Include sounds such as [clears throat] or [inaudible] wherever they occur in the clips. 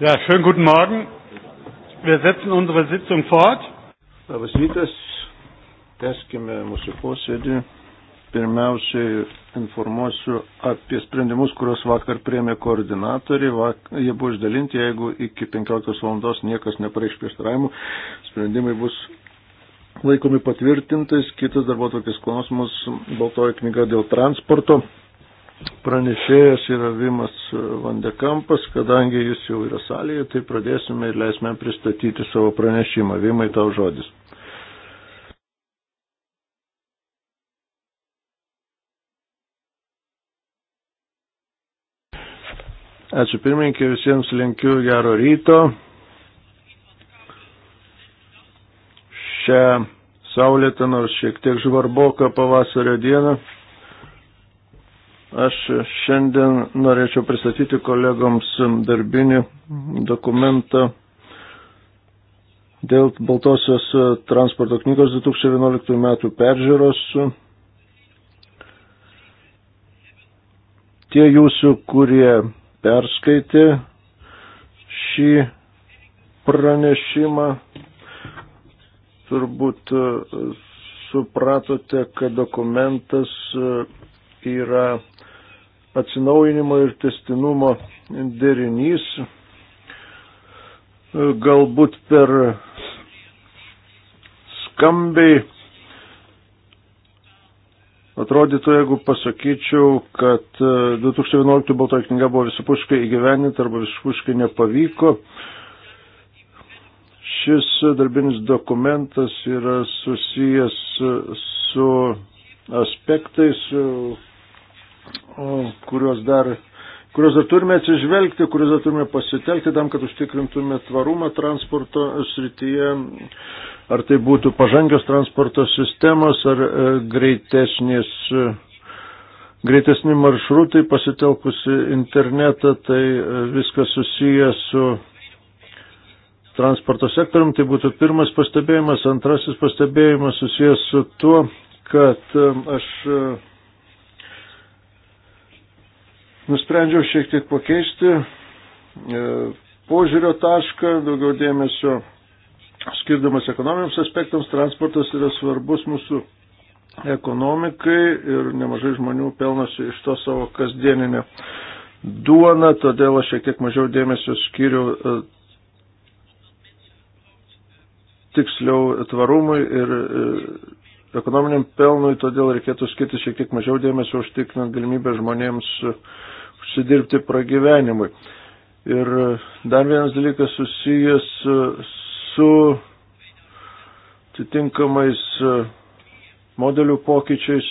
Ja, schönen guten Morgen. Wir setzen unsere Sitzung fort. Labas rytas. Teskime mūsų posėdį. Pirmiausiai informuosiu apie sprendimus, kuriuos vakar priemė koordinatoriai. Vak, jie buvo išdalinti, jeigu iki 15 valandos niekas nepareikš prieštaravimų, sprendimai bus laikomi patvirtintais. Kitas darbo tokias klausimas, baltoji knyga dėl transporto. Pranešėjas yra Vimas Vandekampas, kadangi jis jau yra salėje, tai pradėsime ir leisime pristatyti savo pranešimą. Vimai tau žodis. Ačiū pirmininkė, visiems linkiu gero ryto. Šią saulėtą, nors šiek tiek žvarboką pavasario dieną Aš šiandien norėčiau pristatyti kolegoms darbinį dokumentą dėl Baltosios transporto knygos 2011 metų peržiūros. Tie jūsų, kurie perskaitė šį pranešimą, turbūt e, supratote, kad dokumentas e, yra atsinaujinimo ir testinumo derinys. Galbūt per skambiai Atrodytų, jeigu pasakyčiau, kad 2011 e, baltoji knyga buvo visipuškai įgyveninta arba visipuškai nepavyko, šis darbinis dokumentas yra susijęs su aspektais, kuriuos dar, kuriuos dar turime atsižvelgti, kuriuos dar turime pasitelkti tam, kad užtikrintume tvarumą transporto srityje. Ar tai būtų pažangios transporto sistemos ar e, greitesnės e, greitesni maršrutai pasitelkusi internetą, tai e, viskas susiję su transporto sektorium. Tai būtų pirmas pastebėjimas. Antrasis pastebėjimas susijęs su tuo, kad aš nusprendžiau šiek tiek pakeisti e, požiūrio tašką, daugiau dėmesio skirdamas ekonominiams aspektams, transportas yra svarbus mūsų ekonomikai ir nemažai žmonių pelnosi iš to savo kasdieninę duoną, todėl aš šiek tiek mažiau dėmesio skiriu e, tiksliau tvarumui ir e, ekonominiam pelnui, todėl reikėtų skirti šiek tiek mažiau dėmesio užtikrinant galimybę žmonėms uh, užsidirbti pragyvenimui. Ir dar vienas dalykas susijęs e, su atitinkamais e, modelių pokyčiais.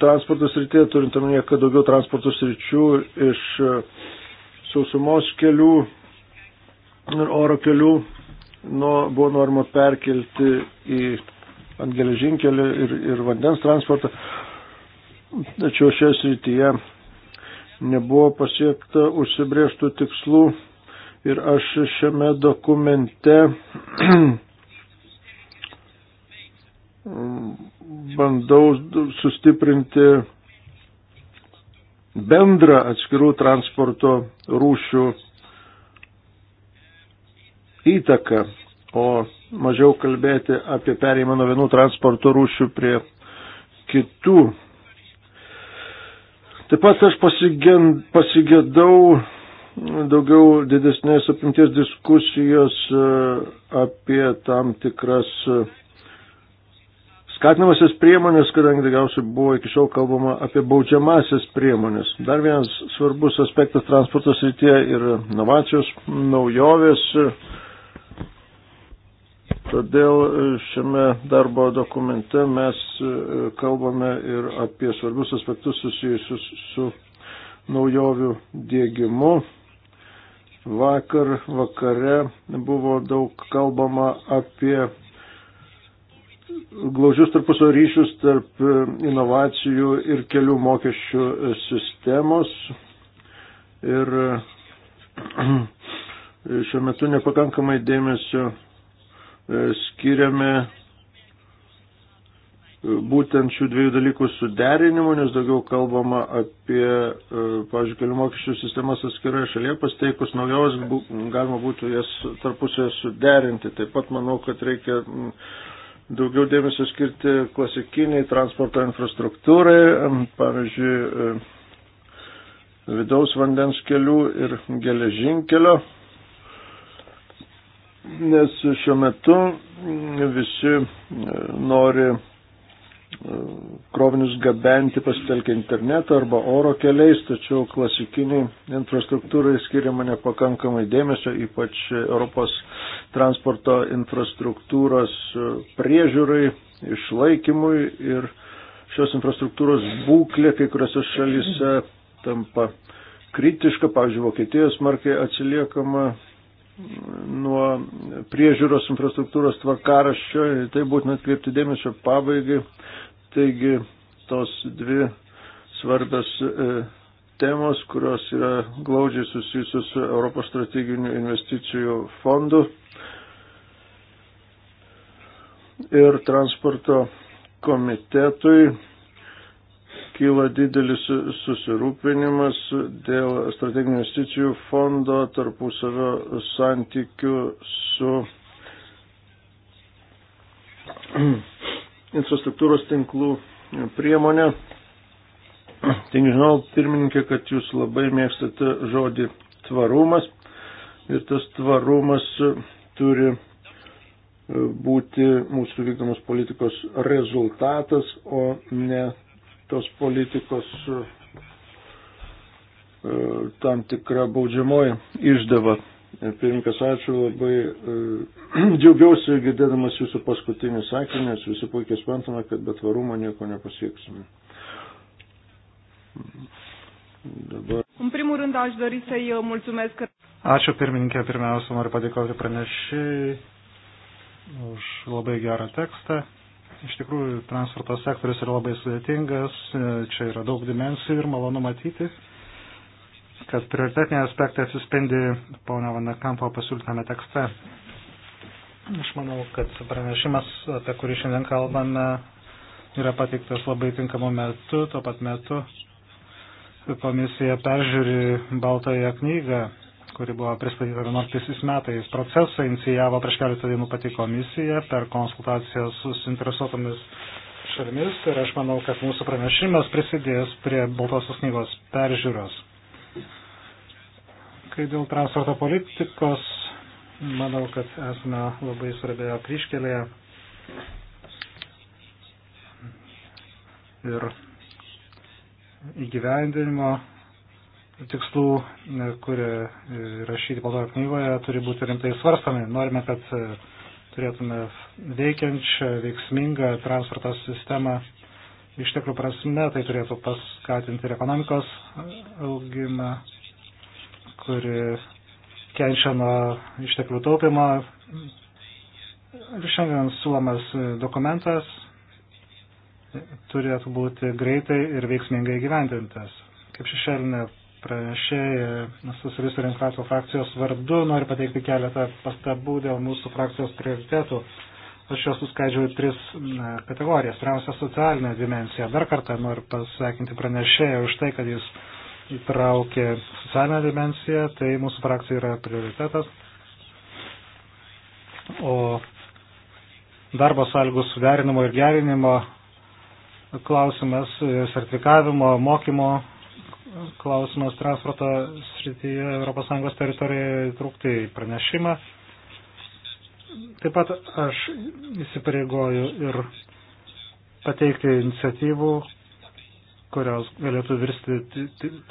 Transporto srityje turint omenyje, kad daugiau transporto sričių iš e, sausumos kelių ir oro kelių nu, buvo norma perkelti į ant geležinkelių ir, ir vandens transportą. Tačiau šioje srityje nebuvo pasiekta užsibrieštų tikslų ir aš šiame dokumente [clears throat] bandau sustiprinti bendrą atskirų transporto rūšių įtaką, o mažiau kalbėti apie perėjimą nuo vienų transporto rūšių prie kitų. Taip pat aš pasigėdau daugiau didesnės apimties diskusijos e, apie tam tikras e, skatinamasias priemonės, kadangi daugiausiai buvo iki šiol kalbama apie baudžiamasias priemonės. Dar vienas svarbus aspektas transporto srityje yra inovacijos, naujovės. Ir Todėl e, šiame darbo dokumente mes e, kalbame ir apie svarbius aspektus susijusius su naujovių dėgymu. Vakar vakare buvo daug kalbama apie glaužius tarpusio ryšius tarp e, inovacijų ir kelių mokesčių sistemos. Ir [clears throat] šiuo metu nepakankamai dėmesio E, skiriame e, būtent šių dviejų dalykų suderinimu, nes daugiau kalbama apie, e, pavyzdžiui, kelių mokesčių sistemas atskiroje šalyje, pasteikus naujovas galima būtų jas tarpusioje suderinti. Taip pat manau, kad reikia daugiau dėmesio skirti klasikiniai transporto infrastruktūrai, pavyzdžiui, vidaus vandens kelių ir geležinkelio nes šiuo metu visi e, nori e, krovinius gabenti pasitelkę internetą arba oro keliais, tačiau klasikiniai infrastruktūrai skiriama nepakankamai dėmesio, ypač Europos transporto infrastruktūros e, priežiūrai, išlaikymui ir šios infrastruktūros būklė kai kuriuose šalyse tampa kritiška, pavyzdžiui, Vokietijos markiai atsiliekama nuo priežiūros infrastruktūros tvarkaraščio, tai būtina atkreipti dėmesio pabaigai. Taigi tos dvi svarbios e, temos, kurios yra glaudžiai susijusios su Europos strateginių investicijų fondu ir transporto komitetui kyla didelis susirūpinimas dėl strateginių investicijų fondo tarpusavio santykių su [clears throat] infrastruktūros tinklų priemonė. Taigi žinau, pirmininkė, kad jūs labai mėgstate žodį tvarumas ir tas tvarumas turi e, būti mūsų vykdomos politikos rezultatas, o ne tos politikos e, tam tikra baudžiamoji išdava. E, Pirmkas, ačiū labai. E, [clears throat] džiaugiausi girdėdamas jūsų paskutinį sakinį, nes visi puikiai suprantame, kad be tvarumo nieko nepasieksime. Dabar. În primul rând aș dori să-i uh, mulțumesc. Ačiū pirmininkė, pirmiausia noriu padėkoti pranešėjai už labai gerą tekstą. Iš tikrųjų, transporto sektorius yra labai sudėtingas, e, čia yra daug dimensijų ir malonu matyti, kad prioritetiniai aspektai atsispindi pono Vandekampo pasiūlytame tekste. Aš manau, kad pranešimas, apie kurį šiandien kalbame, yra pateiktas labai tinkamu metu, tuo pat metu komisija peržiūri Baltąją knygą kuri buvo pristatyta 11 metais. Procesą inicijavo prieš keletą dienų pati komisija per konsultaciją su suinteresuotomis šalimis ir aš manau, kad mūsų pranešimas prisidės prie Baltosios knygos peržiūros. Kai dėl transporto politikos, manau, kad esame labai svarbėjo kryškelėje. Ir įgyvendinimo tikslų, e, kurie e, rašyti baltoje knygoje, turi būti rimtai svarstami. Norime, kad e, turėtume veikiančią, veiksmingą transporto sistemą išteklių prasme, tai turėtų paskatinti ir ekonomikos augimą, kuri kenčia nuo išteklių taupimo. Ir šiandien siūlomas dokumentas turėtų būti greitai ir veiksmingai gyventintas. Kaip šešėlinė pranešėja e, socialistų ir demokratų frakcijos vardu. Noriu pateikti keletą pastabų dėl mūsų frakcijos prioritetų. Aš juos suskaidžiau į tris kategorijas. Pirmiausia, socialinė dimensija. Dar kartą noriu pasveikinti pranešėją už tai, kad jis įtraukė socialinę dimensiją. Tai mūsų frakcija yra prioritetas. O darbo sąlygų suderinimo ir gerinimo klausimas, e, sertifikavimo, mokymo klausimas transporto srityje ES teritorijoje įtrūkti į pranešimą. Taip pat aš įsipareigoju ir pateikti iniciatyvų, kurios galėtų virsti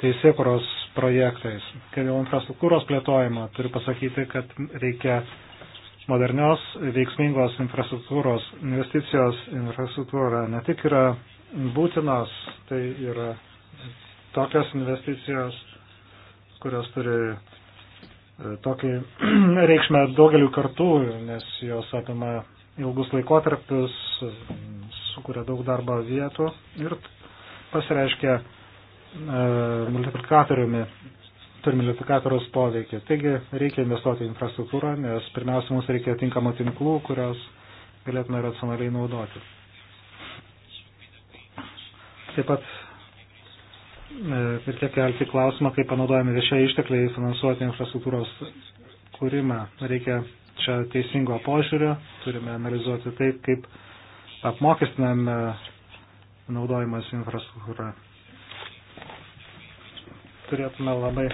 teisėkuros projektais. Kai dėl infrastruktūros plėtojimo turiu pasakyti, kad reikia modernios, veiksmingos infrastruktūros investicijos infrastruktūra ne tik yra būtinos, tai yra tokios investicijos, kurios turi e, tokį [clears throat] reikšmę daugeliu kartų, nes jos apima ilgus laikotarpius, sukuria daug darbo vietų ir pasireiškia e, multiplikatoriumi, turi multiplikatoriaus poveikį. Taigi reikia investuoti į infrastruktūrą, nes pirmiausia, mums reikia tinkamų tinklų, kurios galėtume racionaliai naudoti. Taip pat E, reikia kelti klausimą, kaip panaudojami viešai ištekliai finansuoti infrastruktūros kūrimą. Reikia čia teisingo požiūrio, turime analizuoti taip, kaip apmokestiname naudojimas infrastruktūra. Turėtume labai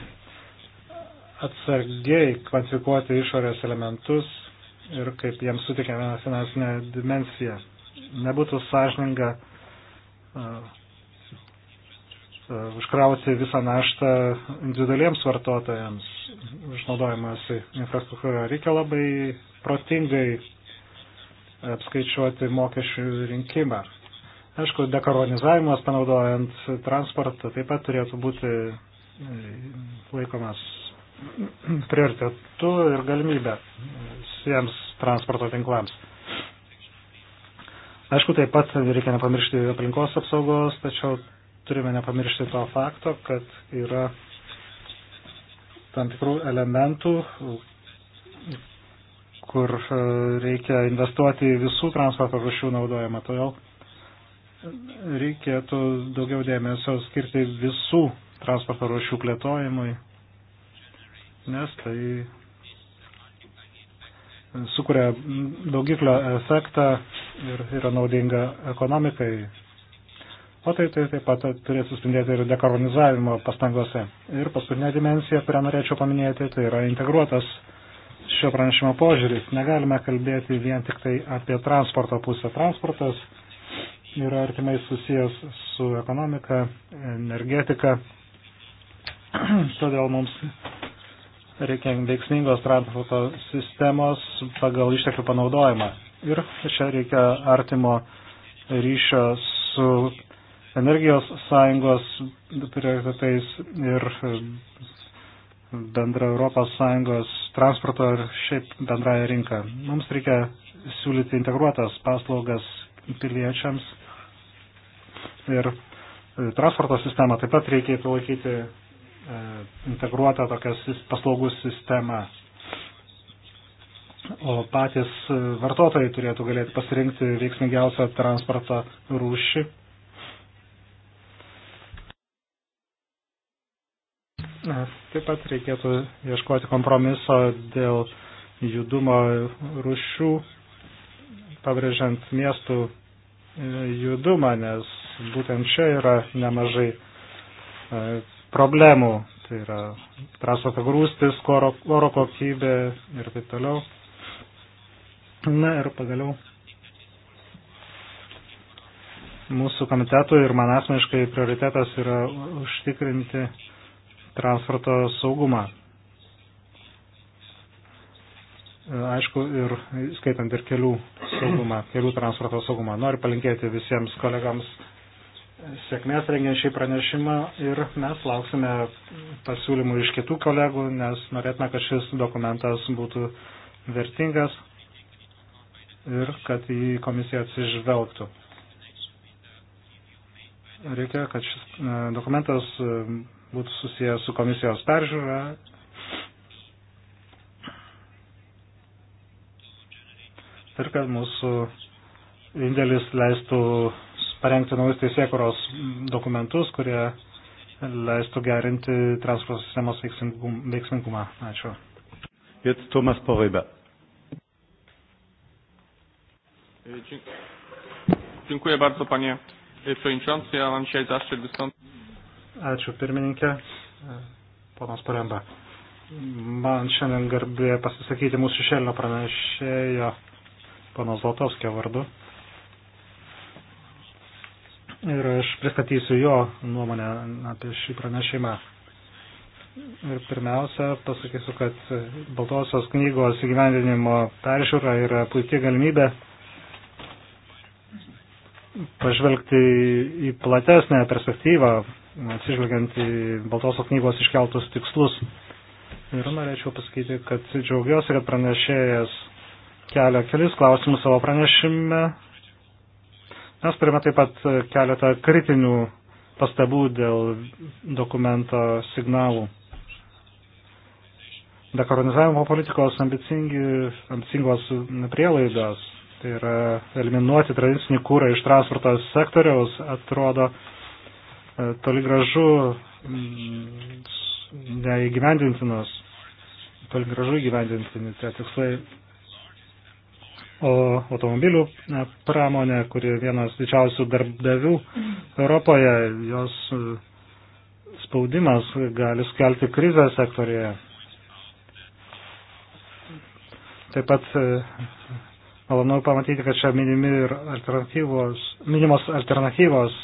atsargiai kvantifikuoti išorės elementus ir kaip jiems sutikėme finansinę dimensiją. Nebūtų sąžininga uh, Uh, užkrauti visą naštą individualiems vartotojams išnaudojimas infrastruktūra. Reikia labai protingai apskaičiuoti mokesčių rinkimą. Aišku, dekaronizavimas panaudojant transportą taip pat turėtų būti e, laikomas prioritetu ir galimybę visiems transporto tinklams. Aišku, taip pat reikia nepamiršti aplinkos apsaugos, tačiau turime nepamiršti to fakto, kad yra tam tikrų elementų, kur e, reikia investuoti visų transporto rušių naudojimą. Todėl reikėtų daugiau dėmesio skirti visų transporto rušių plėtojimui, nes tai sukuria daugiklio efektą ir yra naudinga ekonomikai O tai, tai taip pat turės suspindėti ir dekarbonizavimo pastangose. Ir paskutinė dimensija, kurią norėčiau paminėti, tai yra integruotas šio pranešimo požiūris. Negalime kalbėti vien tik tai apie transporto pusę. Transportas yra artimai susijęs su ekonomika, energetika. [clears throat] Todėl mums reikia veiksmingos transporto sistemos pagal išteklių panaudojimą. Ir čia reikia artimo ryšio su energijos sąjungos prioritetais ir e, bendra Europos sąjungos transporto ir šiaip bendrąją rinką. Mums reikia siūlyti integruotas paslaugas piliečiams ir e, transporto sistemą taip pat reikėtų laikyti e, integruotą tokią paslaugų sistemą. O patys vartotojai turėtų galėti pasirinkti veiksmingiausią transporto rūšį Taip pat reikėtų ieškoti kompromiso dėl judumo rušių, pabrėžiant miestų e, judumą, nes būtent čia yra nemažai e, problemų. Tai yra transporto grūstis, oro, oro kokybė ir taip toliau. Na ir pagaliau mūsų komitetui ir man asmeniškai prioritetas yra užtikrinti transporto saugumą. E, aišku, ir skaitant ir kelių saugumą, kelių transporto saugumą. Noriu palinkėti visiems kolegams sėkmės rengiant šį pranešimą ir mes lauksime pasiūlymų iš kitų kolegų, nes norėtume, kad šis dokumentas būtų vertingas ir kad į komisiją atsižvelgtų. Reikia, kad šis e, dokumentas būtų susijęs su komisijos peržiūra. Ir kad mūsų indėlis leistų parengti naujus teisėkuros dokumentus, kurie leistų gerinti transporto sistemos veiksmingumą. Ačiū. Jetzt Tomas Poreba. Dziękuję bardzo panie przewodniczący. Ja mam dzisiaj zaszczyt wystąpić. Ačiū pirmininkė, ponas Paremba. Man šiandien garbė pasisakyti mūsų šešėlinio pranešėjo pono Zlotovskio vardu. Ir aš pristatysiu jo nuomonę apie šį pranešimą. Ir pirmiausia, pasakysiu, kad Baltosios knygos įgyvendinimo peržiūra yra puikia galimybė pažvelgti į platesnę perspektyvą, atsižvelgiant į Baltosios knygos iškeltus tikslus. Ir norėčiau pasakyti, kad džiaugiuosi, kad pranešėjas kelia kelis klausimus savo pranešime. Mes turime taip pat keletą kritinių pastabų dėl dokumento signalų. Dekoronizavimo politikos ambicingos prielaidos, tai yra eliminuoti tradicinį kūrą iš transporto sektoriaus, atrodo, E, toli gražu neįgyvendintinos, toli gražu įgyvendintini tie tikslai. O automobilių pramonė, kuri vienas didžiausių darbdavių Europoje, jos e, spaudimas gali skelti krizę sektorėje. Taip pat e, malonu pamatyti, kad čia minimi ir alternatyvos, minimos alternatyvos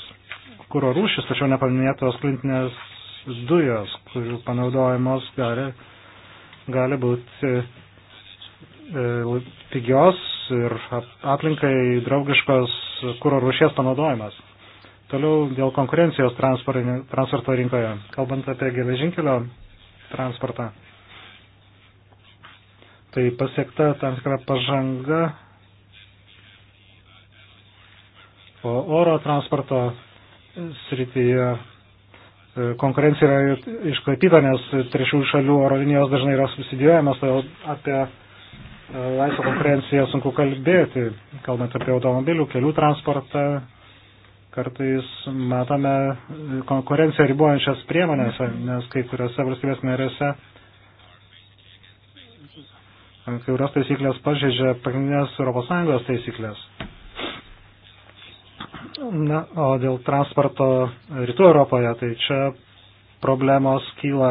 kūro rūšis, tačiau nepaminėtos klintinės dujos, kurių panaudojimos gali, gali būti e, pigios ir aplinkai draugiškos kūro rūšies panaudojimas. Toliau dėl konkurencijos transporto rinkoje, kalbant apie geležinkelio transportą. Tai pasiekta tam tikra pažanga, o oro transporto srityje e, konkurencija yra iškraipyta, nes trečių šalių oro linijos dažnai yra susidėjamas, todėl apie e, laisvą konkurenciją sunku kalbėti, kalbant apie automobilių, kelių transportą. Kartais matome e, konkurenciją ribojančias priemonės, nes kai kuriuose valstybės narėse kai kurios taisyklės pažeidžia pagrindinės ES taisyklės. Na, o dėl transporto rytų Europoje, tai čia problemos kyla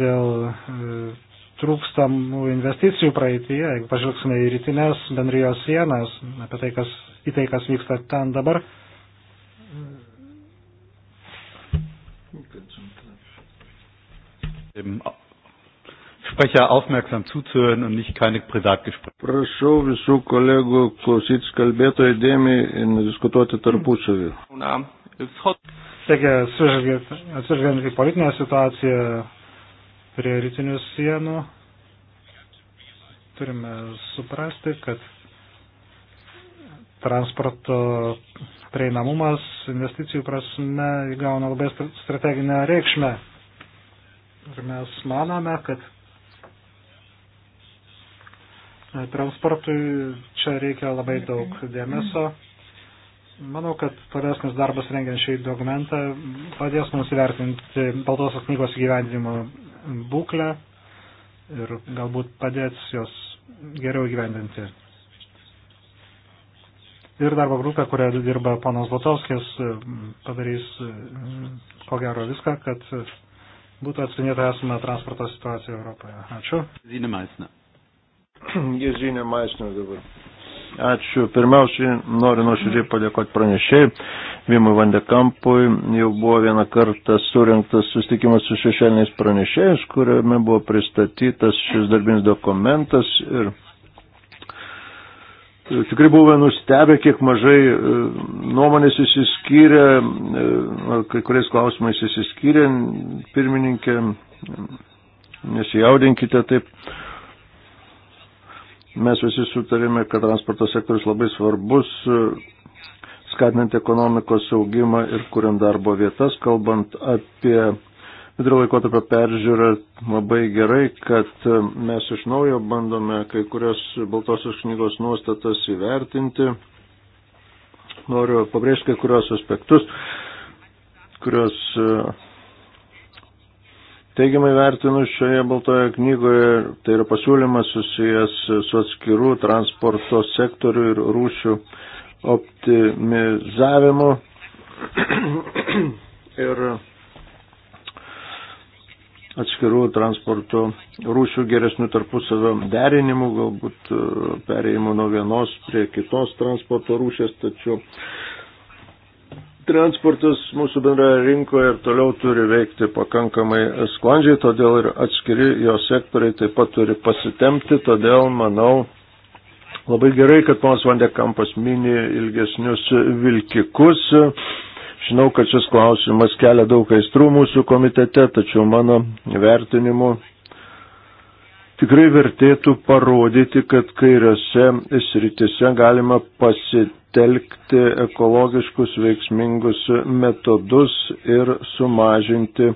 dėl e, trūkstamų investicijų praeitie, jeigu pažvelgsime į rytinės bendrijos sienas, apie tai, kas, į tai, kas vyksta ten dabar. Ehm, Sprecher aufmerksam zuzuhören und nicht keine Privatgespräche. Prašau visų kolegų klausytis kalbėtojų dėmiai ir nediskutuoti tarpusavį. Taigi, atsižvelgiant į politinę situaciją prie rytinių sienų, turime suprasti, kad transporto prieinamumas investicijų prasme įgauna labai strateginę reikšmę. Ir mes manome, kad Transportui čia reikia labai daug dėmesio. Manau, kad tolesnis darbas rengiant šį dokumentą padės mums įvertinti Baltosios knygos gyvendimo būklę ir galbūt padės jos geriau gyvendinti. Ir darbo grupė, kurioje dirba panas Botovskis, padarys mm, ko gero viską, kad būtų atspindėta esama transporto situacija Europoje. Ačiū. Zine Meisner. Jezinė Maisnė dabar. Ačiū. Pirmiausiai noriu nuoširdžiai padėkoti pranešėjai. Vimui Vandekampui jau buvo vieną kartą surinktas susitikimas su šešėliniais pranešėjais, kuriame buvo pristatytas šis darbinis dokumentas ir e, tikrai buvome nustebę, kiek mažai e, nuomonės įsiskyrė, e, kai kuriais klausimais įsiskyrė pirmininkė, nesijaudinkite taip Mes visi sutarėme, kad transporto sektorius labai svarbus, skatinant ekonomikos augimą ir kuriant darbo vietas, kalbant apie vidurio laikotarpio peržiūrą, labai gerai, kad mes iš naujo bandome kai kurias Baltosios knygos nuostatas įvertinti. Noriu pabrėžti kai kurios aspektus, kurios Teigiamai vertinu šioje baltoje knygoje, tai yra pasiūlymas susijęs su atskirų transporto sektorių ir rūšių optimizavimu. [clears throat] ir atskirų transporto rūšių geresnių tarpusavio derinimų, galbūt pereimų nuo vienos prie kitos transporto rūšės, tačiau Transportas mūsų bendroje rinkoje ir toliau turi veikti pakankamai sklandžiai, todėl ir atskiri jo sektoriai taip pat turi pasitemti, todėl manau labai gerai, kad ponas Vandekampas mini ilgesnius vilkikus. Žinau, kad šis klausimas kelia daug aistrų mūsų komitete, tačiau mano vertinimu tikrai vertėtų parodyti, kad kairiose sritise galima pasitemti pasitelkti ekologiškus veiksmingus metodus ir sumažinti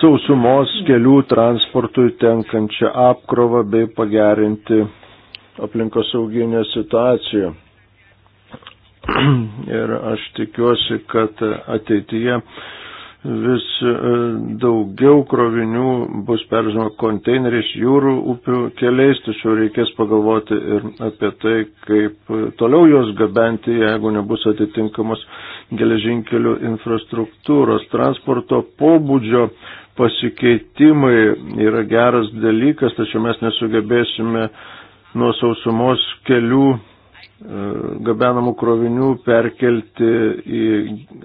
sausumos kelių transportui tenkančią apkrovą bei pagerinti aplinkosauginę situaciją. [clears throat] Ir aš tikiuosi, kad ateityje vis e, daugiau krovinių bus peržinoma konteineriais jūrų upių keliais, tačiau reikės pagalvoti ir apie tai, kaip toliau juos gabenti, jeigu nebus atitinkamos geležinkelių infrastruktūros. Transporto pobūdžio pasikeitimai yra geras dalykas, tačiau mes nesugebėsime nuo sausumos kelių E, gabenamų krovinių perkelti į,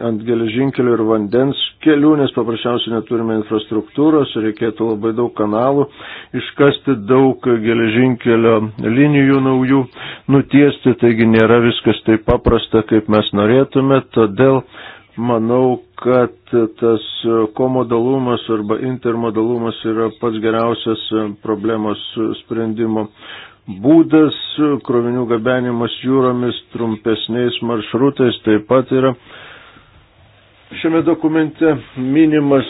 ant geležinkelių ir vandens kelių, nes paprasčiausiai neturime infrastruktūros, reikėtų labai daug kanalų, iškasti daug geležinkelio linijų naujų, nutiesti, taigi nėra viskas taip paprasta, kaip mes norėtume, todėl manau, kad tas komodalumas arba intermodalumas yra pats geriausias problemos sprendimo būdas, krovinių gabenimas jūromis trumpesniais maršrutais taip pat yra šiame dokumente minimas.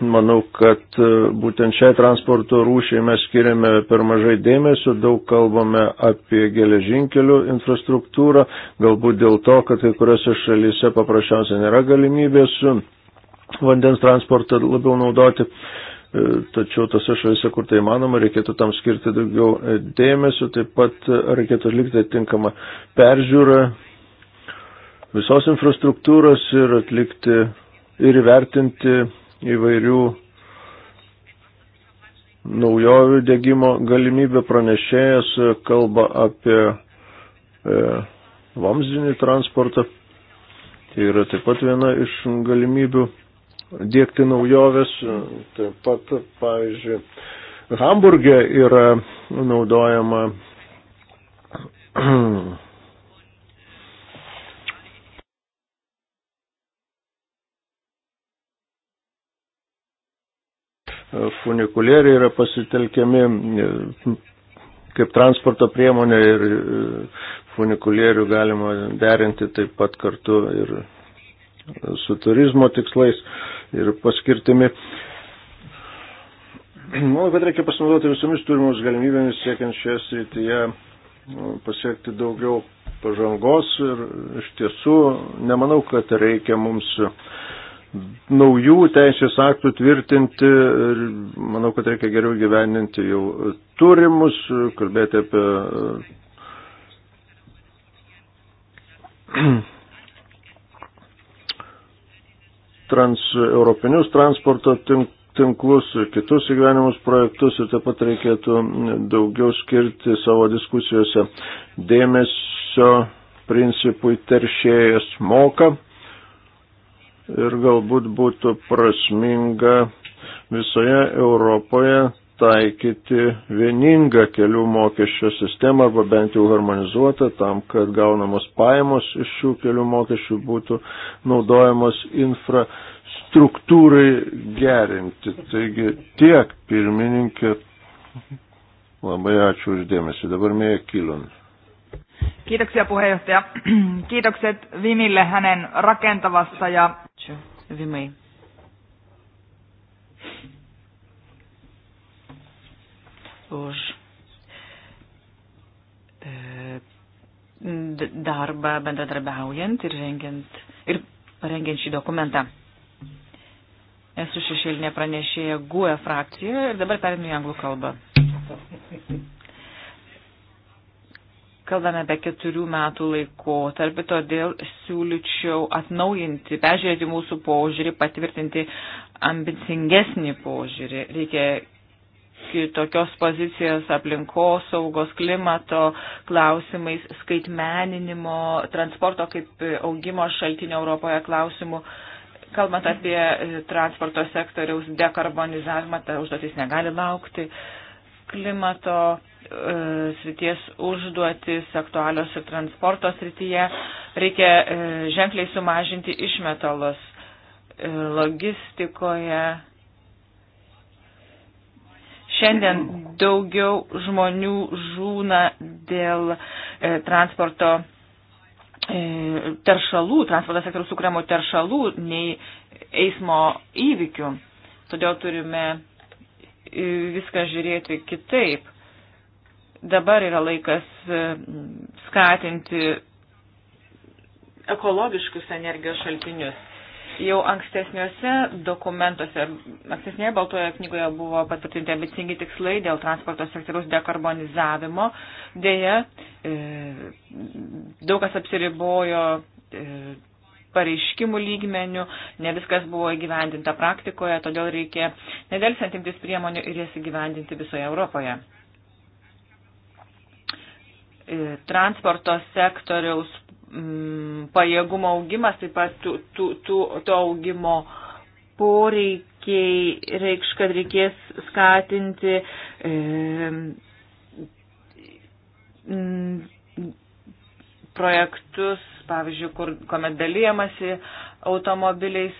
Manau, kad e, būtent šiai transporto rūšiai mes skiriame per mažai dėmesio, daug kalbame apie geležinkelių infrastruktūrą, galbūt dėl to, kad kai kuriuose šalyse paprasčiausiai nėra galimybės vandens transportą labiau naudoti tačiau tose šalise, kur tai manoma, reikėtų tam skirti daugiau e, dėmesio, taip pat reikėtų atlikti tinkamą peržiūrą visos infrastruktūros ir atlikti ir įvertinti įvairių naujovių dėgymo galimybę pranešėjas kalba apie e, vamzdinį transportą. Tai yra taip pat viena iš galimybių dėkti naujoves. Taip pat, pavyzdžiui, Hamburgė yra naudojama [clears throat] funikulieriai yra pasitelkiami kaip transporto priemonė ir funikulierių galima derinti taip pat kartu ir su turizmo tikslais ir paskirtimi. Manau, kad reikia pasinaudoti visomis turimus galimybėmis siekiant šioje srityje nu, pasiekti daugiau pažangos ir iš tiesų nemanau, kad reikia mums naujų teisės aktų tvirtinti ir manau, kad reikia geriau gyveninti jau turimus, kalbėti apie trans, europinius transporto tinklus, kitus įgyvenimus projektus ir taip pat reikėtų daugiau skirti savo diskusijose dėmesio principui teršėjas moka ir galbūt būtų prasminga visoje Europoje taikyti vieningą kelių mokesčio sistemą arba bent jau harmonizuotą tam, kad gaunamos pajamos iš šių kelių mokesčių būtų naudojamos infrastruktūrai gerinti. Taigi tiek pirmininkė. Labai ačiū uždėmesi. Dabar mėja Kilon. Kiitoksia puheenjohtaja. [clears throat] Kiitokset Vimille hänen rakentavasta ja... Vimai. už e, darbą bendradarbiaujant ir, rengiant, ir parengiant šį dokumentą. Esu šešėlinė pranešėja GUE frakcijoje ir dabar perinu į anglų kalbą. Kalbame apie keturių metų laikotarpį, todėl siūlyčiau atnaujinti, peržiūrėti mūsų požiūrį, patvirtinti ambicingesnį požiūrį. Reikia kitokios pozicijos aplinkos saugos, klimato klausimais, skaitmeninimo, transporto kaip augimo šaltinio Europoje klausimų. Kalbant apie e, transporto sektoriaus dekarbonizavimą, ta užduotis negali laukti. Klimato e, srities užduotis aktualios ir transporto srityje reikia e, ženkliai sumažinti išmetalus logistikoje Šiandien daugiau žmonių žūna dėl e, transporto e, teršalų, transporto sektoriaus sukuriamų teršalų, nei eismo įvykių. Todėl turime e, viską žiūrėti kitaip. Dabar yra laikas e, skatinti ekologiškus energijos šaltinius. Jau ankstesniuose dokumentuose, ankstesnėje Baltoje knygoje buvo patvirtinti ambicingi tikslai dėl transporto sektoriaus dekarbonizavimo. Deja, e, daug kas apsiribojo e, pareiškimų lygmenių, ne viskas buvo įgyvendinta praktikoje, todėl reikia nedelsiant imtis priemonių ir jas įgyvendinti visoje Europoje. E, transporto sektoriaus mm, pajėgumo augimas, taip pat tų, tų, tų, to augimo poreikiai reikš, kad reikės skatinti e, mm, projektus, pavyzdžiui, kur, kuomet dalyjamasi automobiliais,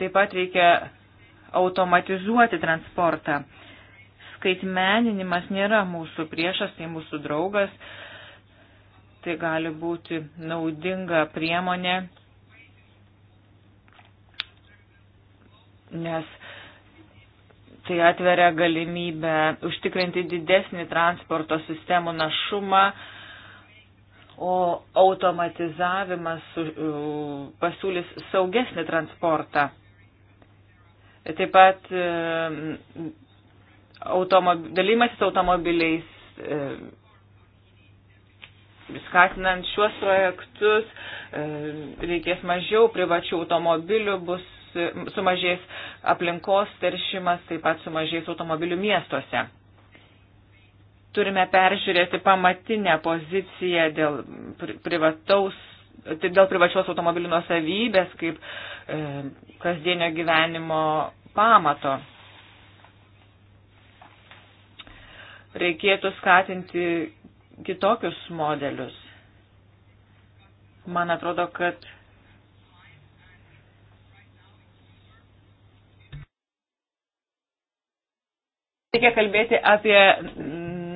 taip pat reikia automatizuoti transportą. Skaitmeninimas nėra mūsų priešas, tai mūsų draugas. E, tai gali būti naudinga priemonė, nes tai atveria galimybę užtikrinti didesnį transporto sistemų našumą, o automatizavimas pasiūlys saugesnį transportą. Taip pat e, automob... dalymasis automobiliais e, skatinant šiuos projektus e, reikės mažiau privačių automobilių, bus sumažės aplinkos teršimas, taip pat sumažės automobilių miestuose. Turime peržiūrėti pamatinę poziciją dėl privataus tai dėl privačios automobilių nuosavybės kaip e, kasdienio gyvenimo pamato. Reikėtų skatinti kitokius modelius. Man atrodo, kad reikia kalbėti apie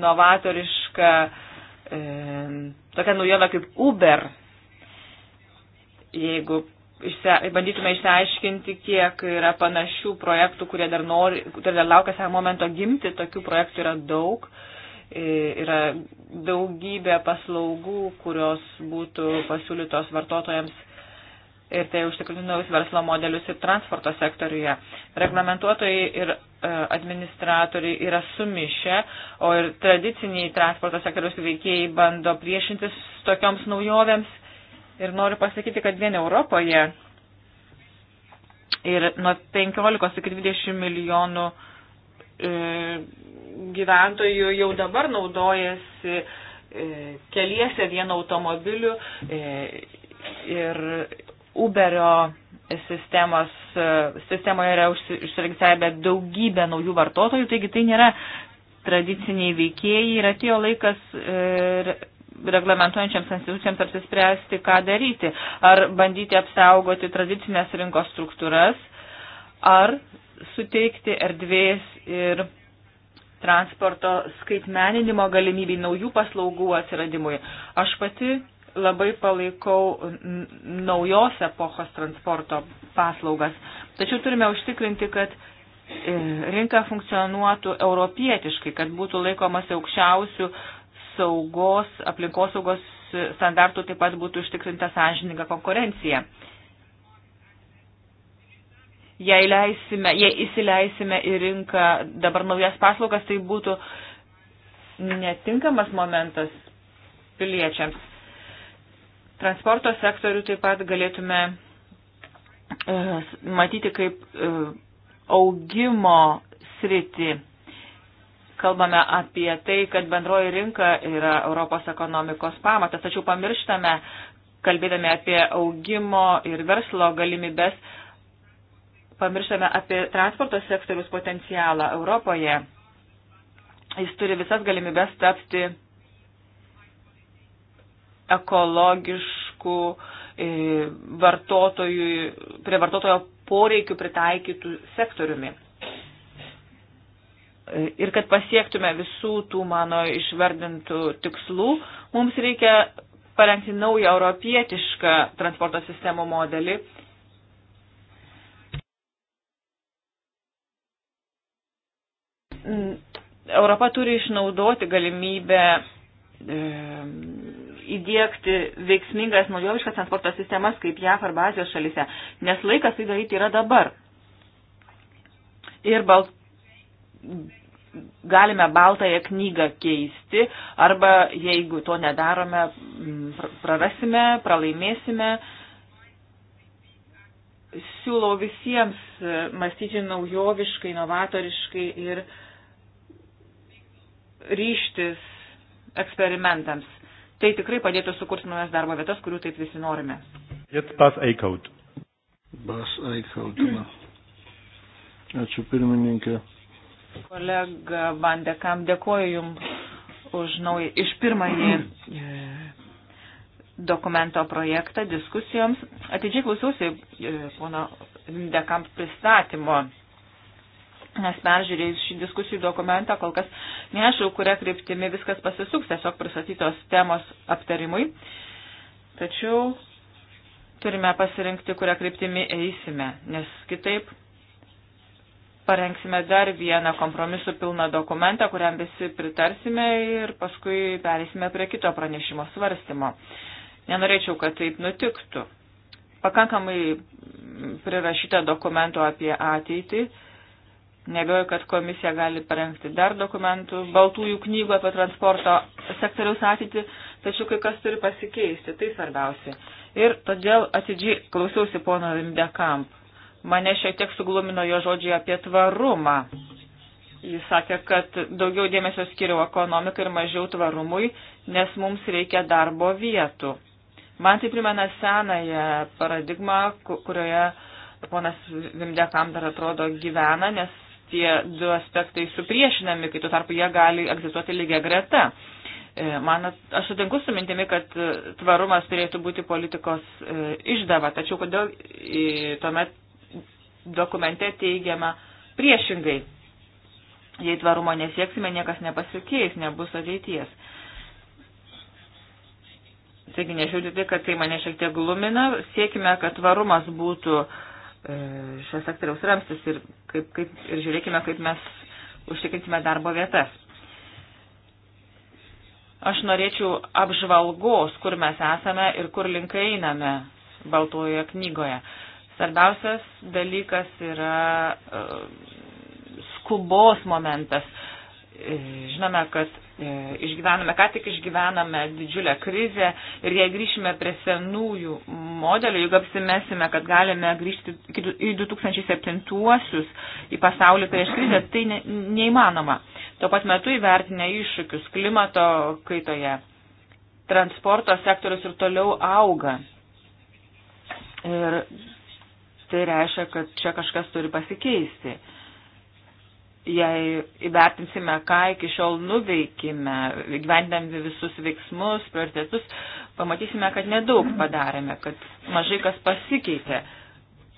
novatorišką e, tokią naujovę kaip Uber. Jeigu išse, bandytume išsiaiškinti, kiek yra panašių projektų, kurie dar, nori, kurie dar laukia savo momento gimti, tokių projektų yra daug. E, E, yra daugybė paslaugų, kurios būtų pasiūlytos vartotojams ir tai užtikrinus verslo modelius ir transporto sektoriuje. Reglamentuotojai ir e, administratoriai yra sumišę, o ir tradiciniai transporto sektoriaus veikėjai bando priešintis tokioms naujovėms. Ir noriu pasakyti, kad vien Europoje ir nuo 15 iki 20 milijonų E, gyventojų jau dabar naudojasi e, keliese vienu automobiliu e, ir Uberio sistemos, sistemoje yra užsiregistravę daugybę naujų vartotojų, taigi tai nėra tradiciniai veikėjai ir atėjo laikas reglamentuojančiams institucijams apsispręsti, ką daryti. Ar bandyti apsaugoti tradicinės rinkos struktūras, ar suteikti erdvės ir transporto skaitmeninimo galimybei, naujų paslaugų atsiradimui. Aš pati labai palaikau naujos epochos transporto paslaugas. Tačiau turime užtikrinti, kad e, rinka funkcionuotų europietiškai, kad būtų laikomas aukščiausių saugos, aplinkosaugos standartų taip pat būtų užtikrinta sąžininga konkurencija jei, leisime, jei įsileisime į rinką dabar naujas paslaugas, tai būtų netinkamas momentas piliečiams. Transporto sektorių taip pat galėtume e, matyti kaip e, augimo sritį. Kalbame apie tai, kad bendroji rinka yra Europos ekonomikos pamatas, tačiau pamirštame, kalbėdami apie augimo ir verslo galimybės, pamirštame apie transporto sektorius potencialą Europoje. Jis turi visas galimybės tapti ekologiškų e, vartotojų, prie vartotojo poreikių pritaikytų sektoriumi. E, ir kad pasiektume visų tų mano išvardintų tikslų, mums reikia parengti naują europietišką transporto sistemų modelį, Mm, Europa turi išnaudoti galimybę e, įdėkti veiksmingas naujoviškas transporto sistemas kaip JAF arba Azijos šalise, nes laikas tai daryti yra dabar. Ir bal... galime baltąją knygą keisti, arba jeigu to nedarome, mm, prarasime, pralaimėsime. Siūlau visiems e, mąstyti naujoviškai, novatoriškai ir uh, ryštis eksperimentams. Tai tikrai padėtų sukurti naujas darbo vietas, kurių taip visi norime. Jetzt pas Eikaut. Bas Eikaut. Ačiū pirmininkė. Kolega Bandekam, dėkoju Jums už naują, iš pirmąjį e, dokumento projektą diskusijoms. Atidžiai klausiausi e, pono Dekamp pristatymo Nes peržiūrėjus šį diskusijų dokumentą, kol kas neaišku, kuria kryptimi viskas pasisuks, tiesiog pristatytos temos aptarimui. Tačiau turime pasirinkti, kuria kryptimi eisime, nes kitaip parengsime dar vieną kompromisų pilną dokumentą, kuriam visi pritarsime ir paskui perėsime prie kito pranešimo svarstymo. Nenorėčiau, kad taip nutiktų. Pakankamai prirašyta dokumentų apie ateitį Nebejoju, kad komisija gali parengti dar dokumentų, baltųjų knygų apie transporto sektoriaus ateitį, tačiau kai kas turi pasikeisti, tai svarbiausia. Ir todėl atidžiai klausiausi pono Vindekamp. Mane šiek tiek suglumino jo žodžiai apie tvarumą. Jis sakė, kad daugiau dėmesio skiriau ekonomikai ir mažiau tvarumui, nes mums reikia darbo vietų. Man tai primena senąją paradigmą, kurioje ponas Vimdekam dar atrodo gyvena, nes tie du aspektai supriešinami, kai tuo tarpu jie gali egzistuoti lygia greta. E, man, aš sutinku su mintimi, kad e, tvarumas turėtų būti politikos e, išdava, tačiau kodėl tuomet dokumente teigiama priešingai. Jei tvarumo nesieksime, niekas nepasikeis, nebus ateities. Taigi, nežiūrėti, kad tai mane šiek tiek glumina, siekime, kad tvarumas būtų uh, E, šios sektoriaus ramstis ir, kaip, kaip, ir žiūrėkime, kaip mes užtikrinsime darbo vietas. Aš norėčiau apžvalgos, kur mes esame ir kur link einame Baltojoje knygoje. Svarbiausias dalykas yra uh, skubos momentas. Žinome, kad e, išgyvename, ką tik išgyvename didžiulę krizę ir jei grįšime prie senųjų modelių, jeigu apsimesime, kad galime grįžti į 2007-uosius į pasaulį prieš krizę, tai ne, neįmanoma. Tuo pat metu įvertinę iššūkius klimato kaitoje. Transporto sektorius ir toliau auga. Ir tai reiškia, kad čia kažkas turi pasikeisti jei įvertinsime, ką iki šiol nuveikime, gyvendami visus veiksmus, prioritetus, pamatysime, kad nedaug padarėme, kad mažai kas pasikeitė.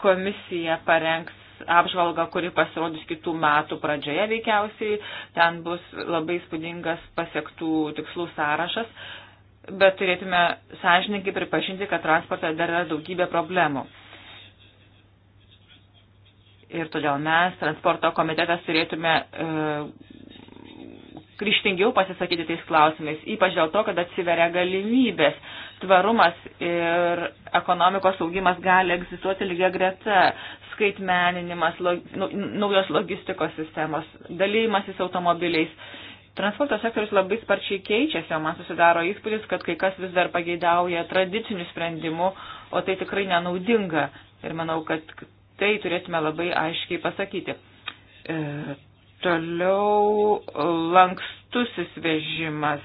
Komisija parengs apžvalgą, kuri pasirodys kitų metų pradžioje veikiausiai. Ten bus labai spūdingas pasiektų tikslų sąrašas, bet turėtume sąžininkai pripažinti, kad transporte dar yra daugybė problemų. Ir todėl mes, transporto komitetas, turėtume kryštingiau e, pasisakyti tais klausimais, ypač dėl to, kad atsiveria galimybės. Tvarumas ir ekonomikos augimas gali egzistuoti lygia greta. Skaitmeninimas, log, nu, naujos logistikos sistemos, dalymasis automobiliais. Transporto sektorius labai sparčiai keičiasi, o man susidaro įspūdis, kad kai kas vis dar pageidauja tradicinių sprendimų, o tai tikrai nenaudinga. Ir manau, kad Tai turėtume labai aiškiai pasakyti. E, toliau lankstusis vežimas.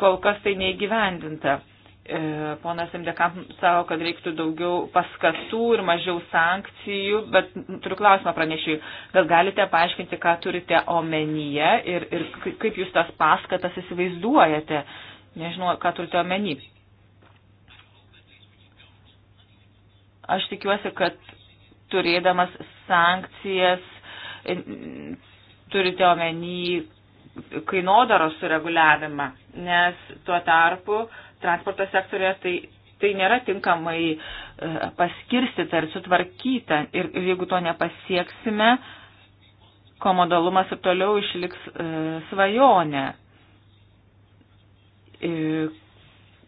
Kol kas tai neįgyvendinta. E, ponas Imdekam savo, kad reiktų daugiau paskatų ir mažiau sankcijų, bet turiu klausimą pranešėjui. Gal galite paaiškinti, ką turite omenyje ir, ir kaip jūs tas paskatas įsivaizduojate? Nežinau, ką turite omenyje. Aš tikiuosi, kad turėdamas sankcijas, turite omeny kainodaros sureguliavimą, nes tuo tarpu transporto sektorėje tai, tai nėra tinkamai e, paskirstyta ir sutvarkyta. Ir, ir jeigu to nepasieksime, komodalumas ir toliau išliks e, svajonė. E,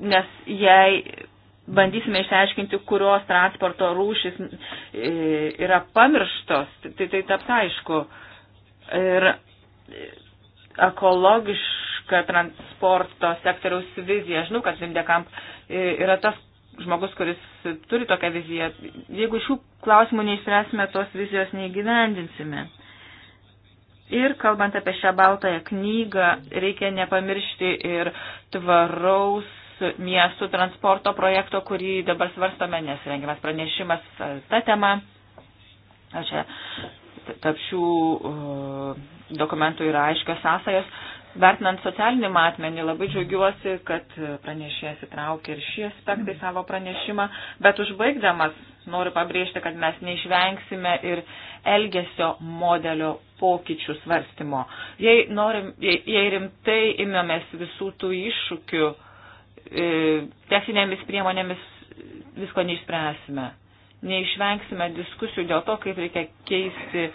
nes jei bandysime išsiaiškinti, kurios transporto rūšis e, yra pamirštos, tai tai taps aišku. Ir ekologiška transporto sektoriaus vizija. Žinau, kad Vindekamp e, yra tas žmogus, kuris turi tokią viziją. Jeigu šių klausimų neišspręsime, tos vizijos neįgyvendinsime. Ir kalbant apie šią baltąją knygą, reikia nepamiršti ir tvaraus miestų transporto projekto, kurį dabar svarstome, nes rengiamas pranešimas tą temą. Aš čia tarp šių dokumentų yra aiškios sąsajos. Vertinant socialinį matmenį, labai džiaugiuosi, kad pranešėjas įtraukė ir šį aspektą į savo pranešimą, bet užbaigdamas noriu pabrėžti, kad mes neišvengsime ir elgesio modelio pokyčių svarstymo. Jei, norim, jei, jei rimtai imėmės visų tų iššūkių, uh, E, techninėmis priemonėmis visko neišspręsime. Neišvengsime diskusijų dėl to, kaip reikia keisti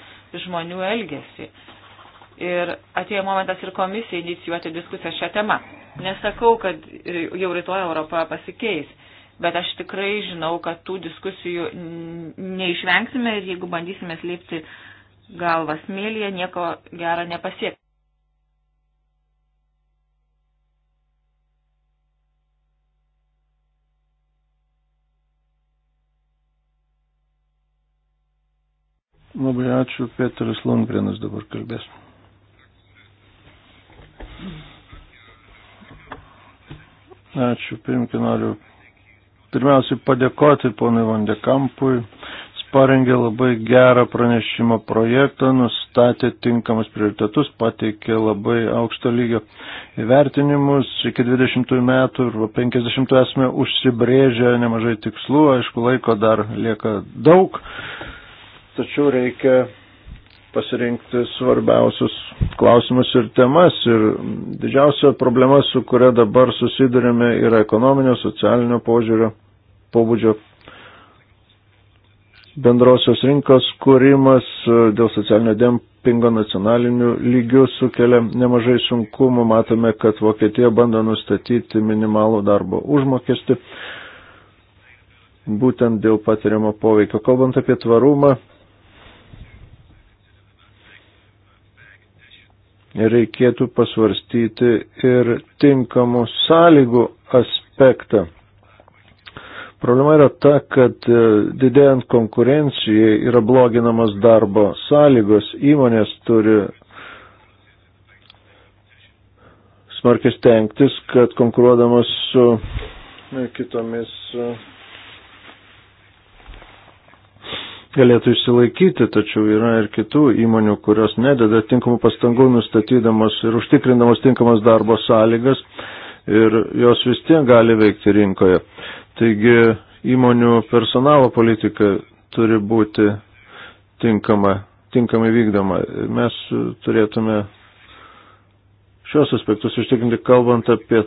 žmonių elgesį. Ir atėjo momentas ir komisija inicijuoti diskusiją šią temą. Nesakau, kad jau rytoj Europa pasikeis, bet aš tikrai žinau, kad tų diskusijų neišvengsime ir jeigu bandysime slėpti galvas mėlyje, nieko gero nepasieks. Labai ačiū, Petras Lundgrenas dabar kalbės. Ačiū, pirmkį noriu pirmiausiai padėkoti ponui Vandekampui. Jis parengė labai gerą pranešimo projektą, nustatė tinkamus prioritetus, pateikė labai aukšto lygio įvertinimus. Iki 20 metų ir 50 esame užsibrėžę nemažai tikslų, aišku, laiko dar lieka daug tačiau reikia pasirinkti svarbiausius klausimus ir temas. Ir didžiausia problema, su kuria dabar susidurime, yra ekonominio, socialinio požiūrio, pobūdžio bendrosios rinkos kūrimas dėl socialinio dempingo nacionalinių lygių sukelia nemažai sunkumų. Matome, kad Vokietija bando nustatyti minimalų darbo užmokestį būtent dėl patiriamo poveikio. Kalbant apie tvarumą, reikėtų pasvarstyti ir tinkamų sąlygų aspektą. Problema yra ta, kad e, didėjant konkurencijai yra bloginamas darbo sąlygos, įmonės turi smarkiai stengtis, kad konkuruodamas su e, kitomis e, galėtų išsilaikyti, tačiau yra ir kitų įmonių, kurios nededa tinkamų pastangų nustatydamos ir užtikrindamos tinkamas darbo sąlygas ir jos vis tiek gali veikti rinkoje. Taigi įmonių personalo politika turi būti tinkama, tinkamai vykdoma. Mes turėtume šios aspektus ištikrinti, kalbant apie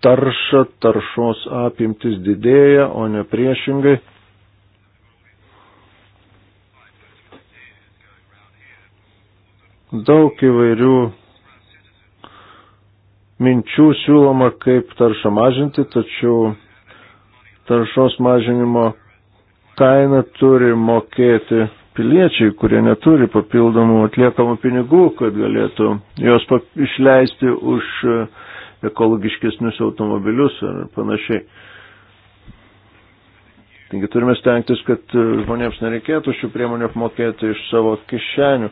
taršą, taršos apimtis didėja, o ne priešingai. daug įvairių minčių siūloma, kaip taršą mažinti, tačiau taršos mažinimo kainą turi mokėti piliečiai, kurie neturi papildomų atliekamų pinigų, kad galėtų juos išleisti už ekologiškesnius automobilius ar panašiai. Taigi turime stengtis, kad žmonėms nereikėtų šių priemonių apmokėti iš savo kišenių.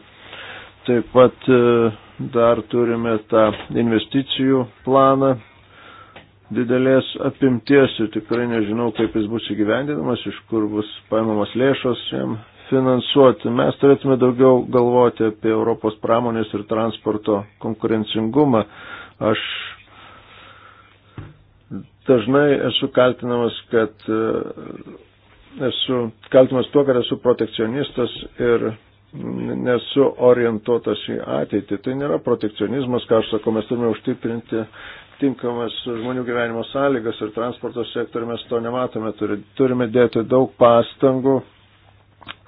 Taip pat e, dar turime tą investicijų planą didelės apimties ir tikrai nežinau, kaip jis bus įgyvendinamas, iš kur bus paimamos lėšos jam finansuoti. Mes turėtume daugiau galvoti apie Europos pramonės ir transporto konkurencingumą. Aš dažnai esu kaltinamas, kad e, esu kaltinamas tuo, kad esu protekcionistas ir nesu orientuotas į ateitį. Tai nėra protekcionizmas, ką aš sakau, mes turime užtikrinti tinkamas žmonių gyvenimo sąlygas ir transporto sektorių mes to nematome. Turime dėti daug pastangų,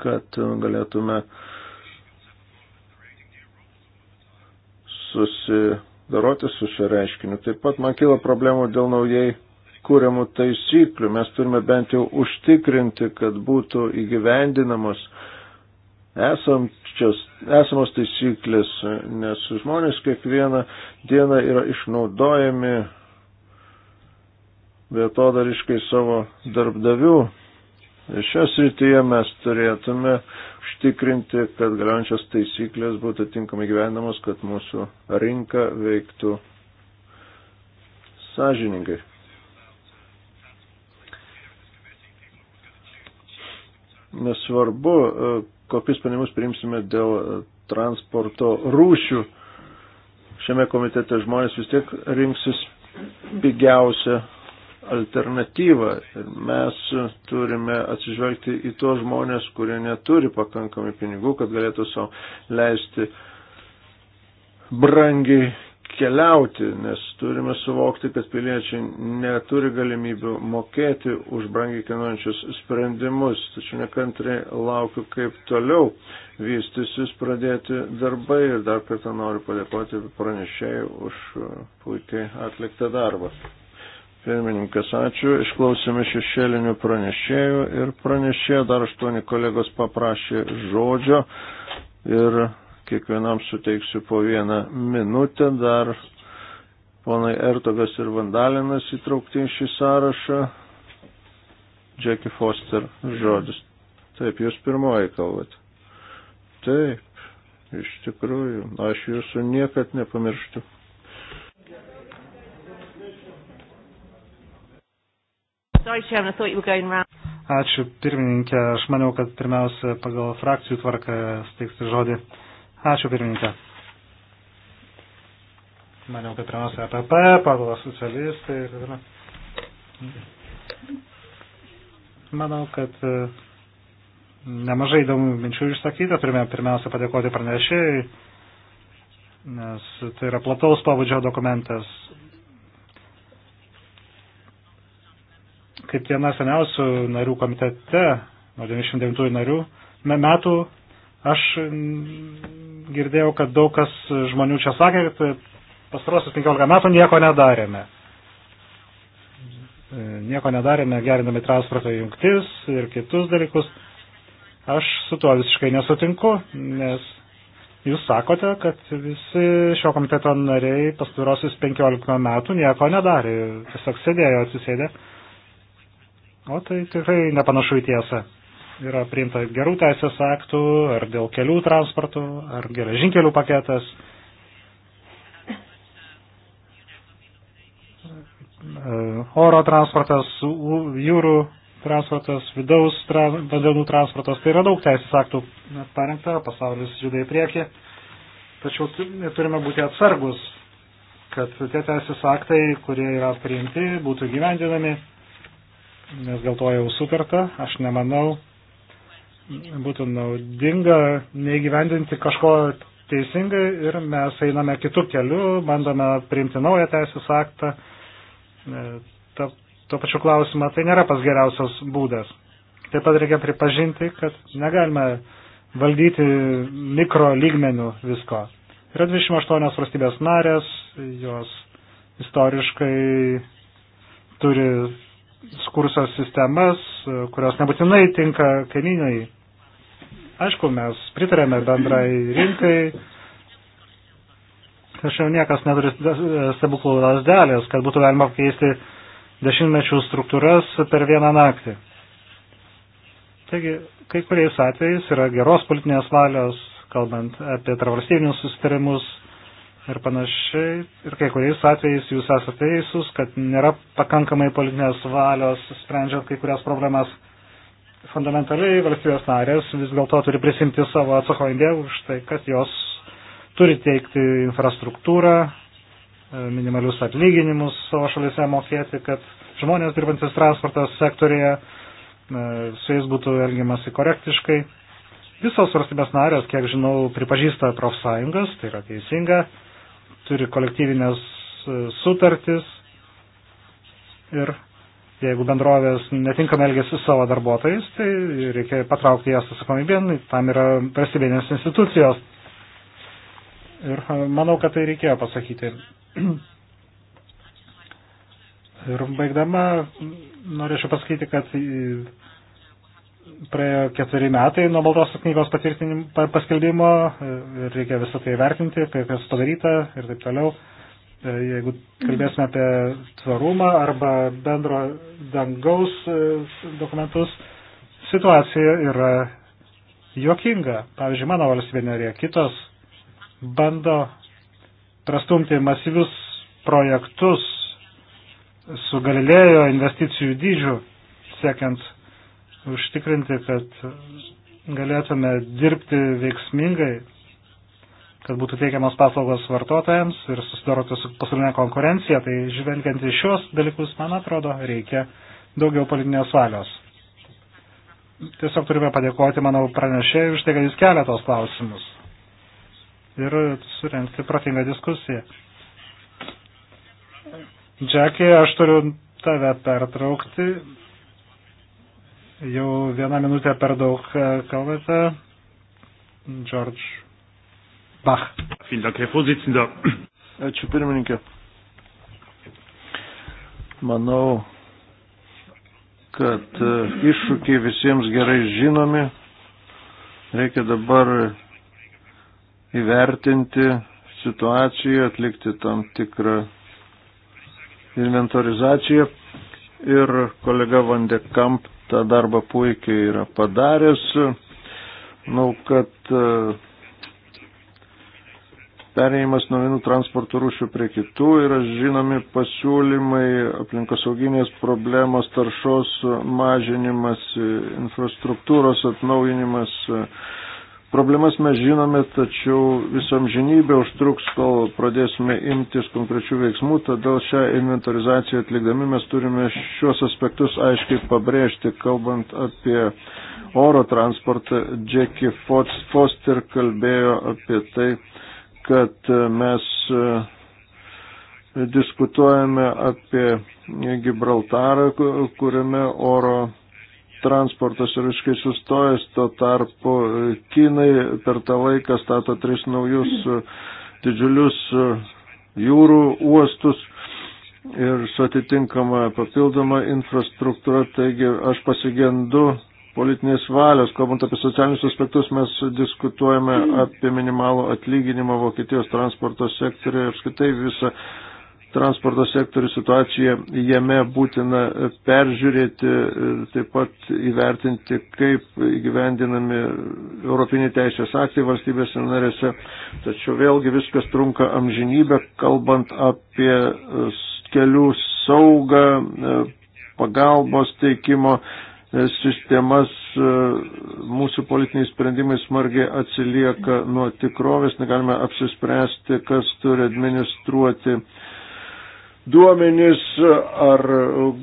kad galėtume susidaroti su šio reiškiniu. Taip pat man kyla problemų dėl naujai kūriamų taisyklių. Mes turime bent jau užtikrinti, kad būtų įgyvendinamos esamčios, esamos taisyklės, nes žmonės kiekvieną dieną yra išnaudojami vietodariškai savo darbdavių. Šios rytyje mes turėtume užtikrinti, kad galiojančios taisyklės būtų tinkamai gyvenamos, kad mūsų rinka veiktų sąžiningai. Nesvarbu, kokius sprendimus priimsime dėl e, transporto rūšių. Šiame komitete žmonės vis tiek rinksis pigiausią alternatyvą ir mes turime atsižvelgti į tos žmonės, kurie neturi pakankamai pinigų, kad galėtų savo leisti brangiai keliauti, nes turime suvokti, kad piliečiai neturi galimybių mokėti už brangiai kainuojančius sprendimus. Tačiau nekantriai laukiu, kaip toliau vystysis pradėti darbai ir dar kartą noriu padėkoti pranešėjai už puikiai atliktą darbą. Pirmininkas, ačiū. Išklausėme šešėlinių pranešėjų ir pranešėjo dar aštuoni kolegos paprašė žodžio ir kiekvienam suteiksiu po vieną minutę. Dar ponai Ertogas ir Vandalinas įtraukti į šį sąrašą. Jackie Foster žodis. Taip, jūs pirmoji kalbat. Taip, iš tikrųjų, aš jūsų niekad nepamirštu. Sorry, Chairman, I thought you were going round. Ačiū pirmininkė. Aš maniau, kad pirmiausia pagal frakcijų tvarką steigsti žodį. Ačiū pirmininkė. Maniau, kad pirmiausia APP, e Pavlas socialistai ir taip toliau. Manau, kad e, nemažai įdomių minčių išsakyta. Turime pirmiausia padėkoti pranešėjai, nes tai yra plataus pavadžio dokumentas. Kaip viena seniausių narių komitete, nuo 99 narių, metų, aš girdėjau, kad daug kas žmonių čia sakė, kad pastarosius 15 metų nieko nedarėme. E, nieko nedarėme gerindami transporto jungtis ir kitus dalykus. Aš su tuo visiškai nesutinku, nes jūs sakote, kad visi šio komiteto nariai pastarosius 15 metų nieko nedarė, tiesiog sėdėjo, atsisėdė. O tai tikrai nepanašu į tiesą yra priimta gerų teisės aktų, ar dėl kelių transportų, ar geležinkelių paketas. Oro transportas, jūrų transportas, vidaus vandenų transportas, tai yra daug teisės aktų parengta, pasaulis juda į priekį, tačiau turime būti atsargus, kad tie teisės aktai, kurie yra priimti, būtų gyvendinami, nes dėl to jau sutarta, aš nemanau, būtų naudinga neįgyvendinti kažko teisingai ir mes einame kitų kelių, bandome priimti naują teisės aktą. E, ta, tuo pačiu klausimą tai nėra pas geriausias būdas. Taip pat reikia pripažinti, kad negalime valdyti mikro lygmenių visko. Yra 28 valstybės narės, jos istoriškai turi skursios sistemas, kurios nebūtinai tinka kaimynai Aišku, mes pritarėme bendrai rinkai, tačiau niekas neturi stebuklų lasdelės, kad būtų galima keisti dešimtmečių struktūras per vieną naktį. Taigi, kai kuriais atvejais yra geros politinės valios, kalbant apie travalstybinius susitarimus ir panašiai. Ir kai kuriais atvejais jūs esate teisūs, kad nėra pakankamai politinės valios, sprendžiant kai kurias problemas fundamentaliai valstybės narės vis dėlto turi prisimti savo atsakomybę už tai, kad jos turi teikti infrastruktūrą, e, minimalius atlyginimus savo šalise mokėti, kad žmonės dirbantis transporto sektorėje e, su jais būtų elgiamasi korektiškai. Visos valstybės narės, kiek žinau, pripažįsta profsąjungas, tai yra teisinga, turi kolektyvinės e, sutartis ir jeigu bendrovės netinkamai elgesi su savo darbuotojais, tai reikia patraukti jas atsakomybėn, tam yra valstybinės institucijos. Ir e, manau, kad tai reikėjo pasakyti. [clears throat] Ir baigdama, norėčiau pasakyti, kad e, praėjo ketveri metai nuo baltos knygos paskelbimo ir reikia visą tai vertinti, kaip kas padaryta ir taip toliau. E, jeigu kalbėsime apie tvarumą arba bendro dangaus e, dokumentus, situacija yra jokinga. Pavyzdžiui, mano valstybė narė, kitos bando prastumti masyvius projektus su Galilėjo investicijų dydžiu, siekiant užtikrinti, kad galėtume dirbti veiksmingai kad būtų teikiamos paslaugos vartotojams ir susidorotų su pasaulinė konkurencija, tai žvelgiant į šios dalykus, man atrodo, reikia daugiau politinės valios. Tiesiog turime padėkoti, manau, pranešėjai už tai, kad jis kelia tos klausimus ir surenkti protingą diskusiją. Džekį, aš turiu tave pertraukti. Jau vieną minutę per daug e, kalbate. George. Bach. Ačiū pirmininkė. Manau, kad e, iššūkiai visiems gerai žinomi. Reikia dabar įvertinti situaciją, atlikti tam tikrą inventorizaciją. Ir kolega Vandekamp tą darbą puikiai yra padaręs. Manau, kad e, Perėjimas nuo vienų transporto rūšių prie kitų yra žinomi pasiūlymai, aplinkosauginės problemos, taršos mažinimas, infrastruktūros atnaujinimas. Problemas mes žinome, tačiau visam žinybė užtruks, kol pradėsime imtis konkrečių veiksmų, todėl šią inventorizaciją atlikdami mes turime šios aspektus aiškiai pabrėžti, kalbant apie oro transportą. Jackie Foster kalbėjo apie tai kad e, mes e, diskutuojame apie Gibraltarą, kuriame oro transportas ir iškai sustojęs, to tarpu e, Kinai per tą laiką stato tris naujus didžiulius jūrų uostus ir su atitinkama papildoma infrastruktūra. Taigi aš pasigendu politinės valios. Kalbant apie socialinius aspektus, mes diskutuojame apie minimalų atlyginimą Vokietijos transporto sektoriuje ir apskritai visą transporto sektorių situaciją jame būtina peržiūrėti ir taip pat įvertinti, kaip įgyvendinami Europiniai teisės aktai valstybėse narėse. Tačiau vėlgi viskas trunka amžinybę, kalbant apie kelių saugą, pagalbos teikimo sistemas e, mūsų politiniai sprendimai smargiai atsilieka nuo tikrovės, negalime apsispręsti, kas turi administruoti duomenis, ar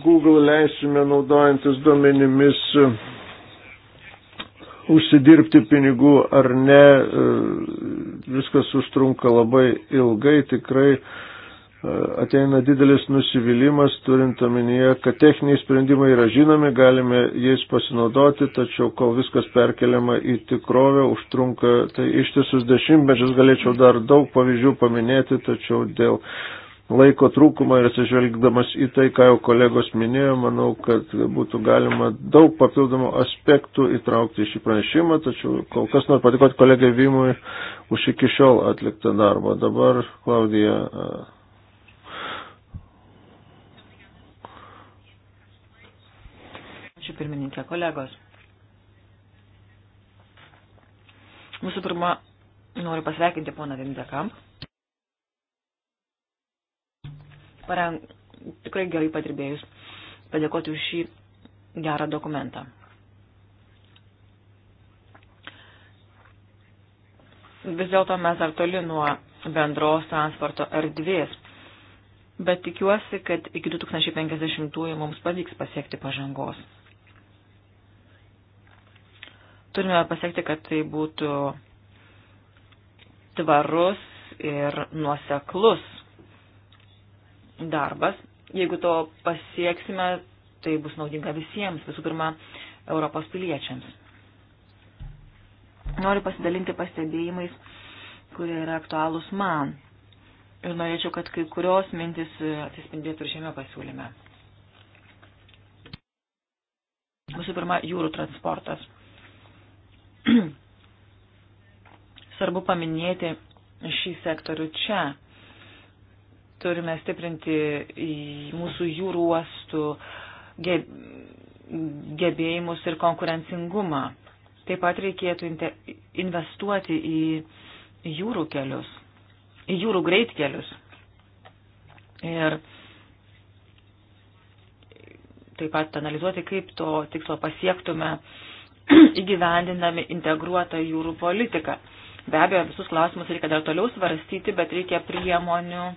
Google leisime naudojantis duomenimis užsidirbti pinigų ar ne, e, viskas užtrunka labai ilgai, tikrai ateina didelis nusivylimas, turint omenyje, kad techniniai sprendimai yra žinomi, galime jais pasinaudoti, tačiau kol viskas perkeliama į tikrovę, užtrunka tai ištisus dešimtmečius, galėčiau dar daug pavyzdžių paminėti, tačiau dėl laiko trūkumą ir atsižvelgdamas į tai, ką jau kolegos minėjo, manau, kad būtų galima daug papildomų aspektų įtraukti į šį pranešimą, tačiau kol kas noriu patikoti kolegai Vimui už iki šiol atliktą darbą. Dabar Klaudija Ačiū pirmininkė, kolegos. Mūsų pirma, noriu pasveikinti poną Vimdekamp. Pareng... Tikrai gerai padirbėjus. Padėkoti už šį gerą dokumentą. Vis dėlto mes dar toli nuo bendros transporto erdvės, bet tikiuosi, kad iki 2050 mums pavyks pasiekti pažangos. Turime pasiekti, kad tai būtų tvarus ir nuoseklus darbas. Jeigu to pasieksime, tai bus naudinga visiems, visų pirma, Europos piliečiams. Noriu pasidalinti pastebėjimais, kurie yra aktualūs man. Ir norėčiau, kad kai kurios mintis atsispindėtų ir šiame pasiūlyme. Visų pirma, jūrų transportas. [clears throat] Svarbu paminėti šį sektorių čia. Turime stiprinti mūsų jūrų uostų gebėjimus ir konkurencingumą. Taip pat reikėtų investuoti į jūrų kelius, į jūrų greitkelius. Ir taip pat analizuoti, kaip to tikslo pasiektume uh, [clears throat] įgyvendinami integruotą jūrų politiką. Be abejo, visus klausimus reikia dar toliau svarstyti, bet reikia priemonių e,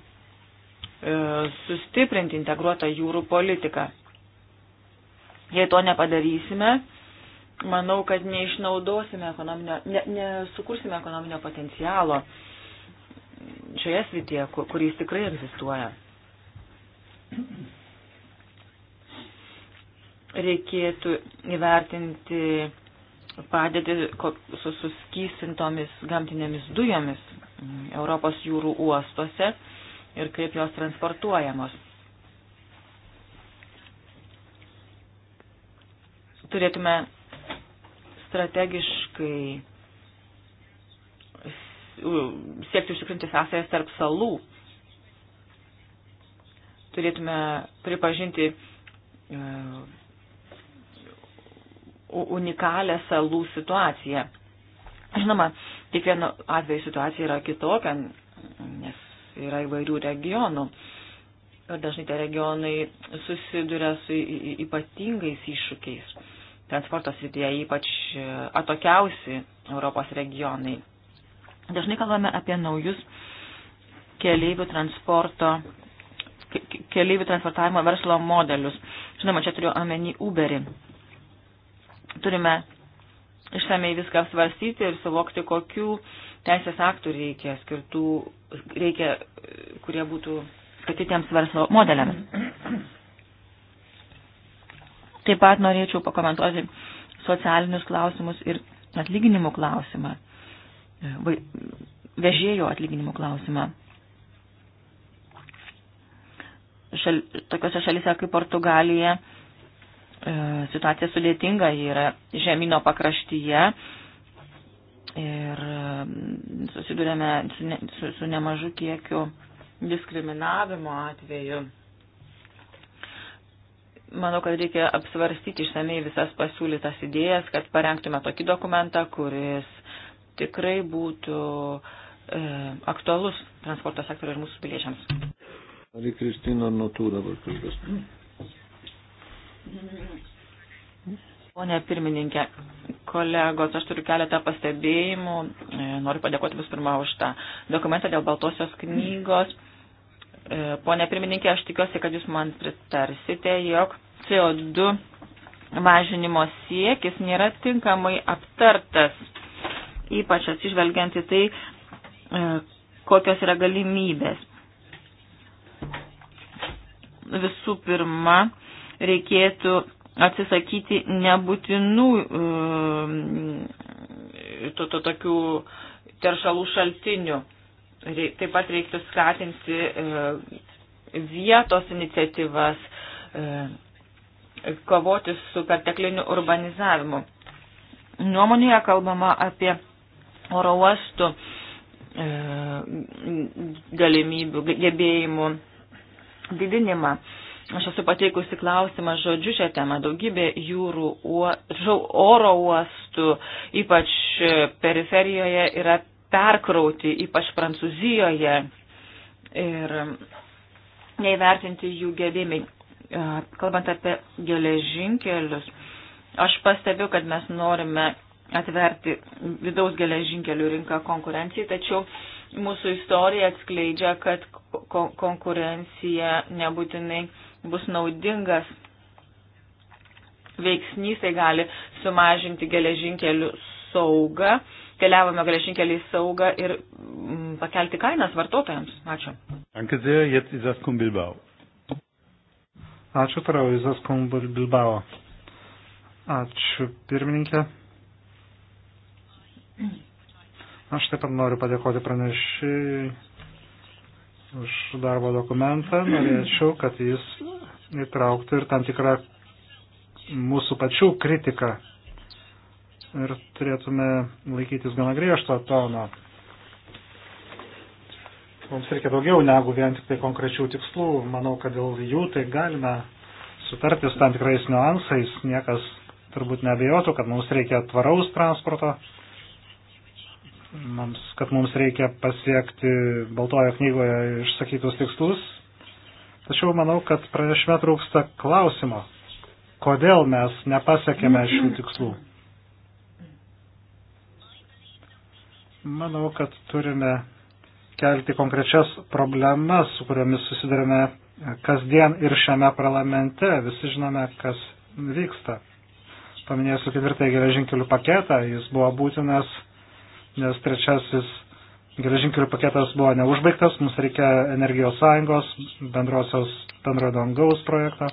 sustiprinti integruotą jūrų politiką. Jei to nepadarysime, manau, kad neišnaudosime ekonominio, ne, nesukursime ekonominio potencialo šioje srityje, kur, kuris tikrai egzistuoja. Reikėtų įvertinti padėtį su suskysintomis gamtinėmis dujomis mm, Europos jūrų uostuose ir kaip jos transportuojamos. Turėtume strategiškai siekti užtikrinti sąsajas tarp salų. Turėtume pripažinti e, unikalią salų situaciją. Žinoma, kiekvieno atveju situacija yra kitokia, nes yra įvairių regionų. Ir dažnai tie regionai susiduria su ypatingais iššūkiais. Transporto srityje ypač e, atokiausi Europos regionai. Dažnai kalbame apie naujus keleivių transporto keleivių transportavimo verslo modelius. Žinoma, čia turiu omeny Uberį turime išsamei viską svarstyti ir suvokti, kokių teisės aktų reikia skirtų, reikia, kurie būtų skirtitiems verslo modeliams. Taip pat norėčiau pakomentuoti socialinius klausimus ir atlyginimų klausimą, vežėjo atlyginimų klausimą. Šal, tokiose šalise kaip Portugalija E, situacija sudėtinga, ji yra žemino pakraštyje ir e, susidurėme su, ne, su, su nemažu kiekiu diskriminavimo atveju. Manau, kad reikia apsvarstyti išsamei visas pasiūlytas idėjas, kad parengtume tokį dokumentą, kuris tikrai būtų e, aktualus transporto sektoriui ir mūsų piliečiams. Ar Kristina nuo tų dabar kalbės? Pone pirmininkė, kolegos, aš turiu keletą pastebėjimų. E, noriu padėkoti vis pirma už tą dokumentą dėl Baltosios knygos. E, pone pirmininkė, aš tikiuosi, kad jūs man pritarsite, jog CO2 mažinimo siekis nėra tinkamai aptartas, ypač atsižvelgiant į tai, e, kokios yra galimybės. Visų pirma, reikėtų atsisakyti nebūtinų e, to, to, tokių teršalų šaltinių. Taip pat reiktų skatinti e, vietos iniciatyvas, e, kovoti su pertekliniu urbanizavimu. Nuomonėje kalbama apie oro uostų galimybių, gebėjimų didinimą. Aš esu pateikusi klausimą žodžiu šią temą. Daugybė jūrų, oro uostų, ypač e, periferijoje, yra perkrauti, ypač Prancūzijoje. Ir neįvertinti jų gebėjimai. E, kalbant apie geležinkelius, aš pastebiu, kad mes norime atverti vidaus geležinkelių rinką konkurencijai, tačiau mūsų istorija atskleidžia, kad konkurencija nebūtinai bus naudingas veiksnys, tai gali sumažinti geležinkelių saugą. Keliavome geležinkelį į saugą ir mm, pakelti kainas vartotojams. Ačiū. Ačiū, tarau, Izas Kumbilbao. Ačiū, pirmininkė. Aš taip pat noriu padėkoti pranešėjai už darbo dokumentą. Norėčiau, kad jis įtrauktų ir tam tikrą mūsų pačių kritiką. Ir turėtume laikytis gana griežto tono. Mums reikia daugiau negu vien tik tai konkrečių tikslų. Manau, kad dėl jų tai galime sutartis tam tikrais niuansais. Niekas turbūt nebejotų, kad mums reikia tvaraus transporto mums, kad mums reikia pasiekti Baltojo knygoje išsakytus tikslus. Tačiau manau, kad pranešime trūksta klausimo, kodėl mes nepasiekėme šių tikslų. Manau, kad turime kelti konkrečias problemas, su kuriomis susidarėme kasdien ir šiame parlamente. Visi žinome, kas vyksta. Paminėsiu ketvirtąjį geležinkelių paketą, jis buvo būtinas nes trečiasis geležinkelių paketas buvo neužbaigtas, mums reikia energijos sąjungos, bendrosios bendro dangaus projekto.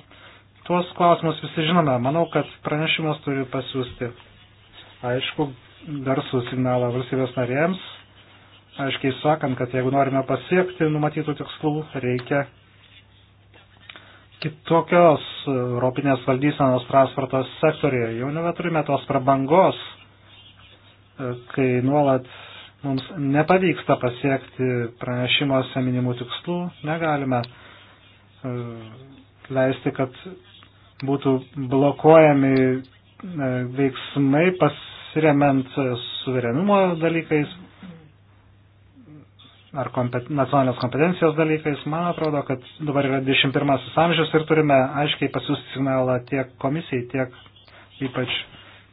Tuos klausimus visi žinome. Manau, kad pranešimas turi pasiūsti aišku garsų signalą valstybės narėms, aiškiai sakant, kad jeigu norime pasiekti numatytų tikslų, reikia kitokios europinės valdysenos transporto sektorijoje. Jau nebeturime tos prabangos kai nuolat mums nepavyksta pasiekti pranešimuose minimų tikslų, negalime e, leisti, kad būtų blokuojami e, veiksmai pasiremiant suverenumo dalykais ar kompet, nacionalinės kompetencijos dalykais. Man atrodo, kad dabar yra 21 amžius ir turime aiškiai pasiūsti signalą tiek komisijai, tiek ypač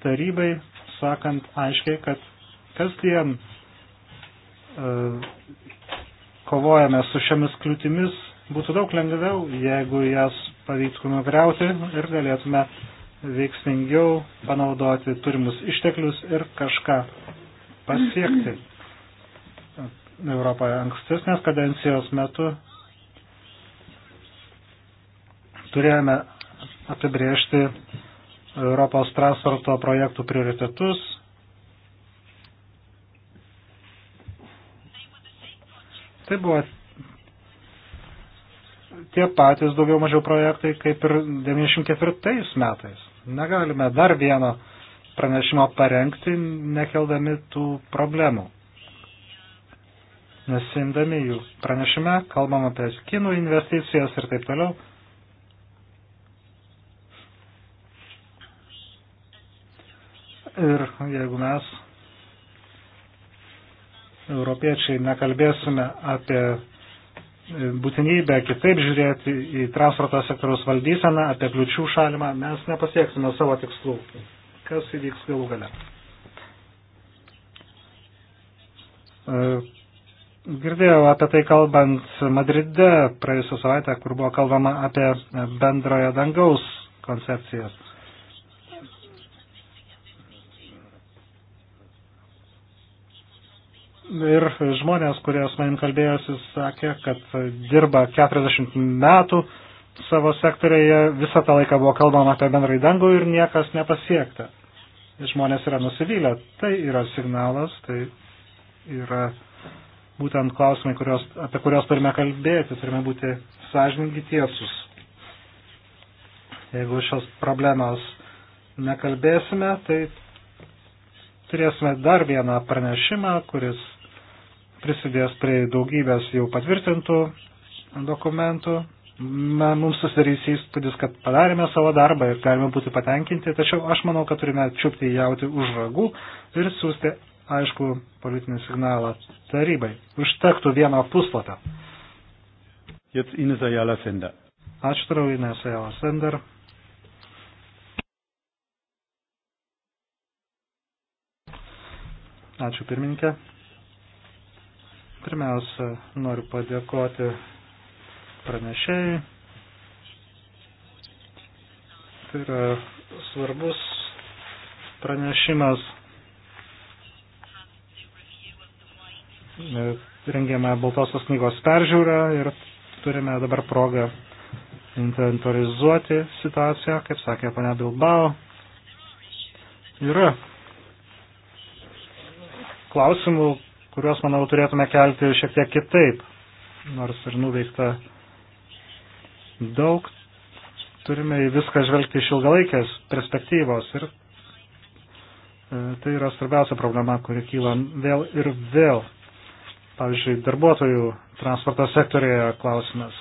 tarybai sakant aiškiai, kad kasdien e, kovojame su šiomis kliūtimis, būtų daug lengviau, jeigu jas pavyktų nugriauti ir galėtume veiksmingiau panaudoti turimus išteklius ir kažką pasiekti. Europoje ankstesnės kadencijos metu turėjome apibriežti Europos transporto projektų prioritetus. Tai buvo tie patys daugiau mažiau projektai kaip ir 94 metais. Negalime dar vieno pranešimo parengti, nekeldami tų problemų. Nesindami jų pranešime, kalbam apie kinų investicijas ir taip toliau. Ir jeigu mes, europiečiai, nekalbėsime apie būtinybę kitaip žiūrėti į transporto sektoriaus valdyseną, apie kliučių šalimą, mes nepasieksime savo tikslų. Kas įvyks galų gale? E, girdėjau apie tai kalbant Madride praėjusią savaitę, kur buvo kalbama apie bendrojo dangaus koncepcijas. ir žmonės, kurie su manim kalbėjosi, sakė, kad dirba 40 metų savo sektorėje, visą tą laiką buvo kalbama apie bendrai dangų ir niekas nepasiekta. Žmonės yra nusivylę, tai yra signalas, tai yra būtent klausimai, kurios, apie kuriuos turime kalbėti, turime būti sąžininkai tiesus. Jeigu šios problemos nekalbėsime, tai turėsime dar vieną pranešimą, kuris prisidės prie daugybės jau patvirtintų dokumentų. Mums susidarys įspūdis, kad padarėme savo darbą ir galime būti patenkinti, tačiau aš manau, kad turime čiupti jauti už ragų ir siūsti aišku politinį signalą tarybai. Užtektų vieno puslapio. Ačiū toliau, Ines Ajala Sender. Ačiū pirmininkė. Pirmiausia, noriu padėkoti pranešėjai. Tai yra svarbus pranešimas rengiame Baltosios knygos peržiūrą ir turime dabar progą inventorizuoti situaciją, kaip sakė ponia Bilbao. Yra klausimų, kuriuos, manau, turėtume kelti šiek tiek kitaip, nors ir nuveikta daug. Turime į viską žvelgti iš ilgalaikės perspektyvos ir e, tai yra svarbiausia problema, kuri kyla vėl ir vėl. Pavyzdžiui, darbuotojų transporto sektorėje klausimas.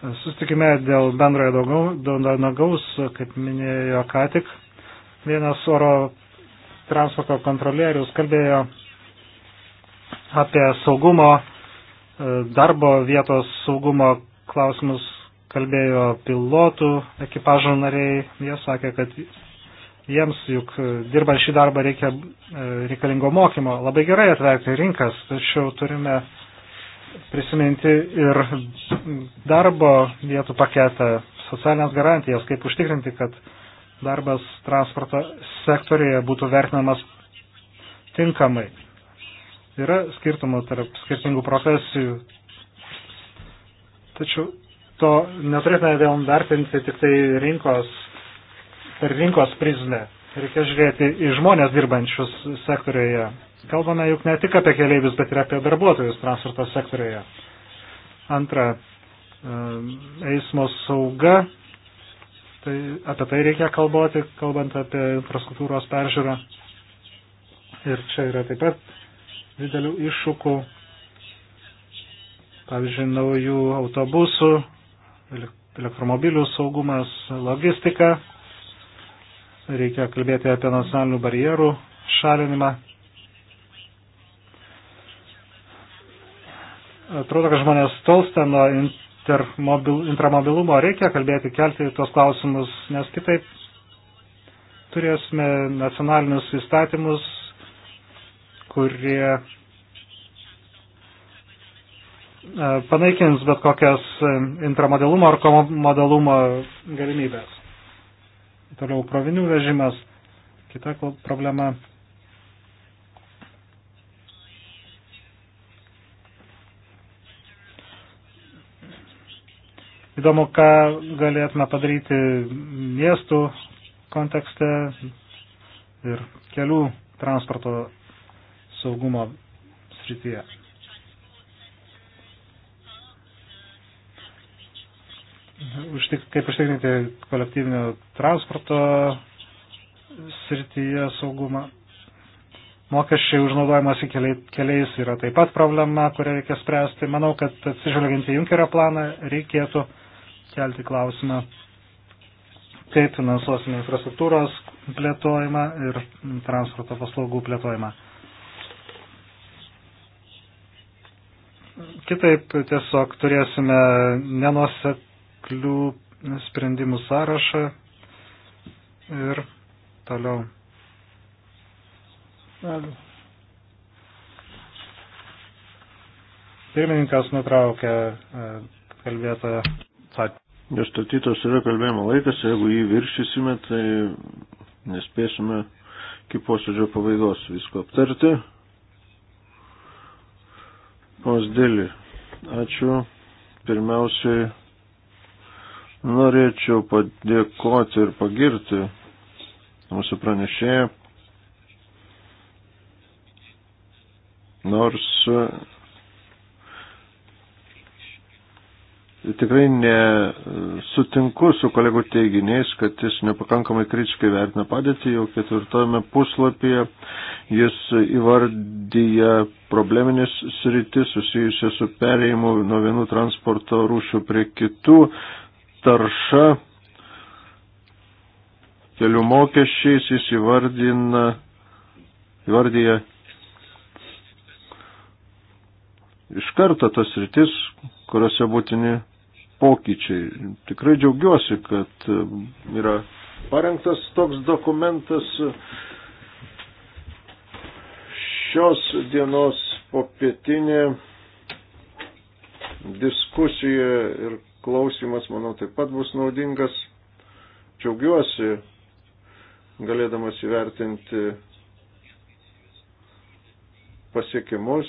E, Sustikime dėl bendrojo daugiaus, kaip minėjo ką tik, vienas oro transporto kontrolierius kalbėjo apie saugumo, e, darbo vietos saugumo klausimus kalbėjo pilotų ekipažo nariai. Jie sakė, kad jiems juk e, dirbant šį darbą reikia e, reikalingo mokymo. Labai gerai atverti rinkas, tačiau turime prisiminti ir darbo vietų paketą, socialinės garantijas, kaip užtikrinti, kad darbas transporto sektorėje būtų vertinamas tinkamai. Yra skirtumų tarp skirtingų profesijų. Tačiau to neturėtume vėl vertinti tik tai rinkos, per rinkos prizmę. Reikia žiūrėti į žmonės dirbančius sektorijoje. Kalbame juk ne tik apie keleivius, bet ir apie darbuotojus transporto sektorijoje. Antra, eismo sauga. Tai apie tai reikia kalboti, kalbant apie infrastruktūros peržiūrą. Ir čia yra taip pat didelių iššūkų, pavyzdžiui, naujų autobusų, elektromobilių saugumas, logistika, reikia kalbėti apie nacionalinių barjerų šalinimą. Atrodo, kad žmonės tolsta nuo intramobilumo, reikia kalbėti, kelti tuos klausimus, nes kitaip turėsime nacionalinius įstatymus, kurie e, panaikins bet kokias e, intramodalumo ar komodalumo galimybės. Toliau krovinių vežimas, kita problema. Įdomu, ką galėtume padaryti miestų kontekste ir kelių transporto saugumo srityje. Užtik, kaip užtikrinti kolektyvinio transporto srityje saugumą. Mokesčiai užnaudojimas į keliais yra taip pat problema, kurią reikia spręsti. Manau, kad atsižvelgiant į Junkerio planą reikėtų kelti klausimą, kaip finansuosime infrastruktūros plėtojimą ir transporto paslaugų plėtojimą. Kitaip tiesiog turėsime nenuoseklių sprendimų sąrašą ir toliau. Pirmininkas nutraukė e, kalbėtoją. Nustatytas yra kalbėjimo laikas, jeigu jį viršysime, tai nespėsime iki posėdžio pabaigos visko aptarti. Ponas Dėlį, ačiū. Pirmiausiai norėčiau padėkoti ir pagirti mūsų pranešėją. Nors tikrai nesutinku su kolegų teiginiais, kad jis nepakankamai kritiškai vertina padėtį. Jau ketvirtojame puslapyje jis įvardyja probleminės sritis susijusias su perėjimu nuo vienų transporto rūšių prie kitų, tarša, kelių mokesčiais jis įvardina, įvardyja iš karto tas rytis, kuriuose būtini pokyčiai. Tikrai džiaugiuosi, kad um, yra parengtas toks dokumentas šios dienos popietinė diskusija ir klausimas, manau, taip pat bus naudingas. Džiaugiuosi, galėdamas įvertinti pasiekimus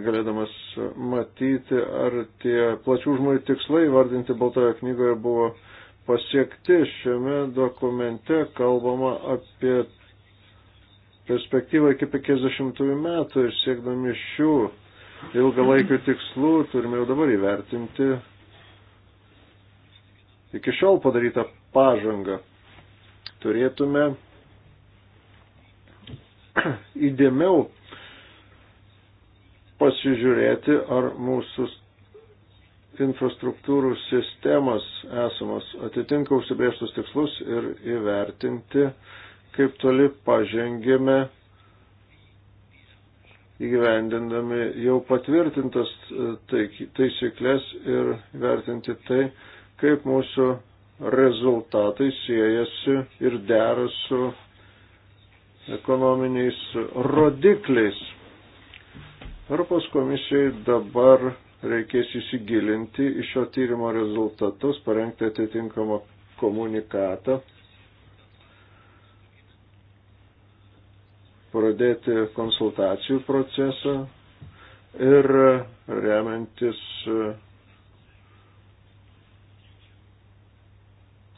galėdamas matyti, ar tie plačių žmonių tikslai vardinti Baltoje knygoje buvo pasiekti. Šiame dokumente kalbama apie perspektyvą iki 50 metų ir siekdami šių ilgalaikių tikslų turime jau dabar įvertinti iki šiol padarytą pažangą. Turėtume [clears throat] įdėmiau pasižiūrėti, ar mūsų infrastruktūrų sistemos esamos atitinka užsibrėžtus tikslus ir įvertinti, kaip toli pažengėme įgyvendindami jau patvirtintas taisyklės ir vertinti tai, kaip mūsų rezultatai siejasi ir dera su ekonominiais rodikliais. Europos komisijai dabar reikės įsigilinti į šio tyrimo rezultatus, parengti atitinkamą komunikatą, pradėti konsultacijų procesą ir remiantis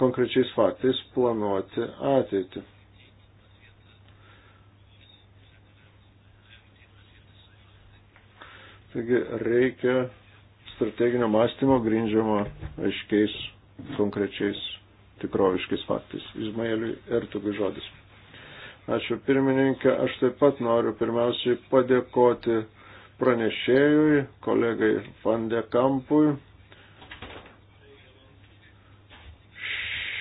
konkrečiais faktais planuoti ateitį. Taigi reikia strateginio mąstymo grindžiamo aiškiais, konkrečiais, tikroviškais faktais. Izmaeliui Ertugui žodis. Ačiū pirmininkė, aš taip pat noriu pirmiausiai padėkoti pranešėjui, kolegai Fande Kampui.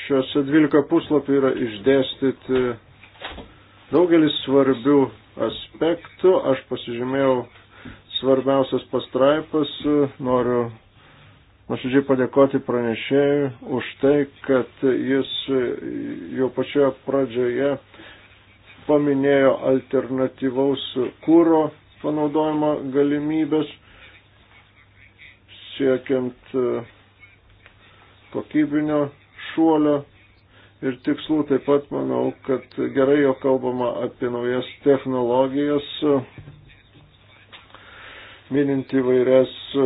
Šiuose 12 puslapį yra išdėstyti daugelis svarbių aspektų. Aš pasižymėjau svarbiausias pastraipas. Noriu nuoširdžiai padėkoti pranešėjui už tai, kad jis jau pačioje pradžioje paminėjo alternatyvaus kūro panaudojimo galimybės siekiant e, kokybinio šuolio ir tikslų. Taip pat manau, kad gerai jo kalbama apie naujas technologijas minint įvairias e,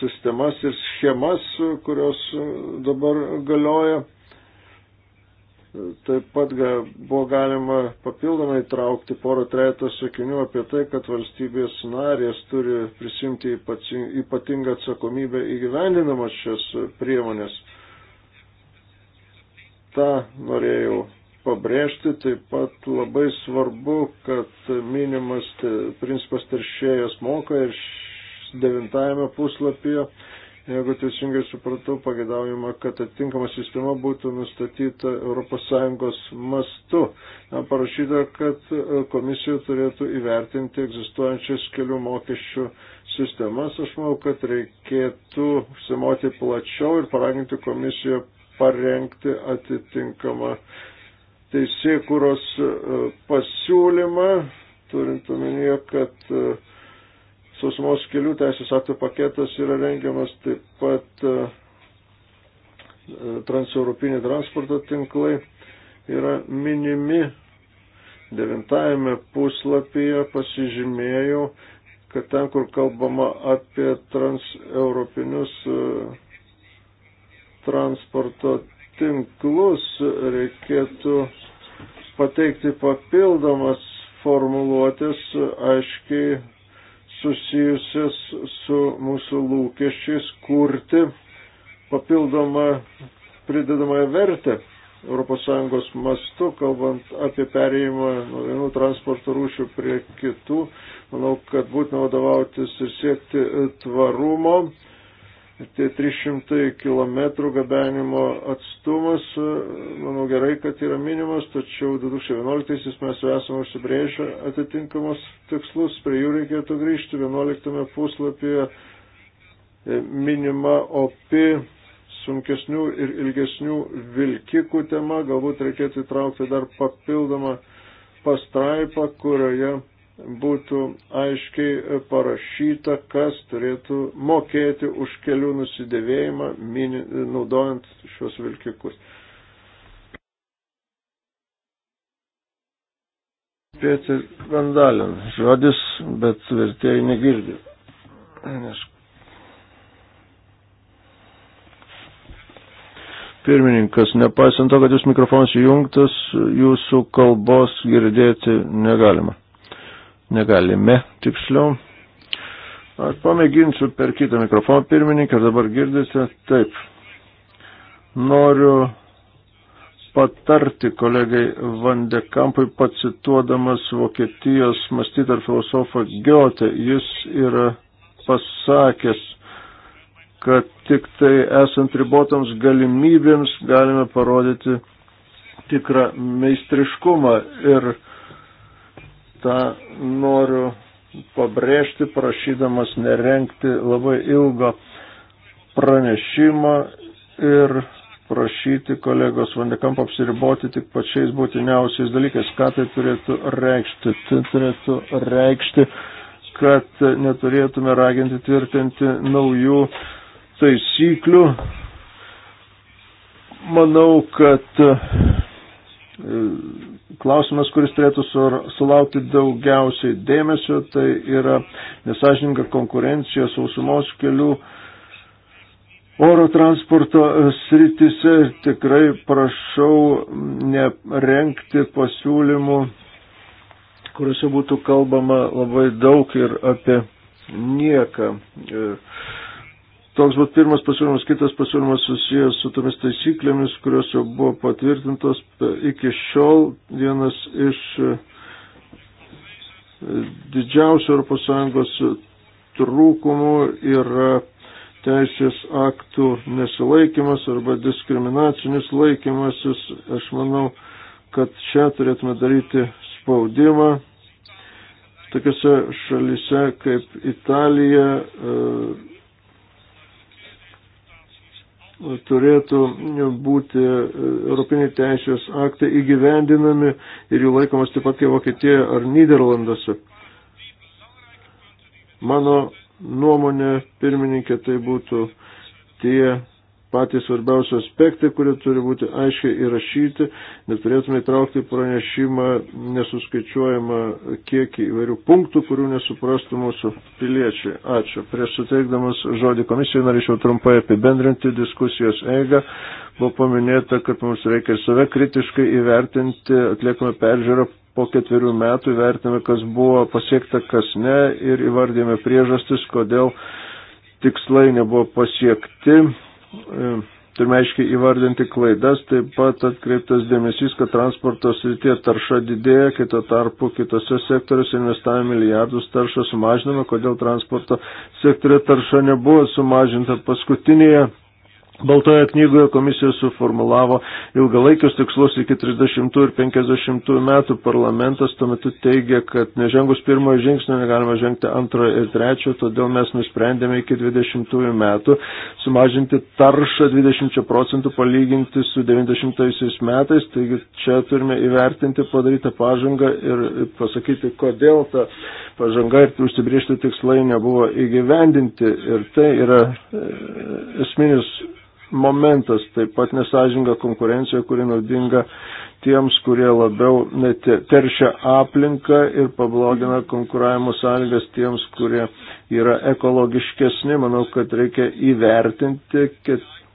sistemas ir schemas, kurios e, dabar galioja. Taip pat buvo galima papildomai traukti porą trejato sakinių apie tai, kad valstybės narės turi prisimti ypatingą atsakomybę įgyvendinamas šias priemonės. Ta norėjau pabrėžti. Taip pat labai svarbu, kad minimas principas teršėjas moka ir devintajame puslapyje, jeigu teisingai supratau, pagėdaujama, kad atitinkama sistema būtų nustatyta ES mastu. Na, parašyta, kad e, komisija turėtų įvertinti egzistuojančias kelių mokesčių sistemas. Aš manau, kad reikėtų simoti plačiau ir paraginti komisiją parengti atitinkamą uh, teisėkuros e, pasiūlymą, turint omenyje, kad e, sausumos kelių teisės aktų paketas yra rengiamas taip pat e, transeuropiniai transporto tinklai yra minimi. Devintajame puslapyje pasižymėjau, kad ten, kur kalbama apie transeuropinius transporto tinklus reikėtų pateikti papildomas formuluotės aiškiai susijusias su mūsų lūkesčiais kurti papildomą pridedamąją vertę ES mastu, kalbant apie perėjimą nuo vienų transporto rūšių prie kitų. Manau, kad būtina vadovautis ir siekti tvarumo tie 300 km gabenimo atstumas, e, manau gerai, kad yra minimas, tačiau 2011 mes jau esame užsibrėžę atitinkamus tikslus, prie jų reikėtų grįžti. 11 puslapyje e, minima opi sunkesnių ir ilgesnių vilkikų tema, galbūt reikėtų įtraukti dar papildomą pastraipą, kurioje būtų aiškiai parašyta, kas turėtų mokėti už kelių nusidėvėjimą, mini, naudojant šios vilkikus. Pieter Vandalin, žodis, bet vertėjai negirdi. Nes... Pirmininkas, nepaisant to, kad jūs mikrofonas įjungtas, jūsų kalbos girdėti negalima. Negalime tiksliau. Aš pamėginsiu per kitą mikrofoną pirmininką, dabar girdite. Taip. Noriu patarti kolegai Vandekampui, pacituodamas Vokietijos mąstytą ir filosofą Giotę. Jis yra pasakęs, kad tik tai esant ribotams galimybėms galime parodyti tikrą meistriškumą ir tą noriu pabrėžti, prašydamas nerenkti labai ilgo pranešimo ir prašyti kolegos Vandekamp apsiriboti tik pačiais būtiniausiais dalykais. Ką tai turėtų reikšti? Tai turėtų reikšti, kad neturėtume raginti tvirtinti naujų taisyklių. Manau, kad klausimas, kuris turėtų sulaukti daugiausiai dėmesio, tai yra nesažininga konkurencija sausumos kelių oro transporto sritise. Tikrai prašau nerenkti pasiūlymų, kuriuose būtų kalbama labai daug ir apie nieką. E, Toks būtų pirmas pasiūlymas, kitas pasiūlymas susijęs su tomis taisyklėmis, kurios jau buvo patvirtintos iki šiol. Vienas iš e, didžiausių ES trūkumų yra teisės aktų nesilaikimas arba diskriminacinis laikymasis. Aš manau, kad čia turėtume daryti spaudimą. Tokiose šalise kaip Italija. E, turėtų būti e, europiniai teisės aktai įgyvendinami ir jų laikomas taip pat kaip Vokietijoje ar Niderlanduose. Mano nuomonė, pirmininkė, tai būtų tie patys svarbiausi aspektai, kurie turi būti aiškiai įrašyti, neturėtume įtraukti pranešimą nesuskaičiuojamą kiekį įvairių punktų, kurių nesuprastų mūsų piliečiai. Ačiū. Prieš suteikdamas žodį komisijai norėčiau trumpai apibendrinti diskusijos eigą. Buvo paminėta, kad mums reikia ir save kritiškai įvertinti, atliekame peržiūrą po ketverių metų, įvertiname, kas buvo pasiekta, kas ne ir įvardėme priežastis, kodėl tikslai nebuvo pasiekti E, turime aiškiai įvardinti klaidas, taip pat atkreiptas dėmesys, kad transporto srityje tarša didėja, kito tarpu kitose sektoriuose investavę milijardus taršą sumažinama, kodėl transporto sektorio tarša nebuvo sumažinta paskutinėje Baltoje knygoje komisija suformulavo ilgalaikius tikslus iki 30 ir 50 metų. Parlamentas tuo metu teigia, kad nežengus pirmojo žingsnio negalima žengti antrojo ir trečiojo, todėl mes nusprendėme iki 20 metų sumažinti taršą 20 procentų palyginti su 90 metais. Taigi čia turime įvertinti padarytą pažangą ir pasakyti, kodėl ta pažanga ir užsibriežti tikslai nebuvo įgyvendinti. Ir tai yra e, esminis momentas, taip pat nesažinga konkurencija, kuri naudinga tiems, kurie labiau teršia aplinką ir pablogina konkuravimo sąlygas tiems, kurie yra ekologiškesni. Manau, kad reikia įvertinti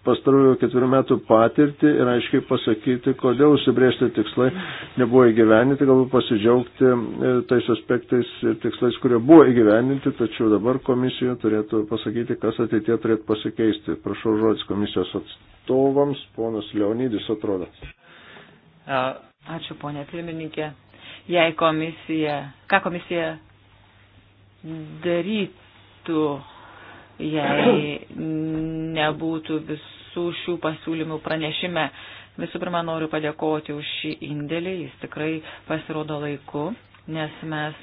pastarųjų ketverių metų patirtį ir aiškiai pasakyti, kodėl užsibriežti tikslai nebuvo įgyveninti, galbūt pasidžiaugti e, tais aspektais ir tikslais, kurie buvo įgyveninti, tačiau dabar komisija turėtų pasakyti, kas ateitie turėtų pasikeisti. Prašau žodis komisijos atstovams, ponas Leonidis atrodo. Ačiū, ponė pirmininkė. Jei komisija, ką komisija darytų jei nebūtų visų šių pasiūlymų pranešime. Visų pirma, noriu padėkoti už šį indėlį, jis tikrai pasirodo laiku, nes mes.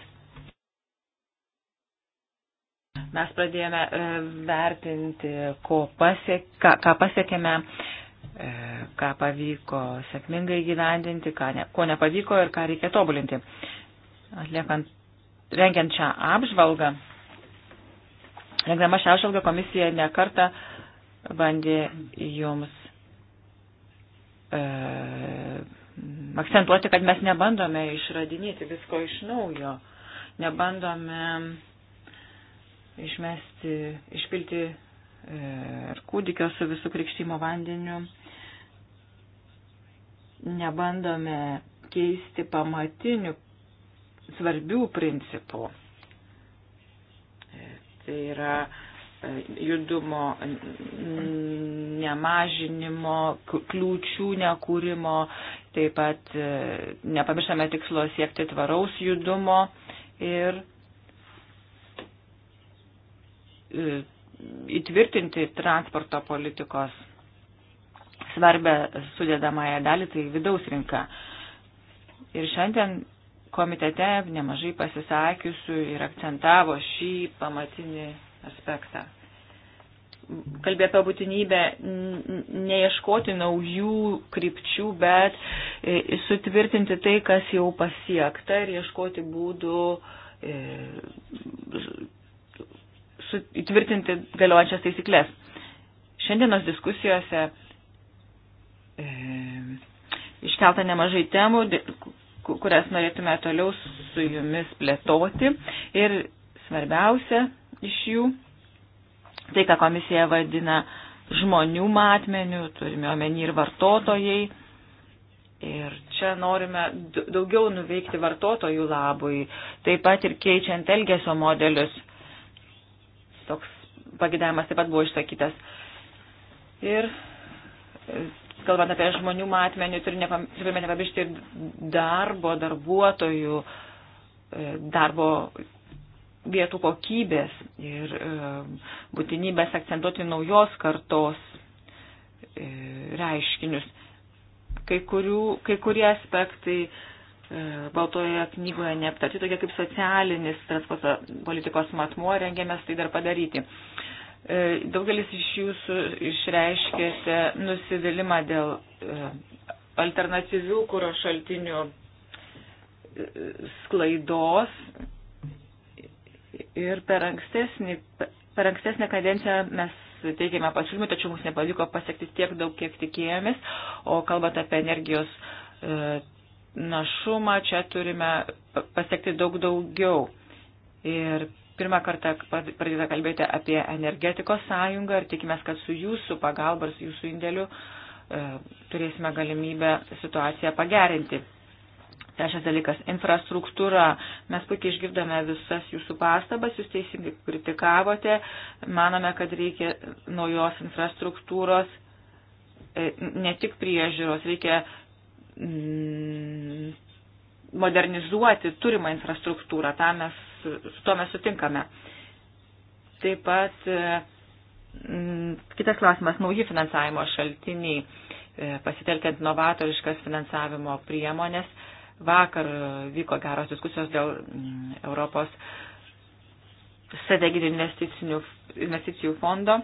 Mes pradėjome e, vertinti, ko pasiek, ką, ką pasiekėme, e, ką pavyko sėkmingai gyvendinti, ką ne, ko nepavyko ir ką reikia tobulinti. Atliekant, rengiant šią apžvalgą, Rengdama šią apžvalgą komisija nekarta bandė jums e, akcentuoti, kad mes nebandome išradinėti visko iš naujo, nebandome išmesti, išpilti e, ir kūdikio su visų krikštymo vandeniu, nebandome keisti pamatinių svarbių principų Tai yra e, judumo nemažinimo, kliūčių nekūrimo, taip pat e, nepamirštame tikslo siekti tvaraus judumo ir e, įtvirtinti transporto politikos svarbę sudėdamąją dalį, tai vidaus rinka. Ir šiandien komitete nemažai pasisakiusių ir akcentavo šį pamatinį aspektą. Kalbė apie būtinybę neieškoti naujų krypčių, bet e, sutvirtinti tai, kas jau pasiekta ir ieškoti būdų e, įtvirtinti galiojančias taisyklės. Šiandienos diskusijose e, iškelta nemažai temų, kurias norėtume toliau su jumis plėtoti. Ir svarbiausia iš jų, tai ką komisija vadina žmonių matmenių, turime omeny ir vartotojai. Ir čia norime daugiau nuveikti vartotojų labui, taip pat ir keičiant elgesio modelius. Toks pagėdavimas taip pat buvo išsakytas. Ir kalbant apie žmonių matmenį, turime nepamiršti ir darbo, darbuotojų, e, darbo vietų kokybės ir e, būtinybės akcentuoti naujos kartos e, reiškinius. Kai, kurių, kai kurie aspektai Baltojoje knygoje neaptarti, tokie kaip socialinis transporto politikos matmuo, rengiamės tai dar padaryti. E, daugelis iš jūsų išreiškėte nusivylimą dėl e, alternatyvių kūro šaltinių e, sklaidos ir per, ankstesnį, per ankstesnę kadenciją mes teikėme pasiūlymą, tačiau mums nepavyko pasiekti tiek daug, kiek tikėjomės, o kalbant apie energijos našumą, čia turime pasiekti daug daugiau. Ir Pirmą kartą pradėta kalbėti apie energetikos sąjungą ir tikimės, kad su jūsų pagalba ir su jūsų indėliu e, turėsime galimybę situaciją pagerinti. Trečias dalykas - infrastruktūra. Mes puikiai išgirdome visas jūsų pastabas, jūs teisingai kritikavote, manome, kad reikia naujos infrastruktūros, e, ne tik priežiūros, reikia mm, modernizuoti turimą infrastruktūrą. Ta mes su, su to mes sutinkame. Taip pat e, m, kitas klausimas - nauji finansavimo šaltiniai, e, pasitelkiant novatoriškas finansavimo priemonės. Vakar vyko geros diskusijos dėl m, Europos strateginių investicijų fondo.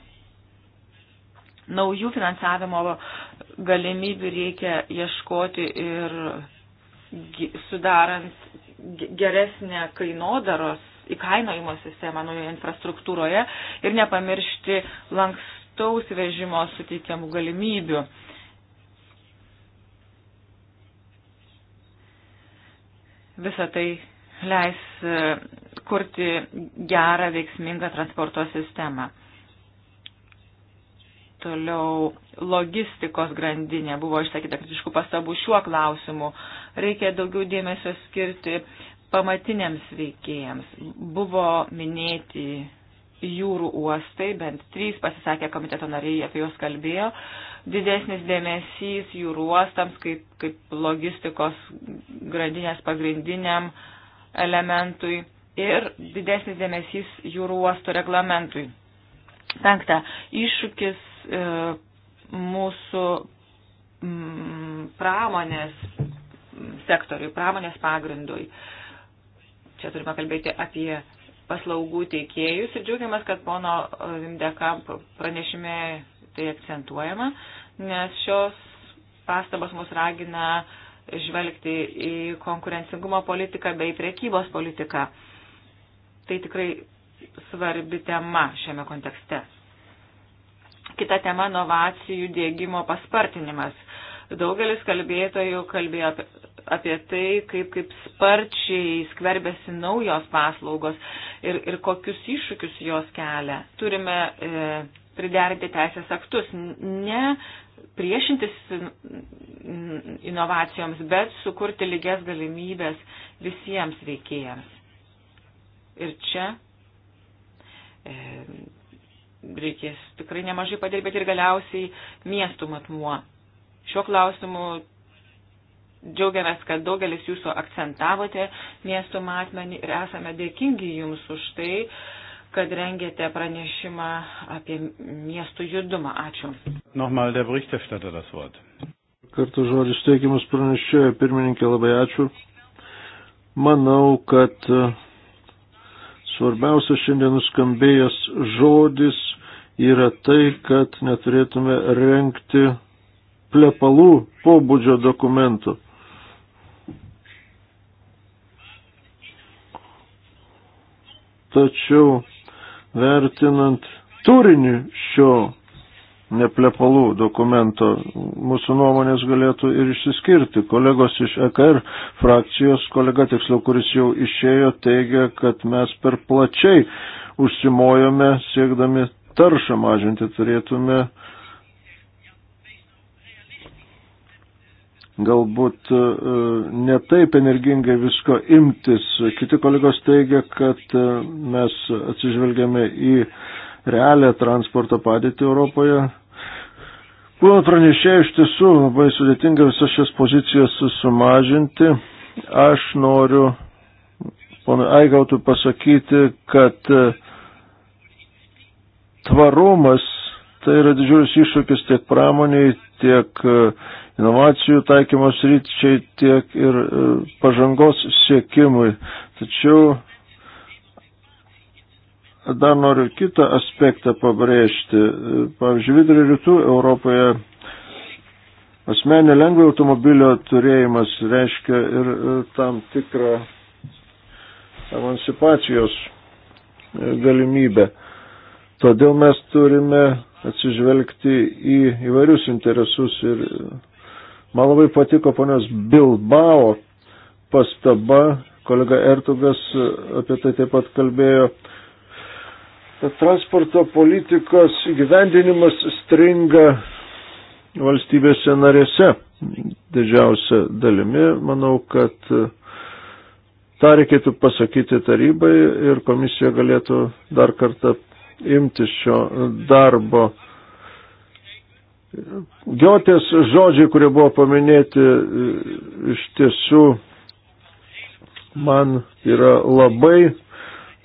Naujų finansavimo galimybių reikia ieškoti ir sudarant geresnę kainodaros įkainojimo sistemą naujoje infrastruktūroje ir nepamiršti lankstaus vežimo suteikiamų galimybių. Visą tai leis e, kurti gerą veiksmingą transporto sistemą. Toliau logistikos grandinė buvo išsakyta kritiškų pastabų šiuo klausimu. Reikia daugiau dėmesio skirti pamatiniams veikėjams. Buvo minėti jūrų uostai, bent trys pasisakė komiteto nariai, apie juos kalbėjo. Didesnis dėmesys jūrų uostams kaip, kaip logistikos grandinės pagrindiniam elementui ir didesnis dėmesys jūrų uosto reglamentui. Penkta, iššūkis E, mūsų mm, pramonės sektoriui, pramonės pagrindui. Čia turime kalbėti apie paslaugų teikėjus ir džiaugiamės, kad pono Vimdekamp pranešime tai akcentuojama, nes šios pastabos mus ragina žvelgti į konkurencingumo politiką bei priekybos politiką. Tai tikrai svarbi tema šiame kontekste. Kita tema - inovacijų dėgymo paspartinimas. Daugelis kalbėtojų kalbėjo apie, apie tai, kaip, kaip sparčiai skverbėsi naujos paslaugos ir, ir kokius iššūkius jos kelia. Turime e, priderinti teisės aktus, ne priešintis inovacijoms, bet sukurti lygias galimybės visiems veikėjams. Ir čia e, reikės tikrai nemažai padirbėti ir galiausiai miestų matmuo. Šiuo klausimu džiaugiamės, kad daugelis jūsų akcentavote miestų matmenį ir esame dėkingi jums už tai, kad rengėte pranešimą apie miestų judumą. Ačiū. Nochmal der Berichterstatter das Wort. Kartu žodis teikimas pranešėjo, pirmininkė, labai ačiū. Manau, kad e, svarbiausias šiandien nuskambėjęs žodis yra tai, kad neturėtume renkti plepalų pobūdžio dokumentų. Tačiau vertinant turinį šio neplepalų dokumento mūsų nuomonės galėtų ir išsiskirti. Kolegos iš EKR frakcijos, kolega tiksliau, kuris jau išėjo, teigia, kad mes per plačiai užsimojome siekdami taršą mažinti turėtume galbūt e, netaip energingai visko imtis. Kiti kolegos teigia, kad e, mes atsižvelgiame į realią transporto padėtį Europoje. Buvo pranešėjai iš tiesų labai sudėtinga visas šias pozicijas sumažinti. Aš noriu ponui Aigautui pasakyti, kad uh, tvarumas tai yra didžiulis iššūkis tiek pramoniai, tiek e, inovacijų taikymos ryčiai, tiek ir e, pažangos siekimui. Tačiau dar noriu kitą aspektą pabrėžti. E, pavyzdžiui, vidurio rytų Europoje asmenio lengvo automobilio turėjimas reiškia ir tam tikrą emancipacijos galimybę. Todėl mes turime atsižvelgti į įvairius interesus ir man labai patiko ponios Bilbao pastaba, kolega Ertugas apie tai taip pat kalbėjo, kad transporto politikos gyvendinimas stringa valstybėse narėse didžiausia dalimi. Manau, kad tą reikėtų pasakyti tarybai ir komisija galėtų dar kartą imti šio darbo. Giotės žodžiai, kurie buvo paminėti, iš tiesų man yra labai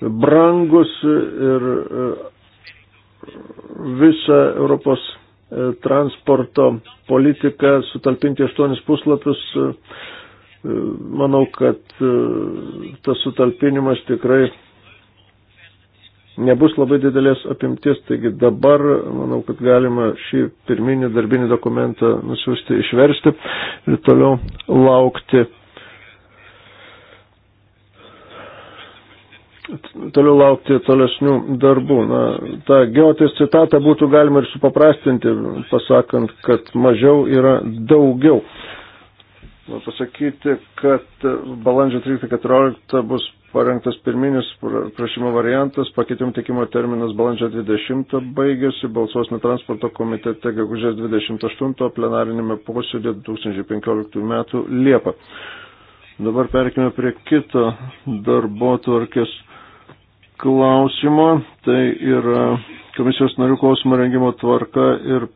brangus ir e, visą Europos e, transporto politiką sutalpinti aštuonis puslapius. E, manau, kad tas sutalpinimas tikrai nebus labai didelės apimties, taigi dabar manau, kad galima šį pirminį darbinį dokumentą nusiųsti, išversti ir toliau laukti. Toliau laukti tolesnių darbų. Na, tą geotės citatą būtų galima ir supaprastinti, pasakant, kad mažiau yra daugiau pasakyti, kad balandžio 13-14 bus parengtas pirminis prašymo variantas, pakeitimų teikimo terminas balandžio 20 baigėsi, balsuosime transporto komitete gegužės 28 plenarinėme posėdė 2015 metų Liepą. Dabar perkime prie kito darbo tvarkės klausimo, tai yra komisijos narių klausimo rengimo tvarka ir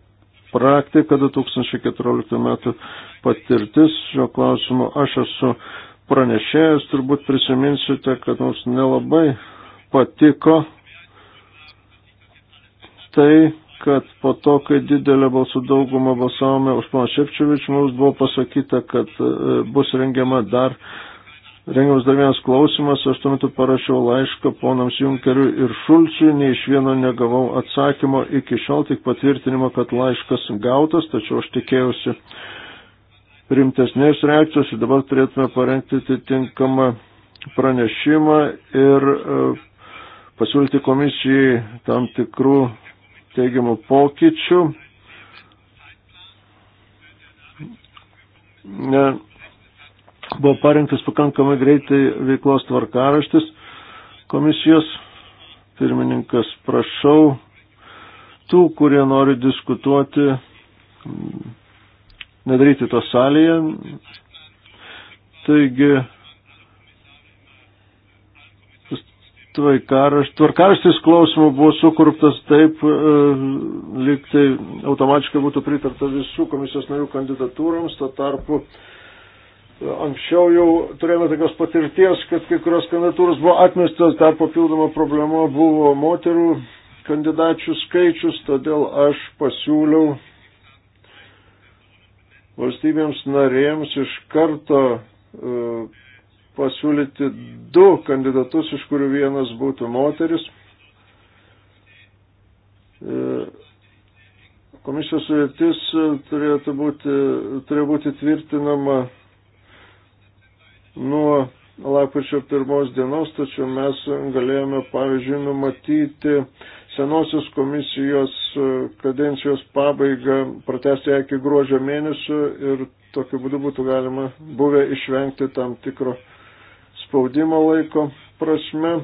praktika, 2014 metų patirtis šio klausimu. Aš esu pranešėjas, turbūt prisiminsite, kad mums nelabai patiko tai, kad po to, kai didelė balsų daugumą balsavome už pana Šepčiovič, mums buvo pasakyta, kad e, bus rengiama dar Rengiamas dar vienas klausimas, aš tuo metu parašiau laišką ponams Junkeriu ir Šulčiui, nei iš vieno negavau atsakymo iki šiol, tik patvirtinimo, kad laiškas gautas, tačiau aš tikėjausi rimtesnės reakcijos ir dabar turėtume parengti atitinkamą pranešimą ir e, pasiūlyti komisijai tam tikrų teigiamų pokyčių. Ne, Buvo parengtas pakankamai greitai veiklos tvarkaraštis komisijos. Pirmininkas, prašau tų, kurie nori diskutuoti, nedaryti to salėje. Taigi, tvarkaraštis klausimų buvo sukurptas taip, e, lyg tai automatiškai būtų pritarta visų komisijos narių kandidatūroms, to tarpu Anksčiau jau turėjome tokios patirties, kad kai kurios kandidatūros buvo atmestos, dar papildoma problema buvo moterų kandidačių skaičius, todėl aš pasiūliau valstybėms narėms iš karto uh, pasiūlyti du kandidatus, iš kurių vienas būtų moteris. E, komisijos sudėtis e, turėtų būti, turėjo būti tvirtinama nuo lapkričio pirmos dienos, tačiau mes galėjome, pavyzdžiui, numatyti senosios komisijos e, kadencijos pabaigą, pratesti ją iki gruodžio mėnesio ir tokiu būdu būtų galima buvę išvengti tam tikro spaudimo laiko prasme.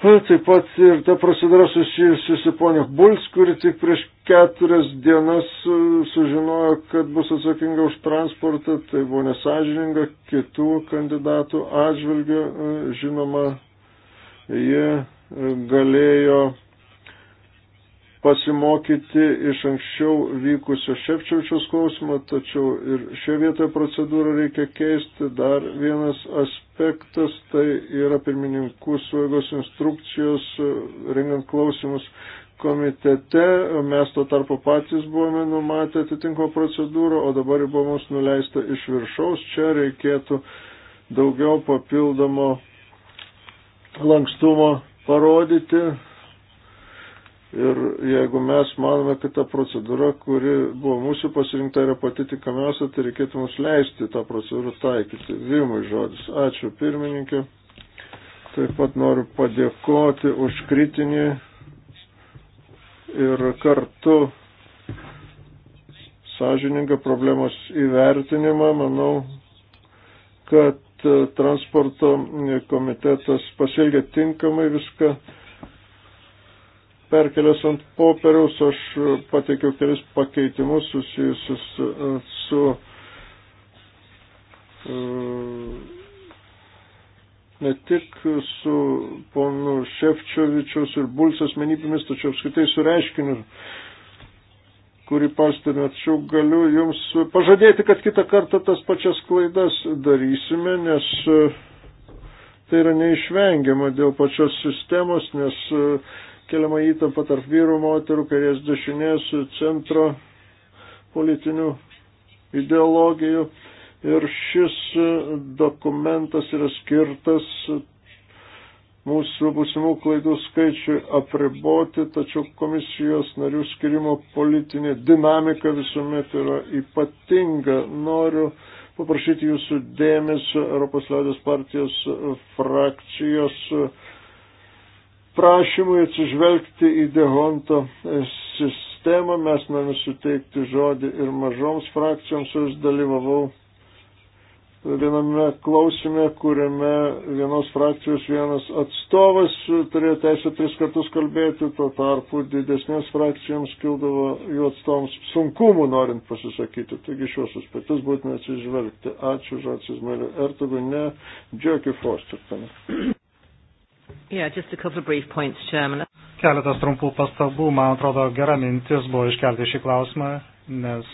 Taip pat ir ta procedūra susijusi su ponia Bulc, kuri tik prieš keturias dienas e, sužinojo, kad bus atsakinga už transportą, tai buvo nesažininga kitų kandidatų atžvilgių. E, žinoma, jie e, galėjo pasimokyti iš anksčiau vykusio Šepčiaučiaus klausimo, tačiau ir šioje vietoje procedūrą reikia keisti. Dar vienas aspektas tai yra pirmininkų suėgos instrukcijos e, rengiant klausimus komitete. Mes tuo tarpu patys buvome numatę atitinko procedūrą, o dabar buvo mums nuleista iš viršaus. Čia reikėtų daugiau papildomo lankstumo parodyti, Ir jeigu mes manome, kad ta procedūra, kuri buvo mūsų pasirinkta, yra pati tikamiausia, tai reikėtų mums leisti tą procedūrą taikyti. Vimui žodis. Ačiū pirmininkė. Taip pat noriu padėkoti už kritinį ir kartu sąžiningą problemos įvertinimą. Manau, kad transporto komitetas pasielgė tinkamai viską perkelęs ant popieriaus, aš pateikiau kelis pakeitimus susijusius uh, su uh, ne tik su ponu Šefčiovičiaus ir Bulsio asmenybėmis, tačiau apskritai su reiškiniu, kurį pastebė. Tačiau galiu Jums pažadėti, kad kitą kartą tas pačias klaidas darysime, nes uh, tai yra neišvengiama dėl pačios sistemos, nes uh, keliama įtampa tarp vyrų, moterų, kairės dešinės, centro politinių ideologijų. Ir šis dokumentas yra skirtas mūsų būsimų klaidų skaičiui apriboti, tačiau komisijos narių skirimo politinė dinamika visuomet yra ypatinga. Noriu paprašyti jūsų dėmesio Europos liaudės partijos frakcijos uh, prašymui atsižvelgti į Dehonto e, sistemą. Mes norime suteikti žodį ir mažoms frakcijoms. Aš dalyvavau viename klausime, kuriame vienos frakcijos vienas atstovas turėjo teisę tris kartus kalbėti, tuo tarpu didesnės frakcijoms kildavo jų atstovams sunkumų norint pasisakyti. Taigi šios aspektus būtina atsižvelgti. Ačiū Žacis Meliu Ertogui, ne Džekį Fostertoną. Yeah, just a couple of brief points, Chairman. Keletas trumpų pastabų, man atrodo, gera mintis buvo iškelti šį klausimą, nes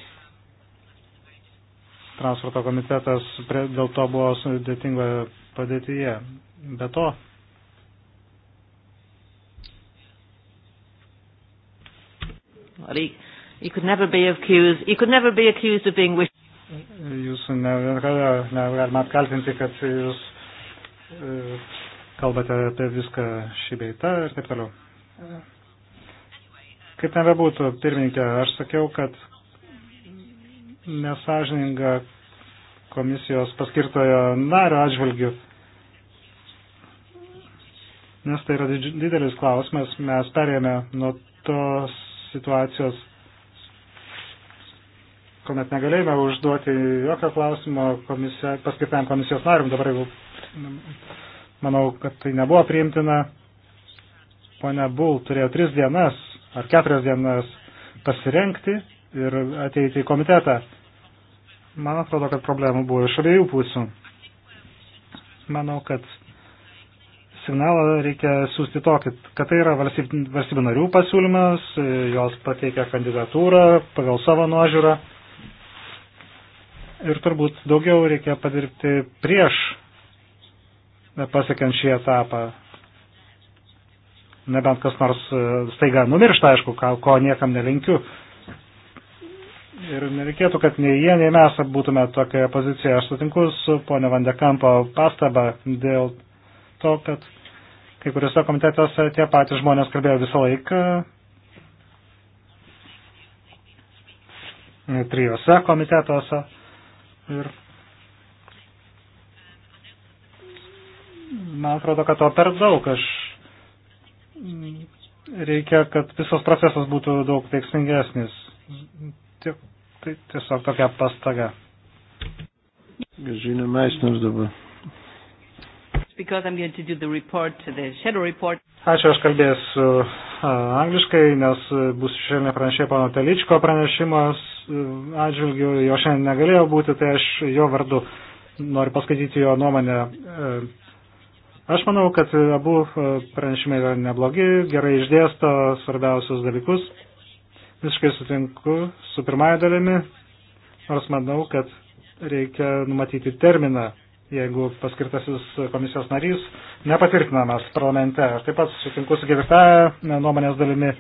transporto komitetas dėl to buvo sudėtingoje padėtyje. Be to, Well, he, he could never be accused. He could never be accused of being wish. Jūsų negalima ne, ne, ne, apkaltinti, kad jūs uh, kalbate apie viską šį beitą ir taip toliau. Kaip nebebūtų, pirmininkė, aš sakiau, kad nesažininga komisijos paskirtojo nario atžvilgių, nes tai yra didelis klausimas, mes perėmė nuo tos situacijos, kuomet negalėjome užduoti jokio klausimo komisija, paskirtam komisijos nariam, dabar jeigu Manau, kad tai nebuvo priimtina. Pone Bul turėjo tris dienas ar keturias dienas pasirenkti ir ateiti į komitetą. Man atrodo, kad problemų buvo iš abiejų pusių. Manau, kad signalą reikia siūsti tokį, kad tai yra valstybių narių pasiūlymas, jos pateikia kandidatūrą pagal savo nuožiūrą. Ir turbūt daugiau reikia padirbti prieš pasiekiant šį etapą. Nebent kas nors e, staiga numiršta, aišku, ko niekam nelinkiu. Ir nereikėtų, kad nei jie, nei mes būtume tokioje pozicijoje. Aš sutinku su ponio Vandekampo pastaba dėl to, kad kai kuriuose komitetuose tie patys žmonės kalbėjo visą laiką. Trijose komitetuose. Ir man atrodo, kad to per daug. Aš mm, reikia, kad visas procesas būtų daug veiksmingesnis. Tai tiesiog tokia pastaga. Žinoma, meisners dabar. Ačiū, aš kalbėsiu angliškai, nes e, bus šiandien pranešė pano Teličko pranešimas e, atžvilgiu, jo šiandien negalėjo būti, tai aš jo vardu noriu paskaityti jo nuomonę e, Aš manau, kad abu e, pranešimai yra neblogi, gerai išdėsto svarbiausius dalykus. Visiškai sutinku su pirmąją dalimi, nors manau, kad reikia numatyti terminą, jeigu paskirtasis komisijos narys nepatvirtinamas parlamente. Aš taip pat sutinku su ketvirtąją nuomonės dalimi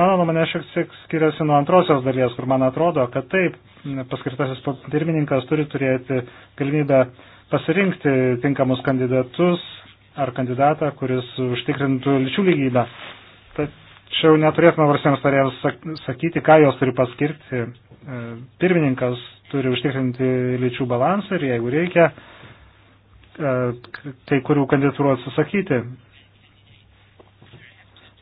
Mano nuomonė šiek tiek skiriasi nuo antrosios dalies, kur man atrodo, kad taip, paskirtasis pirmininkas turi turėti galimybę pasirinkti tinkamus kandidatus ar kandidatą, kuris užtikrintų lyčių lygybę. Tačiau neturėtume varsiems tarėjams sakyti, ką jos turi paskirti. E, pirmininkas turi užtikrinti lyčių balansą ir jeigu reikia, e, kai kurių kandidatūrų atsisakyti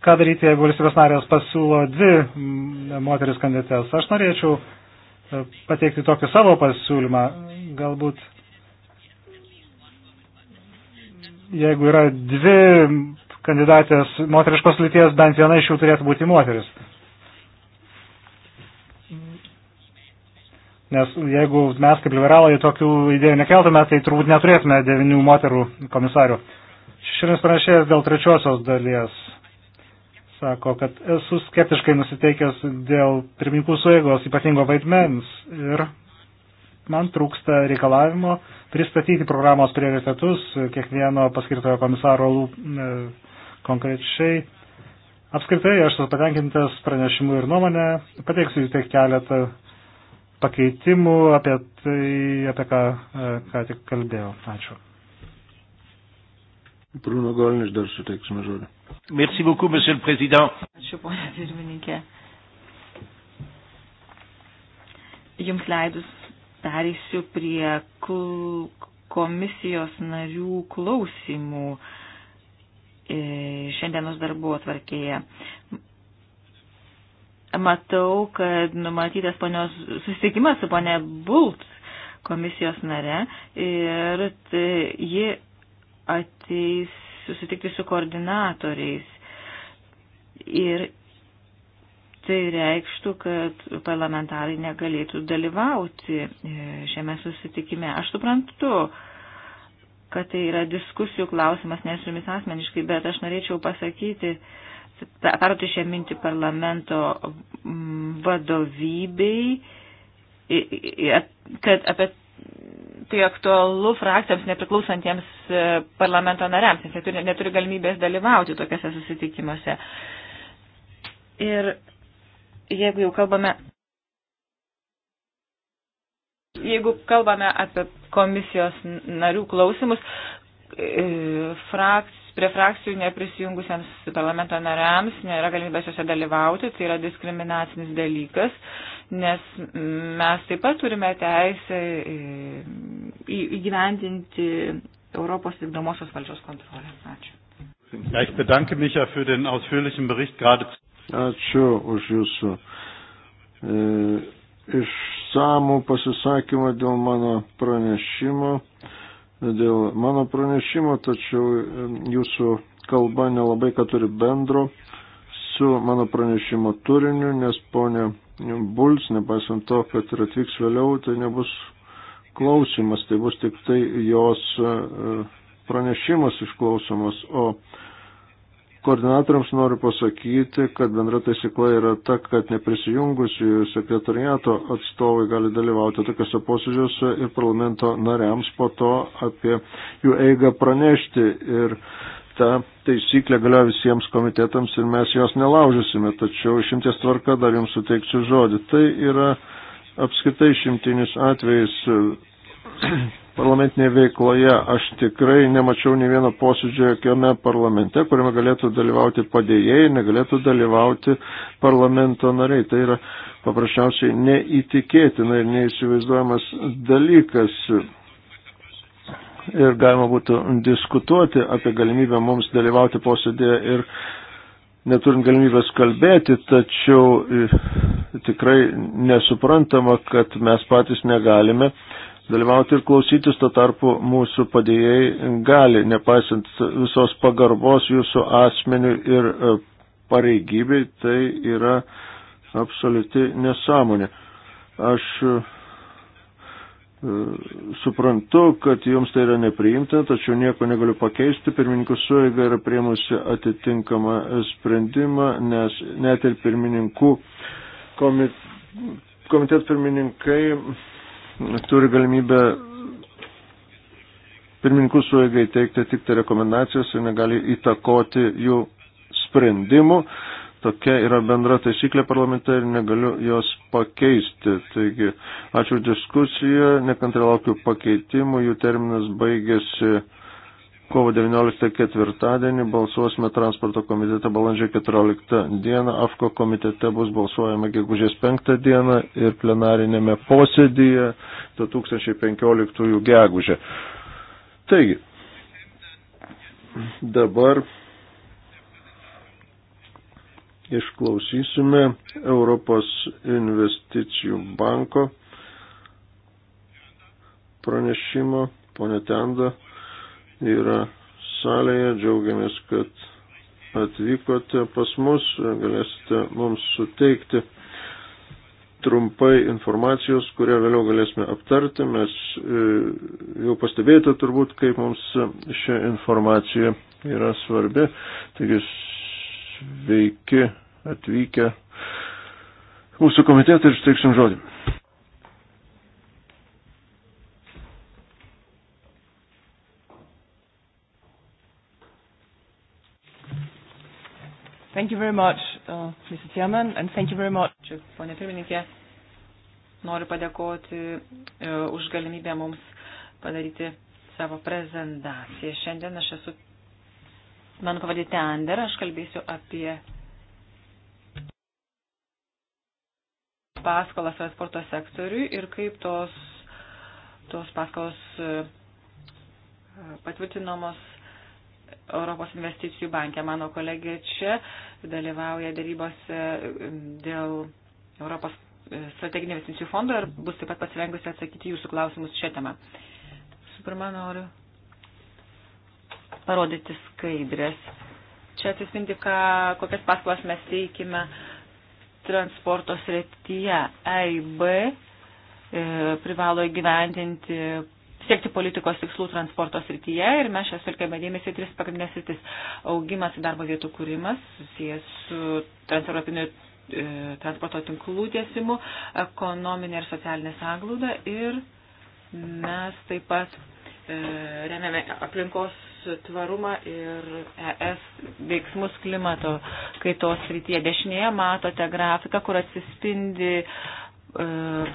ką daryti, jeigu valstybės narės pasiūlo dvi mm, moteris kandidates. Aš norėčiau e, pateikti tokį savo pasiūlymą. Galbūt, jeigu yra dvi kandidatės moteriškos lyties, bent viena iš jų turėtų būti moteris. Nes jeigu mes kaip liberalai tokių idėjų nekeltume, tai turbūt neturėtume devinių moterų komisarių. Šiandien pranešėjas dėl trečiosios dalies sako, kad esu skeptiškai nusiteikęs dėl pirmininkų suėgos ypatingo vaidmens ir man trūksta reikalavimo pristatyti programos prioritetus kiekvieno paskirtojo komisaro e, konkrečiai. Apskritai, aš esu patenkintas pranešimu ir nuomonę, pateiksiu tik keletą pakeitimų apie tai, apie ką, e, ką tik kalbėjau. Ačiū. Bruno Golniš dar suteiksime žodį. Merci beaucoup, Monsieur le Président. Ačiū, ponia pirmininkė. Jums leidus pereisiu prie komisijos narių klausimų e, šiandienos darbo atvarkėje. Matau, kad numatytas ponios susitikimas su ponė Bult komisijos nare ir e, ji ateis susitikti su koordinatoriais. Ir tai reikštų, kad parlamentarai negalėtų dalyvauti e, šiame susitikime. Aš suprantu, kad tai yra diskusijų klausimas, ne su jumis asmeniškai, bet aš norėčiau pasakyti, perduoti šią mintį parlamento mm, vadovybei, kad apie tai aktualu frakcijams nepriklausantiems e, parlamento nariams, nes jie turi, neturi galimybės dalyvauti tokiuose susitikimuose. Ir jeigu jau kalbame, jeigu kalbame apie komisijos narių klausimus, e, frakcijų prie frakcijų neprisijungusiems parlamento nariams nėra galimybės juose dalyvauti, tai yra diskriminacinis dalykas nes mes taip pat turime teisę e, įgyvendinti Europos vykdomosios valdžios kontrolę. Ačiū. Ja, ich bedanke mich ja für den ausführlichen Bericht gerade. Ačiū už jūsų e, išsamų pasisakymą dėl mano pranešimo. Dėl mano pranešimo, tačiau e, jūsų kalba nelabai ką turi bendro su mano pranešimo turiniu, nes ponė Bulls, nepaisant to, kad ir atvyks vėliau, tai nebus klausimas, tai bus tik tai jos e, pranešimas išklausomas. O koordinatoriams noriu pasakyti, kad bendra taisykla yra ta, kad neprisijungusių sekretariato atstovai gali dalyvauti tokiuose posėdžiuose ir parlamento nariams po to apie jų eigą pranešti. Ir ta taisyklė galioja visiems komitetams ir mes jos nelaužysime, tačiau šimties tvarka dar jums suteiksiu žodį. Tai yra apskritai šimtinis atvejis [clears throat] parlamentinėje veikloje. Aš tikrai nemačiau ne vieno posėdžio jokiame parlamente, kuriame galėtų dalyvauti padėjėjai, negalėtų dalyvauti parlamento nariai. Tai yra paprasčiausiai neįtikėtina ir neįsivaizduojamas dalykas ir galima būtų diskutuoti apie galimybę mums dalyvauti posėdėje ir neturint galimybės kalbėti, tačiau e, tikrai nesuprantama, kad mes patys negalime dalyvauti ir klausytis, to tarpu mūsų padėjėjai gali, nepaisant visos pagarbos jūsų asmenių ir e, pareigybei, tai yra absoliuti nesąmonė. Aš e, E, suprantu, kad jums tai yra nepriimtina, tačiau nieko negaliu pakeisti. Pirmininkų suėga yra priemusi atitinkamą sprendimą, nes net ir pirmininkų komit, komitet pirmininkai turi galimybę pirmininkų suėgai teikti tik tai rekomendacijas ir negali įtakoti jų sprendimų. Tokia yra bendra taisyklė parlamente ir negaliu jos pakeisti. Taigi, ačiū diskusiją, nekantrai laukiu pakeitimų, jų terminas baigėsi kovo 19 ketvirtadienį, balsuosime transporto komitete balandžio 14 dieną, AFKO komitete bus balsuojama gegužės 5 dieną ir plenarinėme posėdyje 2015 gegužė. Taigi, dabar išklausysime Europos investicijų banko pranešimo. Pone Tenda yra salėje, džiaugiamės, kad atvykote pas mus, galėsite mums suteikti trumpai informacijos, kurią vėliau galėsime aptarti. Mes e, jau pastebėjote turbūt, kaip mums ši informacija yra svarbi. Taigi sveiki atvykę mūsų komitetą ir suteiksim žodį. Thank you very much, uh, Mr. Chairman, and thank you very much. Pone pirmininkė, noriu padėkoti uh, už galimybę mums padaryti savo prezentaciją. Šiandien aš esu Mano pavadė Tender, aš kalbėsiu apie paskolas transporto sektoriui ir kaip tos, tos paskolos e, patvirtinamos Europos investicijų bankė. Mano kolegė čia dalyvauja darybose e, dėl Europos e, strateginio investicijų fondo ir bus taip pat pasirengusi atsakyti jūsų klausimus šią temą. Su pirma, noriu parodyti skaidrės. Čia atsispindi, ką, kokias paskolas mes teikime transporto srityje. EIB e, privalo įgyvendinti, siekti politikos tikslų transporto srityje ir mes čia sulkėme dėmesį tris pagrindinės sritis. Augimas ir darbo vietų kūrimas susijęs su transeuropiniu e, transporto tinklų tiesimu, ekonominė ir socialinė sąglauda ir mes taip pat e, remiame aplinkos tvarumą ir ES veiksmus klimato kaitos rytyje. Dešinėje matote grafiką, kur atsispindi e,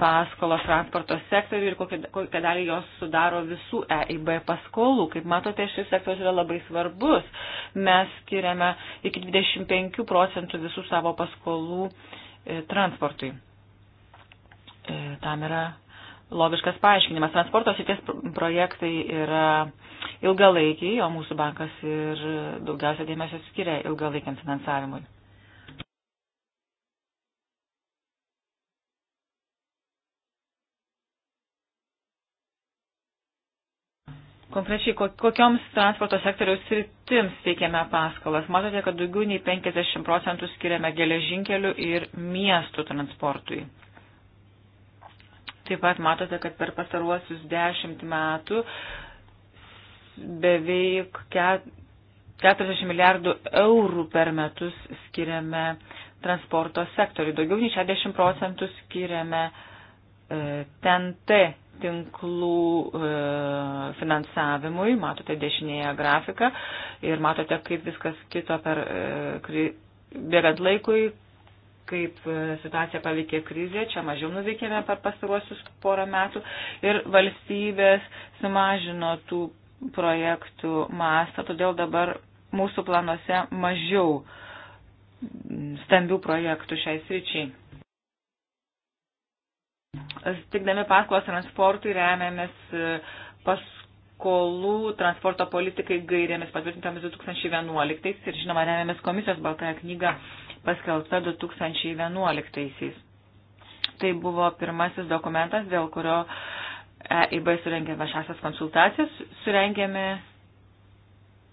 paskolos transporto sektoriui ir kokią, kokią dalį jos sudaro visų EIB paskolų. Kaip matote, šis sektorius yra labai svarbus. Mes skiriame iki 25 procentų visų savo paskolų e, transportui. E, tam yra logiškas paaiškinimas. Transporto sities projektai yra ilgalaikiai, o mūsų bankas ir daugiausia dėmesio skiria ilgalaikiam finansavimui. Konkrečiai, kokioms transporto sektoriaus sritims teikiame paskolas? Matote, kad daugiau nei 50 procentų skiriame geležinkelių ir miestų transportui. Taip pat matote, kad per pastaruosius dešimt metų beveik 40 milijardų eurų per metus skiriame transporto sektoriui. Daugiau nei 60 procentų skiriame e, TNT tinklų e, finansavimui. Matote dešinėje grafiką ir matote, kaip viskas kito per e, bėgant laikui, kaip e, situacija paveikė krizė, čia mažiau nuveikėme per pastaruosius porą metų ir valstybės sumažino tų projektų mastą, todėl dabar mūsų planuose mažiau stambių projektų šiai sričiai. Stikdami paskolas transportui remiamės e, paskolų transporto politikai gairėmis patvirtintomis 2011 ir žinoma remiamės komisijos baltąją knygą paskelbta 2011-aisiais. Tai buvo pirmasis dokumentas, dėl kurio EIB surengė viešasias konsultacijas, surengėme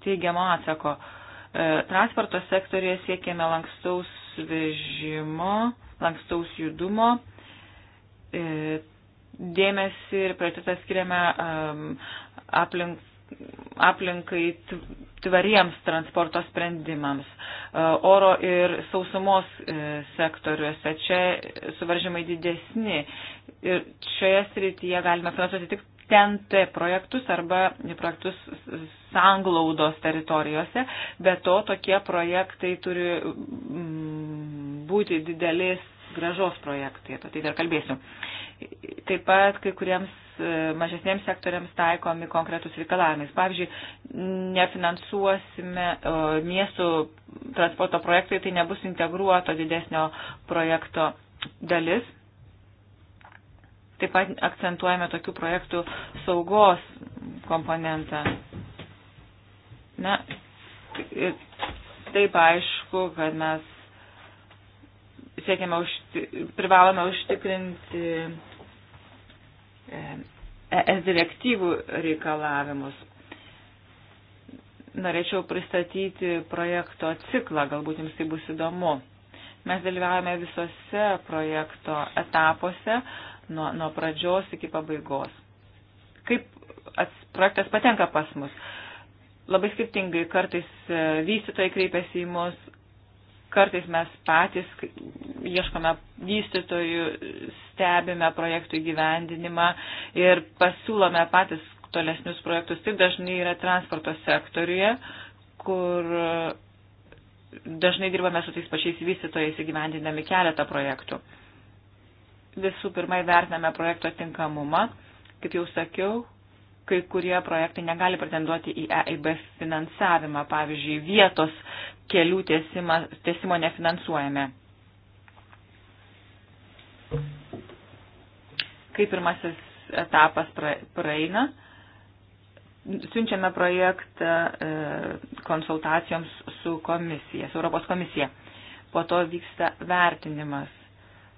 teigiamo atsako. E, transporto sektorėje siekėme lankstaus vežimo, lankstaus judumo, e, dėmesį ir prioritetą skiriame aplink aplinkai tvariems transporto sprendimams, e, oro ir sausumos e, sektoriuose. Čia suvaržymai didesni ir šioje srityje galime finansuoti tik TNT projektus arba projektus sanglaudos teritorijose, bet to tokie projektai turi mm, būti didelės gražos projektai, apie tai dar kalbėsiu. Taip pat kai kuriems E, mažesniems sektoriams taikomi konkretus reikalavimais. Pavyzdžiui, nefinansuosime e, miestų transporto projektai, tai nebus integruoto didesnio projekto dalis. Taip pat akcentuojame tokių projektų saugos komponentą. Na, taip aišku, kad mes siekiame užti, privalome užtikrinti E, ES direktyvų reikalavimus. Norėčiau pristatyti projekto ciklą, galbūt jums tai bus įdomu. Mes dalyvavome visose projekto etapuose, nuo, nuo pradžios iki pabaigos. Kaip ats, projektas patenka pas mus? Labai skirtingai kartais e, vystytojai kreipiasi į mus, Kartais mes patys ieškome vystytojų, stebime projektų įgyvendinimą ir pasiūlome patys tolesnius projektus. Tai dažnai yra transporto sektoriuje, kur dažnai dirbame su tais pačiais vystytojais įgyvendinami keletą projektų. Visų pirma, vertiname projekto tinkamumą. Kaip jau sakiau, kai kurie projektai negali pretenduoti į EIB finansavimą, pavyzdžiui, vietos kelių tiesimo, tiesimo nefinansuojame. Kai pirmasis etapas praeina, siunčiame projektą e, konsultacijoms su komisija, su Europos komisija. Po to vyksta vertinimas.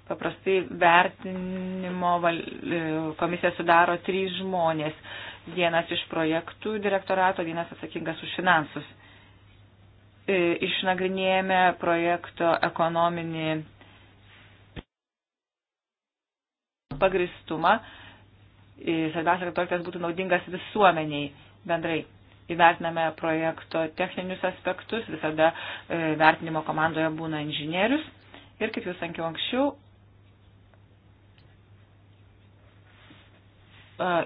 Paprastai vertinimo e, komisija sudaro trys žmonės vienas iš projektų direktorato, vienas atsakingas už finansus. E, išnagrinėjame projekto ekonominį pagristumą. E, svarbiausia, kad projektas būtų naudingas visuomeniai bendrai. Įvertiname projekto techninius aspektus, visada e, vertinimo komandoje būna inžinierius. Ir kaip jūs sankiau anksčiau,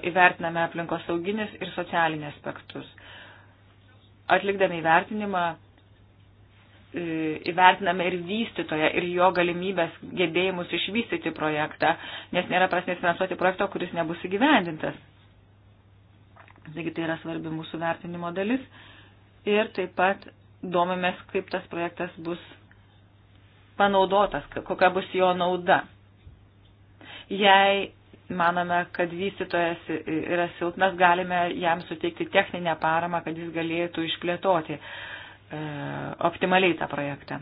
įvertiname aplinkos sauginis ir socialinį aspektus. Atlikdami įvertinimą, e, įvertiname ir vystytoje, ir jo galimybės gebėjimus išvystyti projektą, nes nėra prasmės finansuoti projekto, kuris nebus įgyvendintas. Taigi tai yra svarbi mūsų vertinimo dalis. Ir taip pat domimės, kaip tas projektas bus panaudotas, kokia bus jo nauda. Jei manome, kad vystytojas yra silpnas, galime jam suteikti techninę paramą, kad jis galėtų išplėtoti e, optimaliai tą projektą.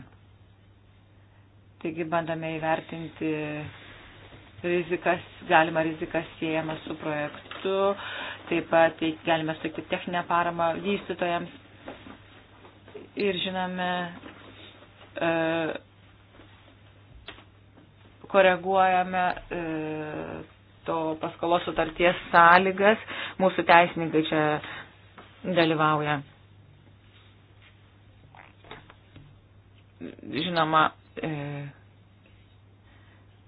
Taigi bandome įvertinti rizikas, galima rizikas siejama su projektu, taip pat tai galime suteikti techninę paramą vystytojams ir žinome, e, koreguojame e, to paskolos sutarties sąlygas. Mūsų teisininkai čia dalyvauja. Žinoma, e,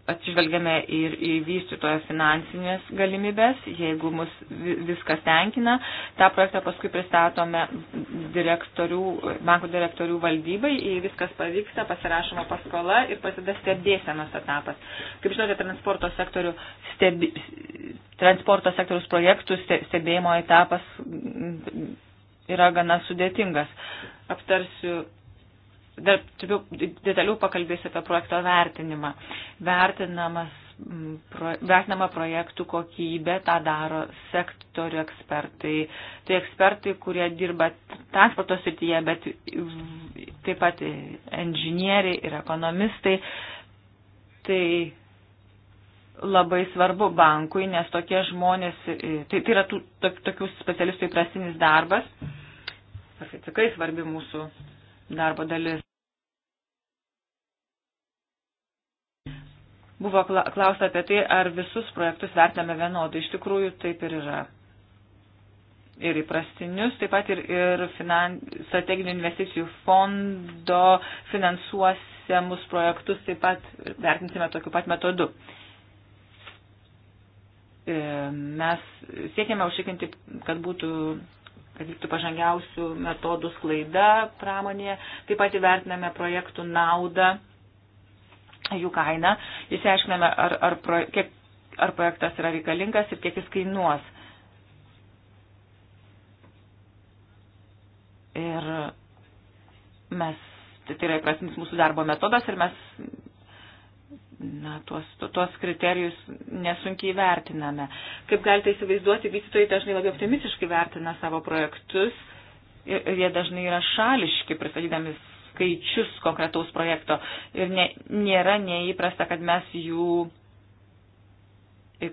atsižvelgiame ir į vystytojo finansinės galimybės, jeigu mus viskas tenkina. Ta projektą paskui pristatome direktorių, bankų direktorių valdybai, jei viskas pavyksta, pasirašoma paskola ir prasideda stebėsenos etapas. Kaip žinote, transporto, sektorių, stebi, transporto sektorius projektų stebėjimo etapas yra gana sudėtingas. Aptarsiu dar detaliau pakalbėsiu apie projekto vertinimą. Vertinamas, pro, vertinama projektų kokybė, tą daro sektorių ekspertai. Tai ekspertai, kurie dirba transporto srityje, bet taip pat inžinieriai ir ekonomistai. Tai labai svarbu bankui, nes tokie žmonės, e, tai, tai yra tų, to, tokių specialistų įprastinis darbas. Ar tai tikrai svarbi mūsų darbo dalis. Buvo klausta apie tai, ar visus projektus vertiname vienodai. Iš tikrųjų, taip ir yra. Ir įprastinius, taip pat ir, ir finan, strateginių investicijų fondo finansuosiamus projektus taip pat vertinsime tokiu pat metodu e, mes siekiame užtikrinti, kad būtų kad vyktų pažangiausių metodų sklaida pramonėje, taip pat įvertiname projektų naudą jų kainą, įsiaiškiname, ar, ar, pro, kiek, ar projektas yra reikalingas ir kiek jis kainuos. Ir mes, tai, tai yra įprasinis mūsų darbo metodas ir mes na, tuos, tuos kriterijus nesunkiai vertiname. Kaip galite įsivaizduoti, vystytojai dažnai labai optimistiškai vertina savo projektus ir, ir jie dažnai yra šališki, pristatydami skaičius konkretaus projekto ir ne, nėra neįprasta, kad mes jų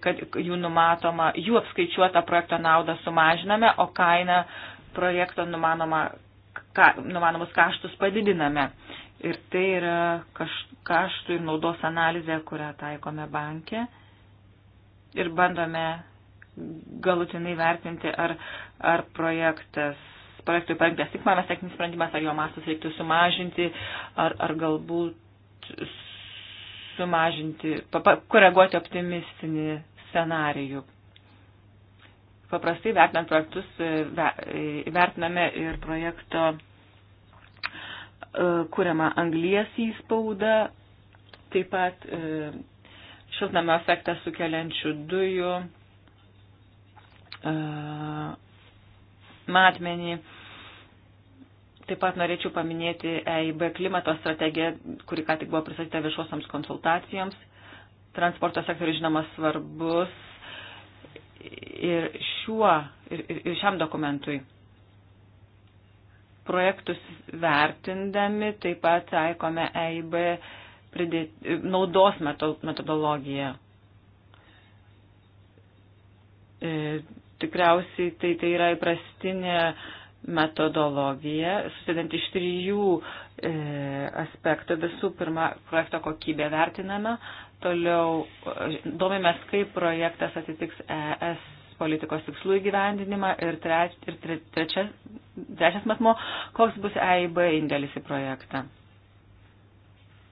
kad jų numatoma, jų apskaičiuota projekto naudą sumažiname, o kainą projekto numanoma, ka, numanomus kaštus padidiname. Ir tai yra kaš, kaštų ir naudos analizė, kurią taikome banke ir bandome galutinai vertinti, ar, ar projektas projektui parengtas tik manas techninis sprendimas, ar jo mastus reiktų sumažinti, ar, ar galbūt sumažinti, koreguoti optimistinį scenarijų. Paprastai vertinant projektus, e, e, vertiname ir projekto e, kuriamą anglies įspaudą, taip pat šiltnamio efektą sukeliančių dujų matmenį. Taip pat norėčiau paminėti EIB klimato strategiją, kuri ką tik buvo pristatyta viešosioms konsultacijoms. Transporto sektorius žinoma svarbus ir, šiuo, ir, ir šiam dokumentui. Projektus vertindami taip pat taikome EIB pridėti, naudos metodologiją. Ir e, tikriausiai tai, tai yra įprastinė metodologija, susidant iš trijų e, aspektų. Visų pirma, projekto kokybę vertiname, toliau e, domimės, kaip projektas atitiks ES politikos tikslų įgyvendinimą ir, treč, ir tre, trečias, trečias matmo, koks bus EIB indėlis į projektą.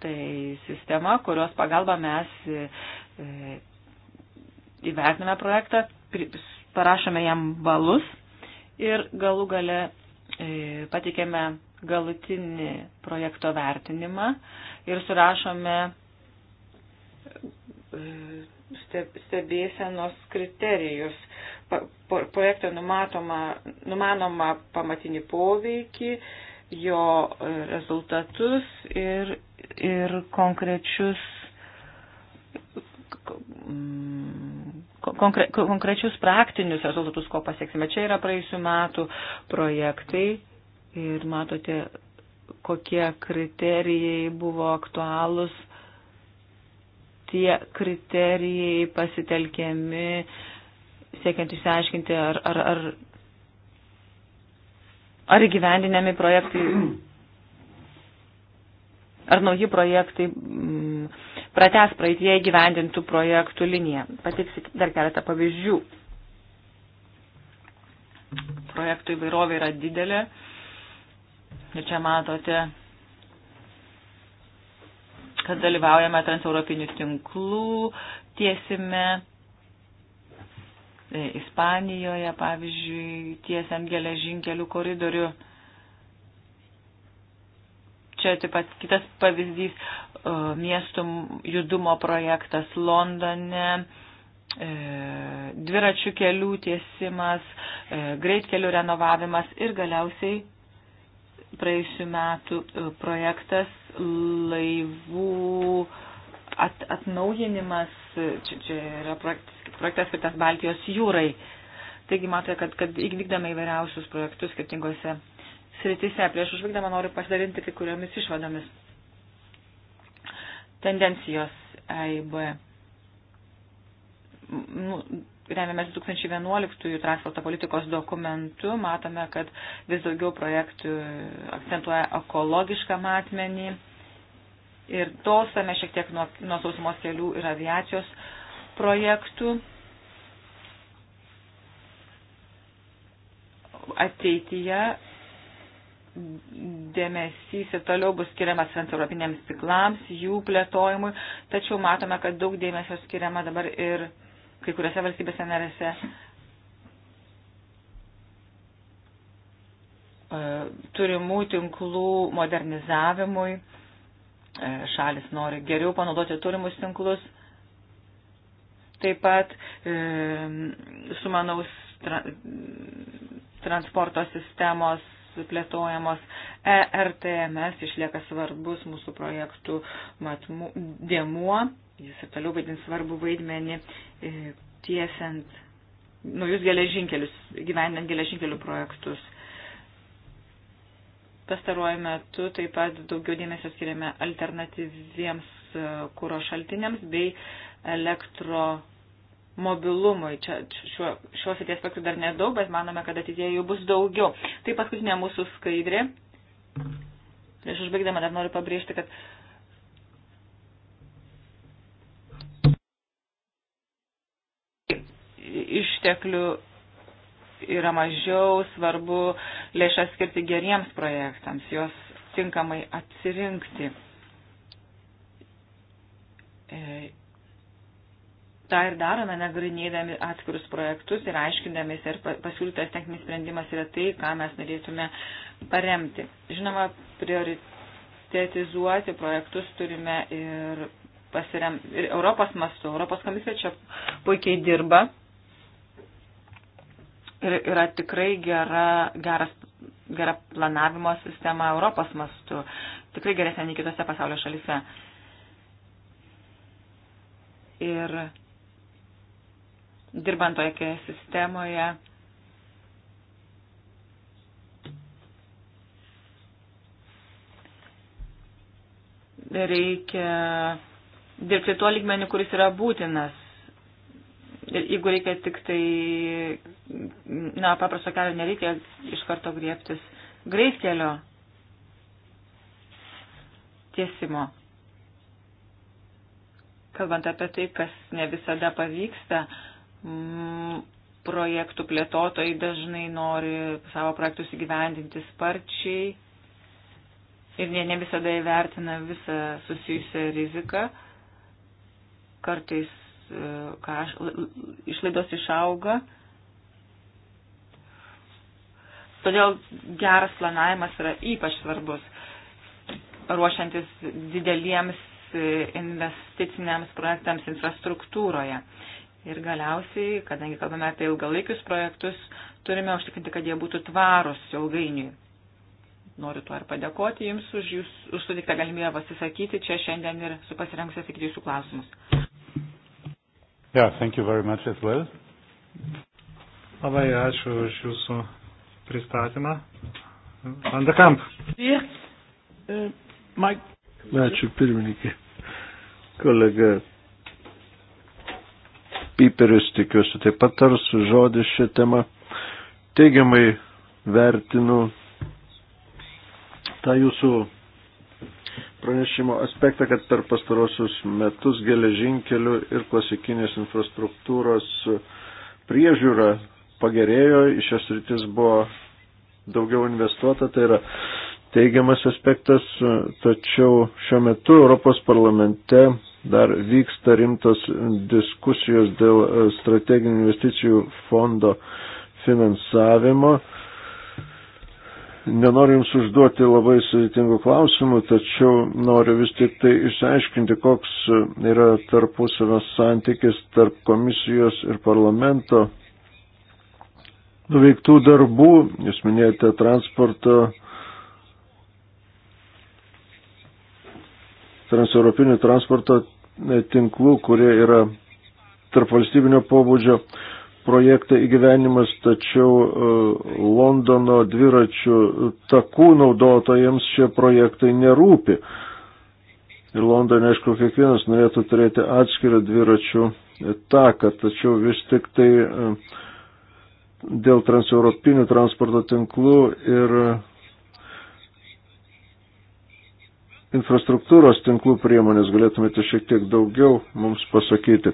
Tai sistema, kurios pagalba mes e, e, įvertiname projektą, parašome jam balus ir galų gale e, patikėme galutinį projekto vertinimą ir surašome e, stebėsenos kriterijus, projekto numatoma, numanoma pamatinį poveikį, jo rezultatus ir, ir konkrečius konkre, konkrečius praktinius rezultatus, ko pasieksime. Čia yra praėjusių metų projektai ir matote, kokie kriterijai buvo aktualūs. Tie kriterijai pasitelkiami siekiant išsiaiškinti, ar, ar, ar, ar įgyvendinami projektai, ar nauji projektai. Mm, prates praeitie gyvendintų projektų liniją. Pateiksiu dar keletą pavyzdžių. Projektų įvairovė yra didelė. Ir čia matote, kad dalyvaujame transeuropinių tinklų, tiesime Ispanijoje, pavyzdžiui, tiesiant geležinkelių koridorių Čia taip pat kitas pavyzdys e, miestų judumo projektas Londone, e, dviračių kelių tiesimas, e, greitkelių renovavimas ir galiausiai praėjusių metų projektas laivų at, atnaujinimas, čia, čia yra projektas skirtas Baltijos jūrai. Taigi matote, kad, kad vykdame įvairiausius projektus skirtingose sritise. Prieš užvykdama noriu pasidalinti kai kuriomis išvadomis. Tendencijos AIB. Nu, remiamės 2011 transporto politikos dokumentu, matome, kad vis daugiau projektų akcentuoja ekologišką matmenį ir tolstame šiek tiek nuo, nuo sausumos kelių ir aviacijos projektų. Ateityje dėmesys ir toliau bus skiriamas transeuropiniams tiklams, jų plėtojimui, tačiau matome, kad daug dėmesio skiriama dabar ir kai kuriuose valstybėse narėse e, turimų tinklų modernizavimui. E, šalis nori geriau panaudoti turimus tinklus. Taip pat e, sumanaus tra, transporto sistemos plėtojamos. ERTMS išlieka svarbus mūsų projektų matmų, dėmuo, jis ir toliau vaidins svarbu vaidmenį e, tiesiant naujus geležinkelius, gyvenant geležinkelių projektus. Pastaruoju metu taip pat daugiau dėmesio skiriame alternatyviems e, kūro šaltiniams bei elektro mobilumui. Čia šiuo, šiuo srities aspektų dar nedaug, bet manome, kad ateityje jų bus daugiau. Tai paskutinė mūsų skaidrė. Prieš užbaigdama dar noriu pabrėžti, kad išteklių yra mažiau svarbu lėšas skirti geriems projektams, juos tinkamai atsirinkti. E, tą ir darome, nagrinėdami atskirus projektus ir aiškindamės, ar pasiūlytas techninis sprendimas yra tai, ką mes norėtume paremti. Žinoma, prioritetizuoti projektus turime ir, pasirem, ir Europos mastu. Europos komisija čia puikiai dirba ir yra tikrai gera, geras, gera planavimo sistema Europos mastu, tikrai geresnė nei kitose pasaulio šalise. Ir dirbant toje sistemoje. Reikia dirbti tuo lygmeniu, kuris yra būtinas. Ir jeigu reikia tik tai, na, paprasto kelio nereikia iš karto griebtis greitkelio tiesimo. Kalbant apie tai, kas ne visada pavyksta, uh, Mm, projektų plėtotojai dažnai nori savo projektus įgyvendinti sparčiai ir jie ne visada įvertina visą susijusią riziką. Kartais e, kaž, išlaidos išauga. Todėl geras planavimas yra ypač svarbus, ruošiantis dideliems e, investiciniams projektams infrastruktūroje. Ir galiausiai, kadangi kalbame apie ilgalaikius projektus, turime užtikrinti, kad jie būtų tvarus ilgainiui. Noriu tuo ir padėkoti Jums už Jūsų sutiktą galimybę pasisakyti čia šiandien ir su pasirengusi atsakyti Jūsų klausimus. Yeah, thank you very much as well. Labai ačiū už Jūsų pristatymą. Vandekamp. Yeah. Uh, Ačiū pirmininkė. Kolega Piperis, tikiuosi, taip pat tars žodį šią temą. Teigiamai vertinu tą jūsų pranešimo aspektą, kad per pastarosius metus geležinkelių ir klasikinės infrastruktūros priežiūra pagerėjo, iš šias rytis buvo daugiau investuota, tai yra teigiamas aspektas, tačiau šiuo metu Europos parlamente dar vyksta rimtos diskusijos dėl strateginių investicijų fondo finansavimo. Nenoriu Jums užduoti labai sudėtingų klausimų, tačiau noriu vis tik tai išsiaiškinti, koks yra tarpusavio santykis tarp komisijos ir parlamento nuveiktų darbų. Jūs minėjote transporto transeuropinių transporto e, tinklų, kurie yra tarp valstybinio pobūdžio projektą įgyvenimas, tačiau e, Londono dviračių takų naudotojams šie projektai nerūpi. Ir Londone, aišku, kiekvienas norėtų turėti atskirą dviračių taką, tačiau vis tik tai e, dėl transeuropinių transporto tinklų ir infrastruktūros tinklų priemonės galėtumėte šiek tiek daugiau mums pasakyti.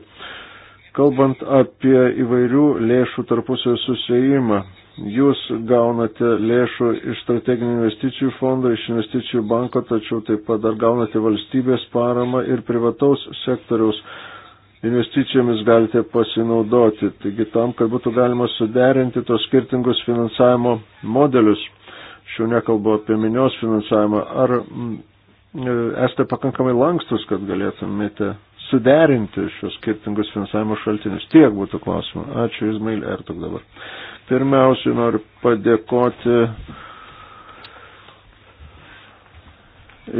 Kalbant apie įvairių lėšų tarpusio susijimą, jūs gaunate lėšų iš strateginių investicijų fondo, iš investicijų banko, tačiau taip pat dar gaunate valstybės paramą ir privataus sektoriaus investicijomis galite pasinaudoti. Taigi tam, kad būtų galima suderinti tos skirtingus finansavimo modelius, aš jau nekalbu apie minios finansavimą, ar E, esate pakankamai lankstus, kad galėtumėte suderinti šios skirtingus finansavimo šaltinius. Tiek būtų klausimų. Ačiū Izmail Ertuk dabar. Pirmiausiai noriu padėkoti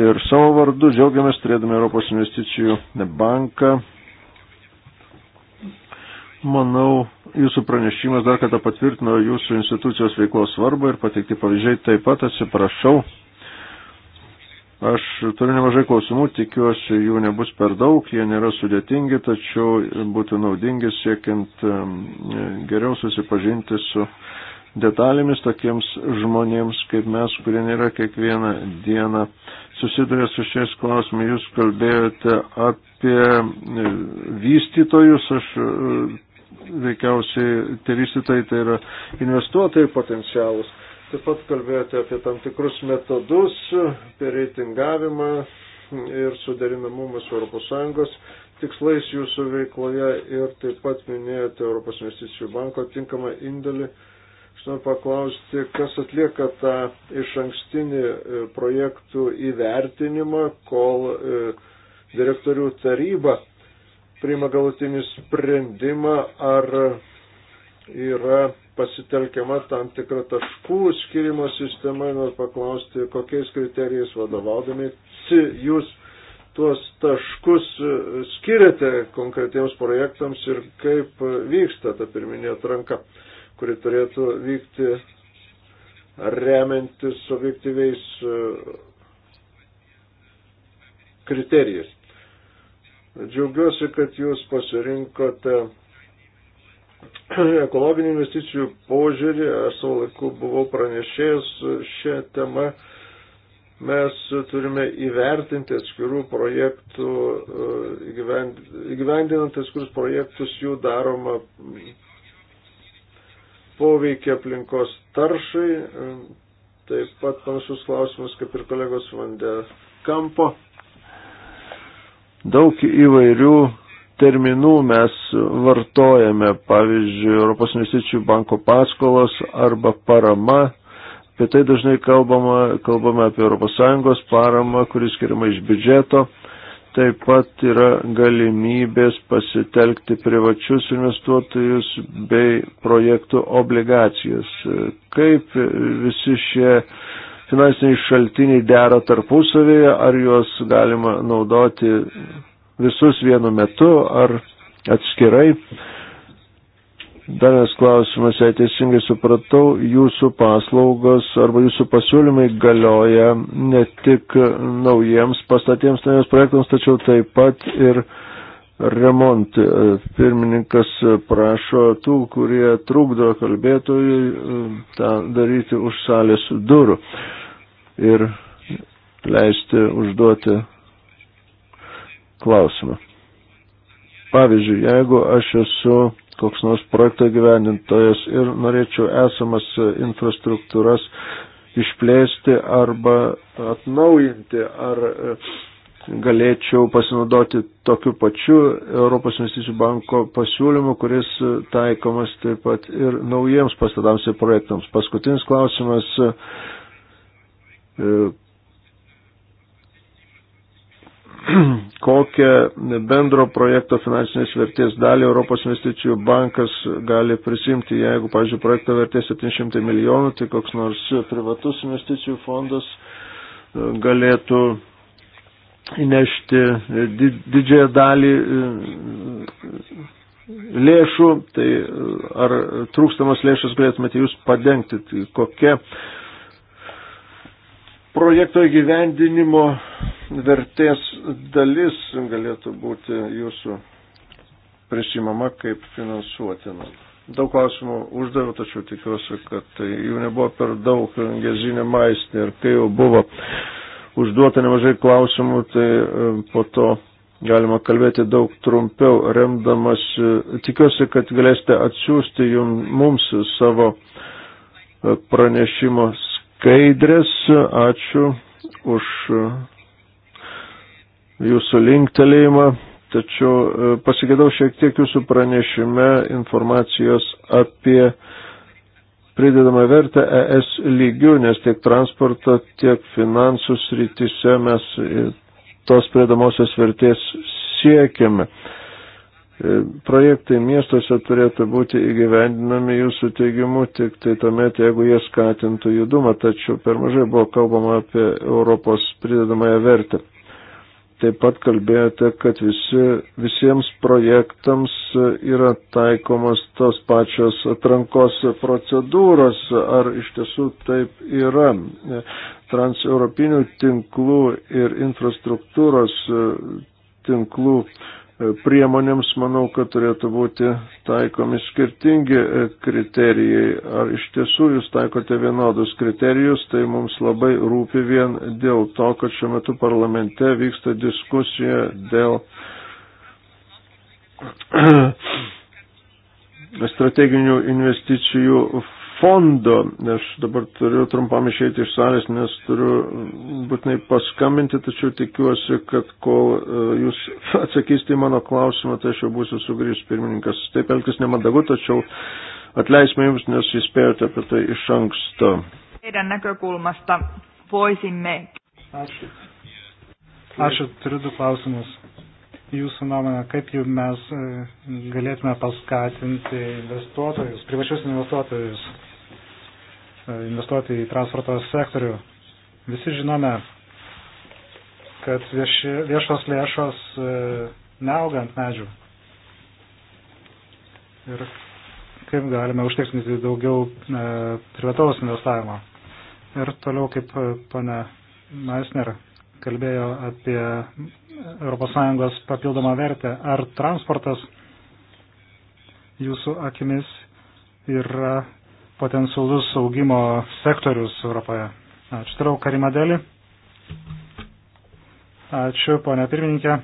ir savo vardu. Džiaugiamės turėdami Europos investicijų banką. Manau, jūsų pranešimas dar kartą patvirtino jūsų institucijos veiklos svarbą ir pateikti pavyzdžiai taip pat atsiprašau Aš turiu nemažai klausimų, tikiuosi jų nebus per daug, jie nėra sudėtingi, tačiau būtų naudingi siekiant geriau susipažinti su detalėmis tokiems žmonėms kaip mes, kurie nėra kiekvieną dieną susiduria su šiais klausimais. Jūs kalbėjote apie e, vystytojus, aš e, veikiausiai tie vystytojai tai yra investuotojai potencialus Taip pat kalbėjote apie tam tikrus metodus, apie reitingavimą ir suderinamumus ES tikslais jūsų veikloje ir taip pat minėjote Europos investicijų banko tinkamą indėlį. Aš noriu paklausti, kas atlieka tą iš ankstinį e, projektų įvertinimą, kol e, direktorių taryba priima galutinį sprendimą, ar yra pasitelkiama tam tikra taškų skirimo sistema ir noriu paklausti, kokiais kriterijais vadovaudami jūs tuos taškus e, skiriate konkretiems projektams ir kaip e, vyksta ta pirminė atranka, kuri turėtų vykti remiantis objektyviais e, kriterijais. Džiaugiuosi, kad jūs pasirinkote ekologinių investicijų požiūrį, aš savo laiku buvau pranešėjęs šią temą, mes turime įvertinti atskirų projektų, e, įgyvendinant atskirus projektus jų daromą poveikį aplinkos taršai, e, taip pat panašus klausimas kaip ir kolegos Vandė Kampo. Daug įvairių terminų mes vartojame, pavyzdžiui, Europos investicijų banko paskolos arba parama. Apie tai dažnai kalbama, kalbame apie ES paramą, kuris skiriama iš biudžeto. Taip pat yra galimybės pasitelkti privačius investuotojus bei projektų obligacijas. Kaip visi šie finansiniai šaltiniai dera tarpusavėje, ar juos galima naudoti visus vienu metu ar atskirai. Dar vienas klausimas, jei teisingai supratau, jūsų paslaugos arba jūsų pasiūlymai galioja ne tik naujiems pastatiems naujiems projektams, tačiau taip pat ir remontui. Pirmininkas prašo tų, kurie trukdo kalbėtojui tą daryti už salės durų ir leisti užduoti klausimą. Pavyzdžiui, jeigu aš esu koks nors projekto gyvenintojas ir norėčiau esamas infrastruktūras išplėsti arba atnaujinti, ar e, galėčiau pasinaudoti tokiu pačiu Europos investicijų banko pasiūlymu, kuris taikomas taip pat ir naujiems pastatams ir projektams. Paskutinis klausimas e, [clears throat] kokią bendro projekto finansinės vertės dalį Europos investicijų bankas gali prisimti. Jeigu, pavyzdžiui, projekto vertė 700 milijonų, tai koks nors privatus investicijų fondas e, galėtų įnešti e, didžiąją dalį e, lėšų, tai ar trūkstamas lėšas galėtumėte jūs padengti, tai kokia projekto įgyvendinimo vertės dalis galėtų būti jūsų prisimama kaip finansuotina. Daug klausimų uždaviau, tačiau tikiuosi, kad tai jų nebuvo per daug gezinė maistė ir kai jau buvo užduota nemažai klausimų, tai e, po to galima kalbėti daug trumpiau, remdamas, e, tikiuosi, kad galėsite atsiųsti jums, mums savo e, pranešimo skaidrės. Ačiū už jūsų linktelėjimą. Tačiau e, pasigėdau šiek tiek jūsų pranešime informacijos apie pridedamą vertę ES lygių, nes tiek transporto, tiek finansų srityse mes e, tos pridedamosios vertės siekiame. Uh, E, projektai miestuose turėtų būti įgyvendinami jūsų teigimu tik tai tuomet, jeigu jie skatintų judumą, tačiau per mažai buvo kalbama apie Europos pridedamąją vertę. Taip pat kalbėjote, kad visi, visiems projektams yra taikomas tos pačios atrankos procedūros, ar iš tiesų taip yra. Transeuropinių tinklų ir infrastruktūros tinklų uh, priemonėms, manau, kad turėtų būti taikomi skirtingi e, kriterijai. Ar iš tiesų jūs taikote vienodus kriterijus, tai mums labai rūpi vien dėl to, kad šiuo metu parlamente vyksta diskusija dėl [clears throat] strateginių investicijų fondo. Aš dabar turiu trumpam išeiti iš salės, nes turiu būtinai paskambinti, tačiau tikiuosi, kad kol e, jūs [laughs] atsakysite į mano klausimą, tai aš jau būsiu sugrįžęs pirmininkas. Taip elgtis nemandagu, tačiau atleisime jums, nes įspėjote apie tai iš anksto. Meidän näkökulmasta voisimme. Ačiū. Ačiū, turiu du klausimus jūsų nuomonę, kaip jau mes e, galėtume paskatinti investuotojus, privačius investuotojus investuoti į transporto sektorių. Visi žinome, kad vieši, viešos lėšos e, neaugant medžių. Ir kaip galime užtikrinti daugiau e, privataus investavimo. Ir toliau, kaip e, pana Meisner kalbėjo apie ES papildomą vertę, ar transportas jūsų akimis yra potencialus augimo sektorius Europoje. Ačiū, tarau Karimadėlį. Ačiū, ponia pirmininkė.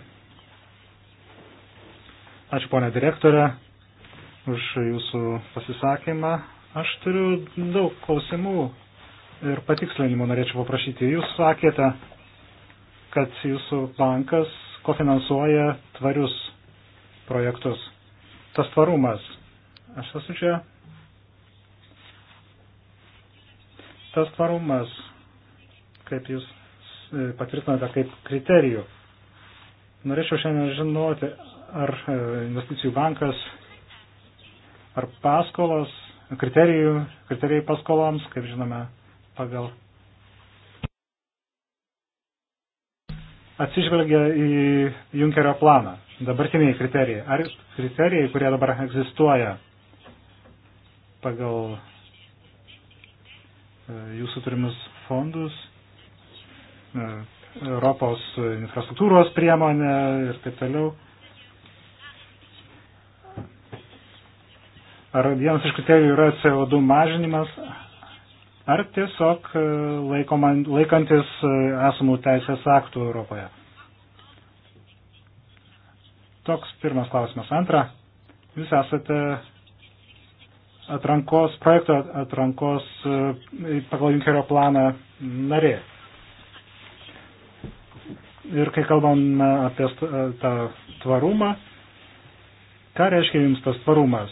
Ačiū, ponia direktorė, už jūsų pasisakymą. Aš turiu daug klausimų ir patikslinimų norėčiau paprašyti. Jūs sakėte, kad jūsų bankas kofinansuoja tvarius projektus. Tas tvarumas. Aš esu čia Tas tvarumas, kaip jūs e, patvirtinate, kaip kriterijų. Norėčiau šiandien žinoti, ar e, investicijų bankas, ar paskolos, kriterijų, kriterijai paskoloms, kaip žinome, pagal atsižvelgia į Junkerio planą, dabartiniai kriterijai. Ar kriterijai, kurie dabar egzistuoja pagal E, jūsų turimus fondus, e, Europos infrastruktūros priemonę ir taip toliau. Ar vienas iš kriterijų yra CO2 mažinimas, ar tiesiog e, laikoma, laikantis esamų teisės aktų Europoje? Toks pirmas klausimas. Antra, jūs esate atrankos, projekto atrankos e, pagal Junkerio planą narė. Ir kai kalbame apie e, tą tvarumą, ką reiškia jums tas tvarumas?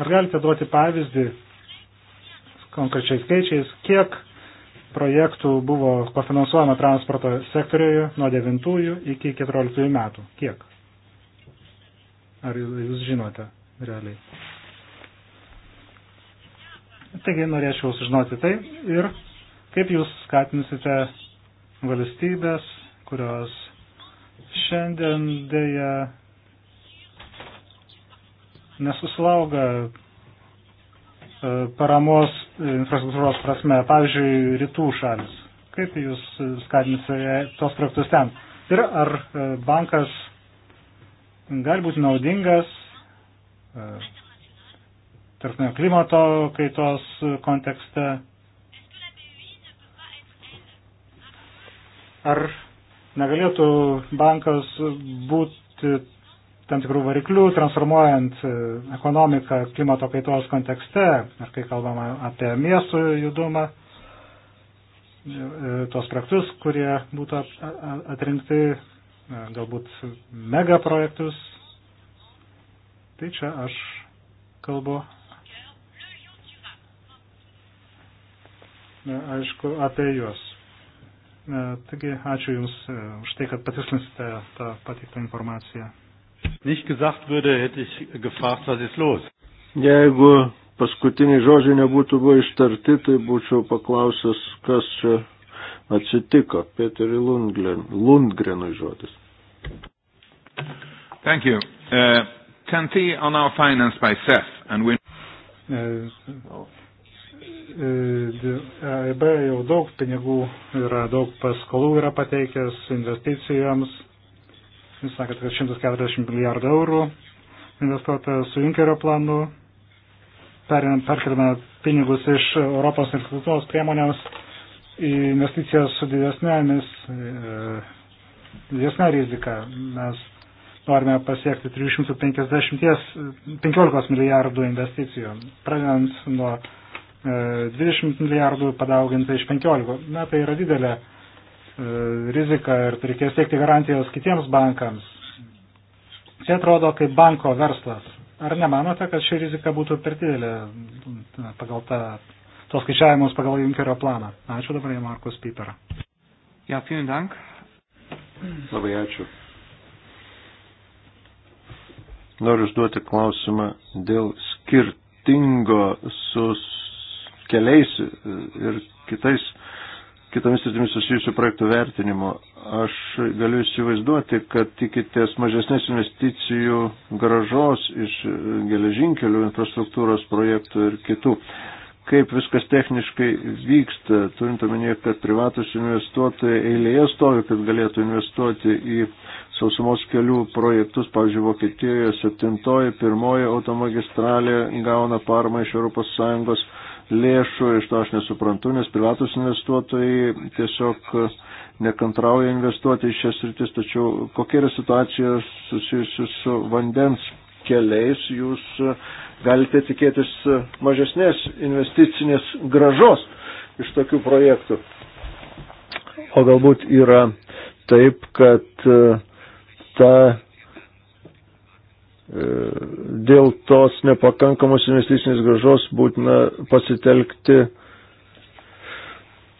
Ar galite duoti pavyzdį konkrečiais skaičiais, kiek projektų buvo kofinansuojama transporto sektoriuje nuo 9 iki 14 metų? Kiek? Ar jūs žinote realiai? Taigi norėčiau sužinoti tai ir kaip jūs skatinsite valstybės, kurios šiandien dėja nesusilauga e, paramos infrastruktūros prasme, pavyzdžiui, rytų šalis. Kaip jūs skatinsite tos projektus ten? Ir ar e, bankas gali būti naudingas e, tarptautinio klimato kaitos kontekste. Ar negalėtų bankas būti tam tikrų variklių, transformuojant e, ekonomiką klimato kaitos kontekste, ar kai kalbama apie miestų judumą, e, tos projektus, kurie būtų atrinkti, e, galbūt megaprojektus. Tai čia aš kalbu aišku apie juos. Taigi, ačiū Jums e, už tai, kad patikslinsite tą pateiktą informaciją. Jeigu paskutiniai žodžiai nebūtų buvo ištarti, tai būčiau paklausęs, kas čia atsitiko. Peterį Lundgren, Lundgrenui žodis. Thank you. Uh, 10T on our finance by CEF and we... Uh, EIB e jau daug pinigų yra, daug paskolų yra pateikęs investicijoms. Jūs sakėte, kad 140 milijardų eurų investuota su Junkerio planu. Perkeliame pinigus iš Europos institucijos priemonėms į investicijas su didesnėmis, e, didesnė rizika. Mes norime pasiekti 350 15 milijardų investicijų, pradedant nuo 20 e, milijardų padauginta iš 15. Na, tai yra didelė e, rizika ir tai reikės teikti garantijos kitiems bankams. Čia atrodo kaip banko verslas. Ar nemanote, kad ši rizika būtų per didelė pagal tą, tos skaičiavimus pagal Junkerio planą? Ačiū dabar, Markus Piper. Ja, vielen Dank. Labai ačiū. Noriu užduoti klausimą dėl skirtingo su keliais ir kitais, kitomis sritimis susijusių projektų vertinimo. Aš galiu įsivaizduoti, kad tikitės mažesnės investicijų gražos iš geležinkelių infrastruktūros projektų ir kitų. Kaip viskas techniškai vyksta, turint omenyje, kad privatus investuotojai eilėje stovi, kad galėtų investuoti į sausumos kelių projektus, pavyzdžiui, Vokietijoje 7-oji, 1-oji automagistralė gauna parmą iš ES lėšų, iš to aš nesuprantu, nes privatus investuotojai tiesiog nekantrauja investuoti į šias rytis, tačiau kokia yra situacija susijusi su vandens keliais, jūs galite tikėtis mažesnės investicinės gražos iš tokių projektų. O galbūt yra taip, kad ta E, dėl tos nepakankamos investicinės gražos būtina pasitelkti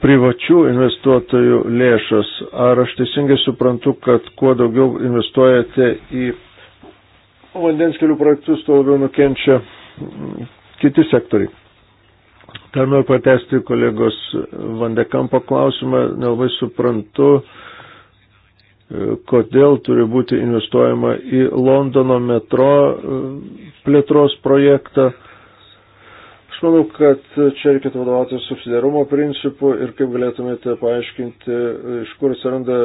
privačių investuotojų lėšas. Ar aš teisingai suprantu, kad kuo daugiau investuojate į vandens kelių projektus, tuo labiau nukenčia kiti sektoriai. Dar noriu patesti kolegos Vandekampo klausimą, nelabai suprantu, kodėl turi būti investuojama į Londono metro e, plėtros projektą. Aš manau, kad čia reikėtų vadovauti subsidiarumo principu ir kaip galėtumėte paaiškinti, iš kur atsiranda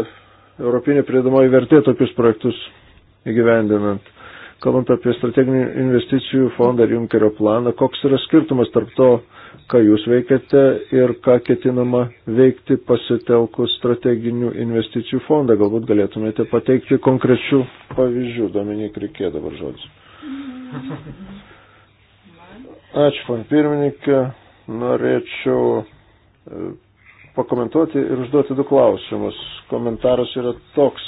europinė priedamoji vertė tokius projektus įgyvendinant. Kalbant apie strateginį investicijų fondą ir Junkerio planą, koks yra skirtumas tarp to, ką jūs veikiate ir ką ketinama veikti pasitelkus strateginių investicijų fondą. Galbūt galėtumėte pateikti konkrečių pavyzdžių. Dominik reikėjo dabar žodžiu. Ačiū, pan pirmininkė. Norėčiau e, pakomentuoti ir užduoti du klausimus. Komentaras yra toks.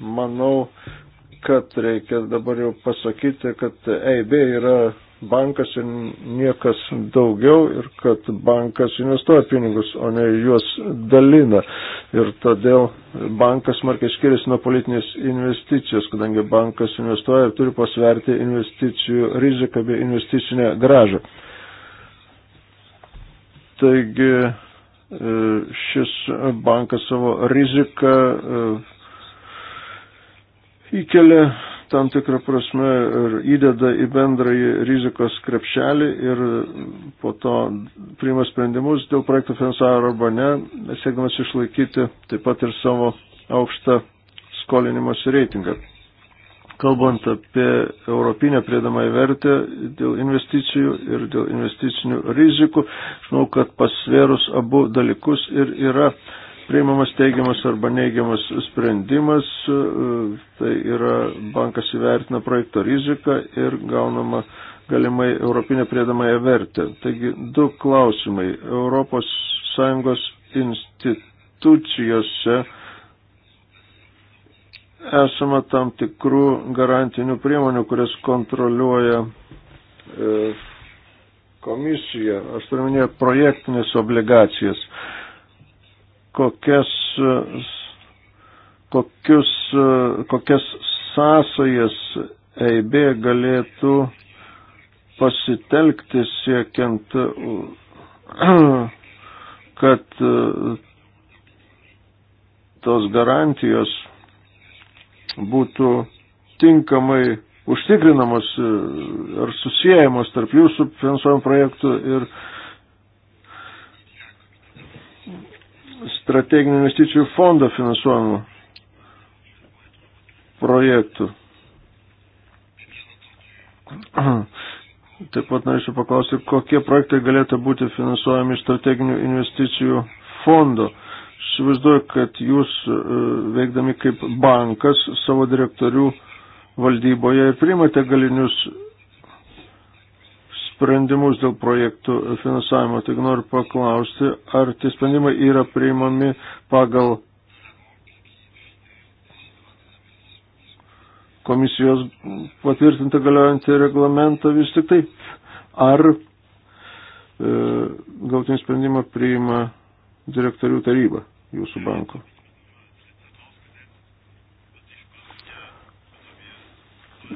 Manau, kad reikia dabar jau pasakyti, kad EIB yra bankas ir niekas daugiau ir kad bankas investuoja pinigus, o ne juos dalina. Ir todėl bankas markiai skiriasi nuo politinės investicijos, kadangi bankas investuoja ir turi pasverti investicijų riziką bei investicinę gražą. Taigi e, šis bankas savo riziką e, įkelia tam tikrą prasme ir įdeda į bendrąjį rizikos krepšelį ir po to priima sprendimus dėl projektų finansavimo arba ne, siekdamas išlaikyti taip pat ir savo aukštą skolinimosi reitingą. Kalbant apie europinę priedamą vertę dėl investicijų ir dėl investicinių rizikų, žinau, kad pasvėrus abu dalykus ir yra priimamas teigiamas arba neigiamas sprendimas, e, tai yra bankas įvertina projekto riziką ir gaunama galimai europinė priedamąją vertę. Taigi du klausimai. ES institucijose esama tam tikrų garantinių priemonių, kurias kontroliuoja e, komisija, aš turiu minėję projektinės obligacijas kokias, kokius, kokias sąsajas EIB galėtų pasitelkti siekiant, kad tos garantijos būtų tinkamai užtikrinamos ar susijęjamos tarp jūsų finansuojamų projektų ir uh, strateginių investicijų fondo finansuojamų projektų. Taip pat norėčiau paklausyti, kokie projektai galėtų būti finansuojami strateginių investicijų fondo. Įsivaizduoju, kad jūs e, veikdami kaip bankas savo direktorių valdyboje ir priimate galinius sprendimus dėl projektų finansavimo. Tik noriu paklausti, ar tie sprendimai yra priimami pagal komisijos patvirtintą galiojantį reglamentą vis tik taip, ar e, gautinį sprendimą priima direktorių taryba jūsų banko.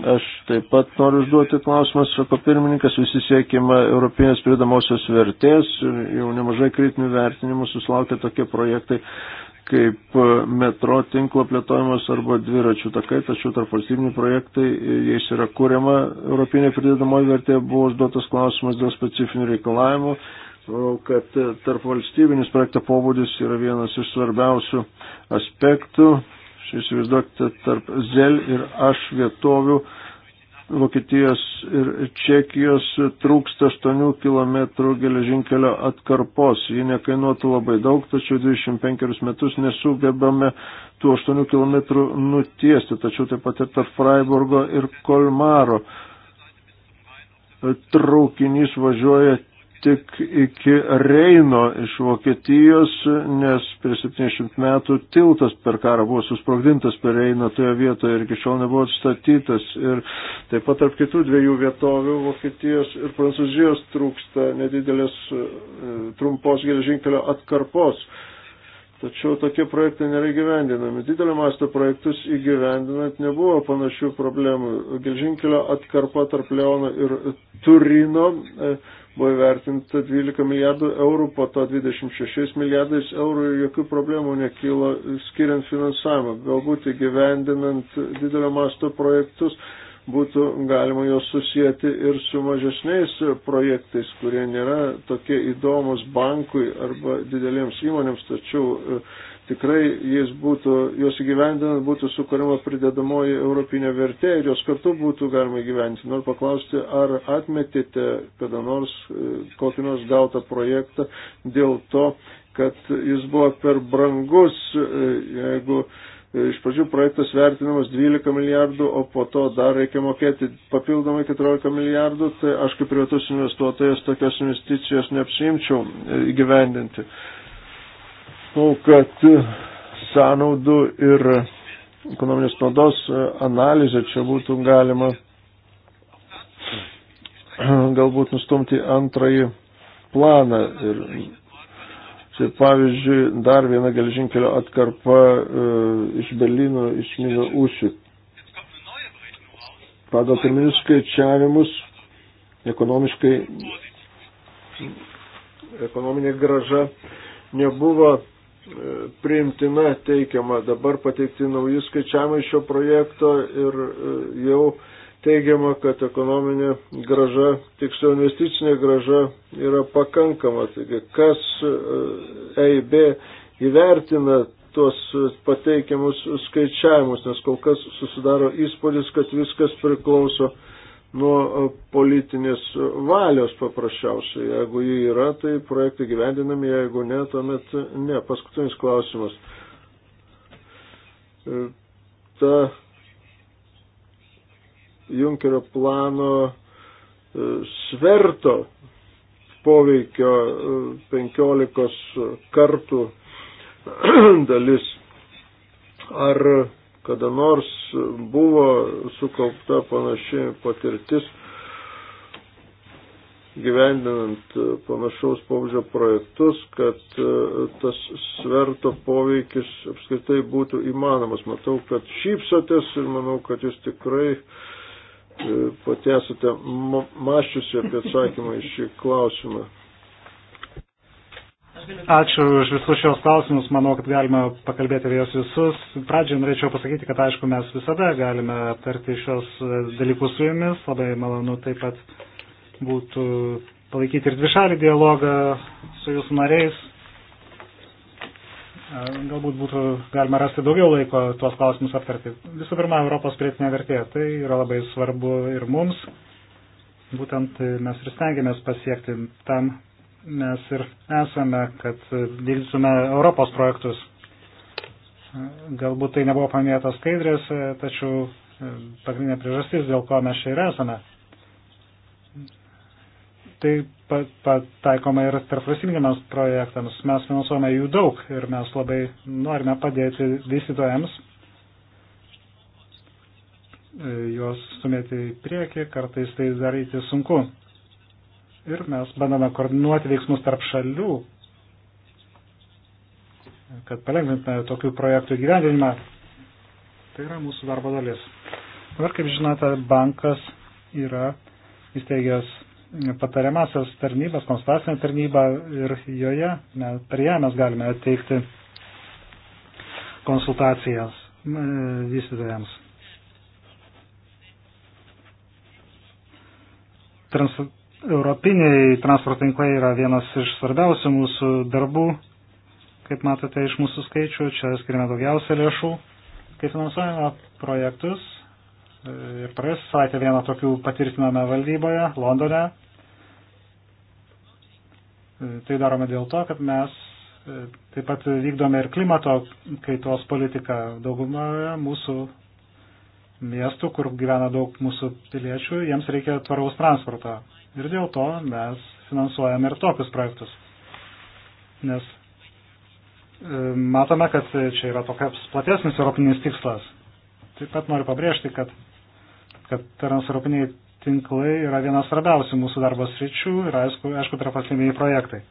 Aš taip pat noriu užduoti klausimą, sako pirmininkas, visi siekima Europinės pridamosios vertės ir jau nemažai kritinių vertinimų susilaukia tokie projektai kaip metro tinklo plėtojimas arba dviračių takai, tačiau tarp valstybinių projektai, jais yra kūriama Europinė pridedamoji vertė, buvo užduotas klausimas dėl specifinių reikalavimų, Manau, kad tarp valstybinis projekto pobūdis yra vienas iš svarbiausių aspektų Štai įsivaizduokite, tarp Zel ir aš vietovių Vokietijos ir Čekijos trūksta 8 km geležinkelio atkarpos. Ji nekainuotų labai daug, tačiau 25 metus nesugebame tų 8 km nutiesti, tačiau taip pat ir tarp Freiburgo ir Kolmaro. Traukinys važiuoja tik iki Reino iš Vokietijos, nes prieš 70 metų tiltas per karą buvo susprogdintas per Reiną toje vietoje ir iki šiol nebuvo atstatytas. Ir taip pat tarp kitų dviejų vietovių Vokietijos ir Prancūzijos trūksta nedidelės e, trumpos geležinkelio atkarpos. Tačiau tokie projektai nėra gyvendinami. Didelio masto projektus įgyvendinant nebuvo panašių problemų. Gelžinkelio atkarpa tarp Leono ir Turino e, buvo įvertinta 12 milijardų eurų, po to 26 milijardais eurų ir jokių problemų nekylo skiriant finansavimą. Galbūt įgyvendinant didelio masto projektus būtų galima juos susijęti ir su mažesniais projektais, kurie nėra tokie įdomus bankui arba didelėms įmonėms, tačiau uh, tikrai jis būtų, jos įgyvendinant būtų sukūrima pridedamoji europinė vertė ir jos kartu būtų galima įgyvendinti. Noriu paklausti, ar atmetėte kada nors e, kokį nors gautą projektą dėl to, kad jis buvo per brangus, e, jeigu e, iš pradžių projektas vertinamas 12 milijardų, o po to dar reikia mokėti papildomai 14 milijardų, tai aš kaip privatus investuotojas tokios investicijos neapsimčiau įgyvendinti. E, manau, kad sąnaudų ir ekonominės naudos analizę čia būtų galima galbūt nustumti antrąjį planą. Ir, tai, pavyzdžiui, dar viena gelžinkelio atkarpa e, iš Berlyno iš Mino Ušių. Pagal pirminius skaičiavimus ekonomiškai ekonominė graža nebuvo E, priimtina teikiama. Dabar pateikti nauji skaičiavimai šio projekto ir e, jau teigiama, kad ekonominė graža, tiksliau investicinė graža yra pakankama. Taigi, kas EIB įvertina tuos pateikiamus skaičiavimus, nes kol kas susidaro įspūdis, kad viskas priklauso nuo e, politinės valios paprasčiausiai. Jeigu jį yra, tai projektai gyvendinami, jeigu ne, tuomet ne. Paskutinis klausimas. E, ta Junkerio plano e, sverto poveikio 15 kartų [clears throat] dalis. Ar kada nors buvo sukaupta panaši patirtis gyvendinant panašaus pobūdžio projektus, kad e, tas sverto poveikis apskritai būtų įmanomas. Matau, kad šypsotės ir manau, kad jūs tikrai e, pati esate maščiusi apie atsakymą į šį klausimą. Ačiū už visus šios klausimus. Manau, kad galima pakalbėti apie juos visus. Pradžiai norėčiau pasakyti, kad aišku, mes visada galime aptarti šios dalykus su jumis. Labai malonu taip pat būtų palaikyti ir dvišalį dialogą su jūsų nariais. Galbūt būtų galima rasti daugiau laiko tuos klausimus aptarti. Visų pirma, Europos prietinė vertė. Tai yra labai svarbu ir mums. Būtent mes ir stengiamės pasiekti tam mes ir esame, kad vykdytume Europos projektus. Galbūt tai nebuvo paminėta skaidrės, tačiau e, pagrindinė priežastis, dėl ko mes čia ir esame. Tai pataikoma ir tarp valstybinėms projektams. Mes finansuojame jų daug ir mes labai norime padėti vystytojams e, juos stumėti į priekį, kartais tai daryti sunku ir mes bandome koordinuoti veiksmus tarp šalių, kad palengvintume tokių projektų įgyvendinimą. Tai yra mūsų darbo dalis. Dabar, kaip žinote, bankas yra įsteigęs patariamasios tarnybas, konsultacinę tarnybą ir joje, mes, per ją mes galime teikti konsultacijas vystytojams. Trans, Europiniai transporto tinklai yra vienas iš svarbiausių mūsų darbų. Kaip matote iš mūsų skaičių, čia skirime daugiausia lėšų. Kai finansuojame projektus, ir e, praėjusią savaitę vieną tokių patvirtiname valdyboje Londone, e, tai darome dėl to, kad mes e, taip pat vykdome ir klimato kaitos politiką daugumoje mūsų miestų, kur gyvena daug mūsų piliečių, jiems reikia tvaraus transporto. Ir dėl to mes finansuojame ir tokius projektus. Nes e, matome, kad čia yra toks platesnis europinis tikslas. Taip pat noriu pabrėžti, kad, kad transeuropiniai tinklai yra vienas svarbiausių mūsų darbo sričių ir aišku, aišku tai yra paslimiai projektai.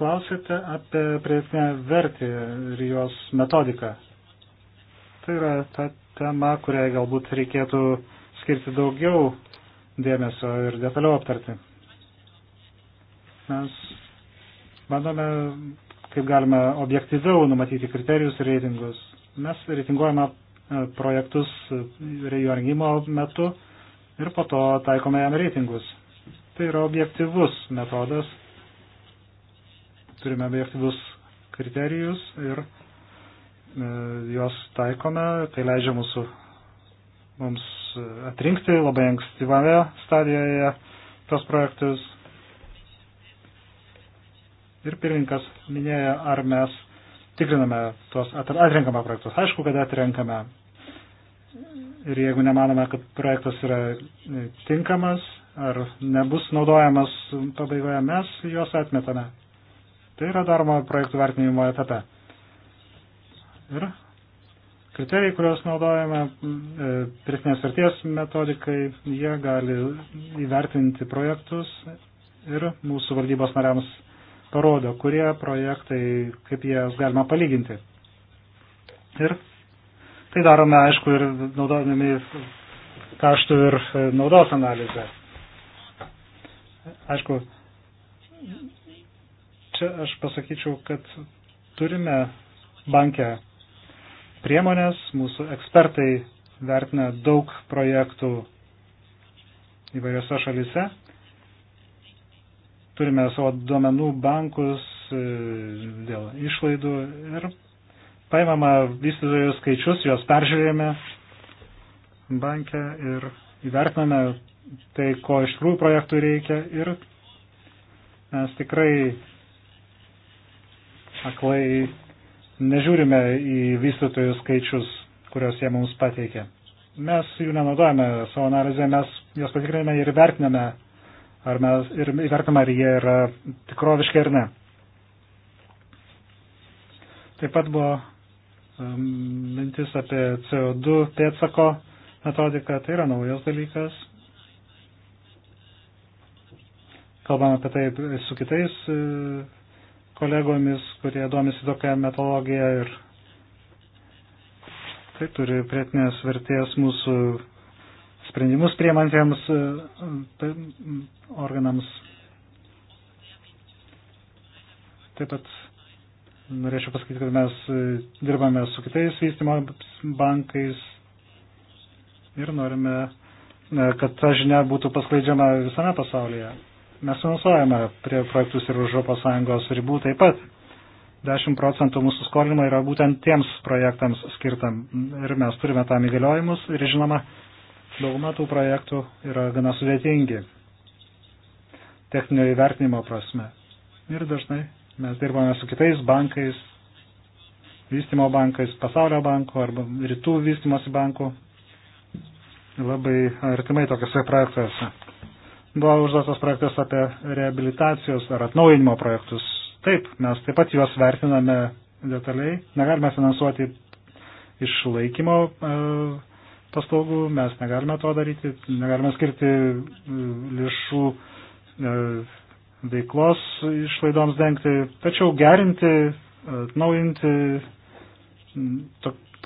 Klausėte apie prietinę vertį ir jos metodiką. Tai yra ta tema, kuriai galbūt reikėtų uh, skirti daugiau dėmesio ir detaliau aptarti. Mes bandome, kaip galime objektyviau numatyti kriterijus ir reitingus. Mes reitinguojame e, projektus jų e, rengimo metu ir po to taikome jam reitingus. Tai yra objektyvus metodas. Turime objektyvus kriterijus ir e, juos taikome, tai leidžia mūsų mums atrinkti labai ankstyvame stadijoje tos projektus. Ir pirmininkas minėjo, ar mes tikriname tuos atrenkamą projektus. Aišku, kad atrenkame. Ir jeigu nemanome, kad projektas yra tinkamas ar nebus naudojamas pabaigoje, mes juos atmetame. Tai yra daroma projektų vertinimo etape. Ir kriterijai, kuriuos naudojame, e, pritinės verties metodikai, jie gali įvertinti projektus ir mūsų valdybos nariams parodo, kurie projektai, kaip jas galima palyginti. Ir tai darome, aišku, ir naudodami kaštų ir e, naudos analizę. Aišku, čia aš pasakyčiau, kad turime bankę priemonės, mūsų ekspertai vertina daug projektų įvairiose šalise. Turime savo duomenų bankus e, dėl išlaidų ir paimama vystytojų skaičius, juos peržiūrėjome bankę ir įvertiname tai, ko iš tikrųjų projektų reikia ir mes tikrai aklai nežiūrime į vystytojų skaičius, kuriuos jie mums pateikė. Mes jų nenaudojame savo analizėje, mes juos patikriname ir vertiname, ar mes ir įvertiname, ar jie yra tikroviški ar ne. Taip pat buvo um, mintis apie CO2 pėtsako metodiką, tai yra naujas dalykas. Kalbame apie tai su kitais kolegomis, kurie domisi tokia metodologija ir tai turi prietinės vertės mūsų sprendimus priemantiems e, e, organams. Taip pat norėčiau pasakyti, kad mes e, dirbame su kitais vystimo bankais ir norime, kad ta žinia būtų pasklaidžiama visame pasaulyje. Mes finansuojame prie projektus ir už ES ribų taip pat. 10 procentų mūsų skolinimo yra būtent tiems projektams skirtam ir mes turime tam įgaliojimus ir žinoma, dauguma tų projektų yra gana sudėtingi techninio įvertinimo prasme. Ir dažnai mes dirbame su kitais bankais, vystimo bankais, pasaulio banku arba rytų vystimosi banku labai artimai tokiuose projektuose. Buvo užduotas projektas apie rehabilitacijos ar atnaujinimo projektus. Taip, mes taip pat juos vertiname detaliai. Negalime finansuoti išlaikymo e, paslaugų, mes negalime to daryti, negalime skirti e, lėšų e, veiklos išlaidoms dengti, tačiau gerinti, atnaujinti,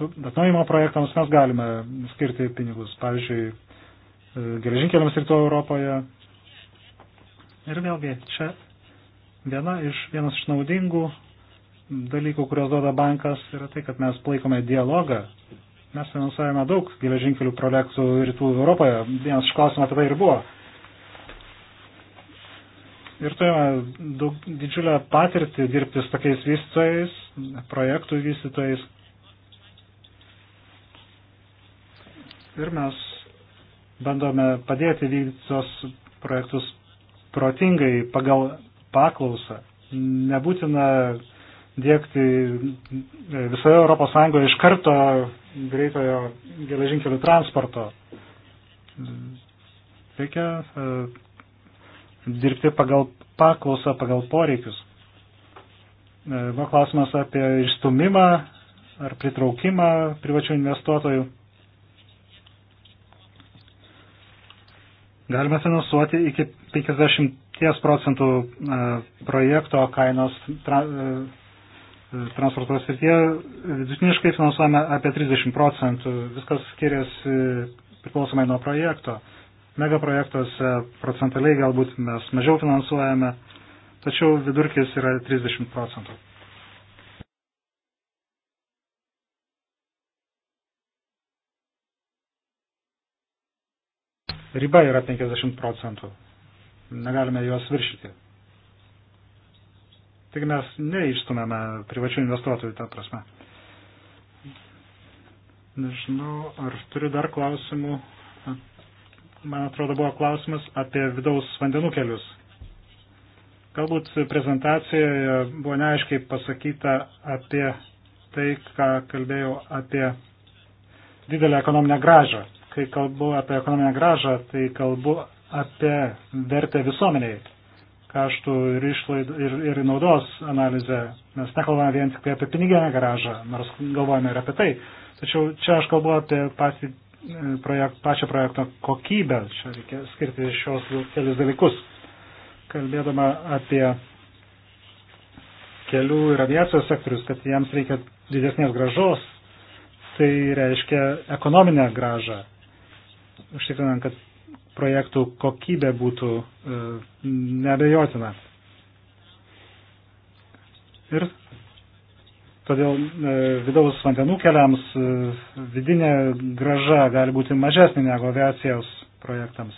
atnaujimo projektams mes galime skirti pinigus. Pavyzdžiui, geležinkeliams rytų Europoje Ir vėlgi čia viena iš, vienas iš naudingų dalykų, kurios duoda bankas, yra tai, kad mes palaikome dialogą. Mes finansuojame daug geležinkelių projektų rytų Europoje. Vienas iš klausimų apie tai ir buvo. Ir turime daug didžiulę patirtį dirbti su tokiais vystytojais, projektų vystytojais. Ir mes bandome padėti vykdyti tos projektus protingai pagal paklausą. Nebūtina dėkti e, visoje Europos Sąjungoje iš karto greitojo geležinkelių transporto. Reikia e, dirbti pagal paklausą, pagal poreikius. E, buvo klausimas apie išstumimą ar pritraukimą privačių investuotojų. Galime finansuoti iki 50 procentų e, projekto kainos tra, e, transporto srityje. Vidutiniškai finansuojame apie 30 procentų. Viskas skiriasi priklausomai nuo projekto. Megaprojektuose procentaliai galbūt mes mažiau finansuojame, tačiau vidurkis yra 30 procentų. riba yra 50 procentų. Negalime juos viršyti. Taigi mes neišstumėme privačių investuotojų tą prasme. Nežinau, ar turiu dar klausimų. Man atrodo, buvo klausimas apie vidaus vandenų kelius. Galbūt prezentacijoje buvo neaiškiai pasakyta apie tai, ką kalbėjau apie didelę ekonominę gražą kai kalbu apie ekonominę gražą, tai kalbu apie vertę visuomeniai, kaštų ir, išlaid, ir, ir naudos analizę. Mes nekalbame vien tik apie piniginę gražą, nors galvojame ir apie tai. Tačiau čia aš kalbu apie patį, e, projekt, pačią projekto kokybę. Čia reikia skirti šios kelius dalykus. Kalbėdama apie kelių ir aviacijos sektorius, kad jiems reikia didesnės gražos, tai reiškia ekonominę gražą užtikrinant, kad projektų kokybė būtų e, nebejotina. Ir todėl e, vidaus vandenų keliams e, vidinė graža gali būti mažesnė negu aviacijos projektams.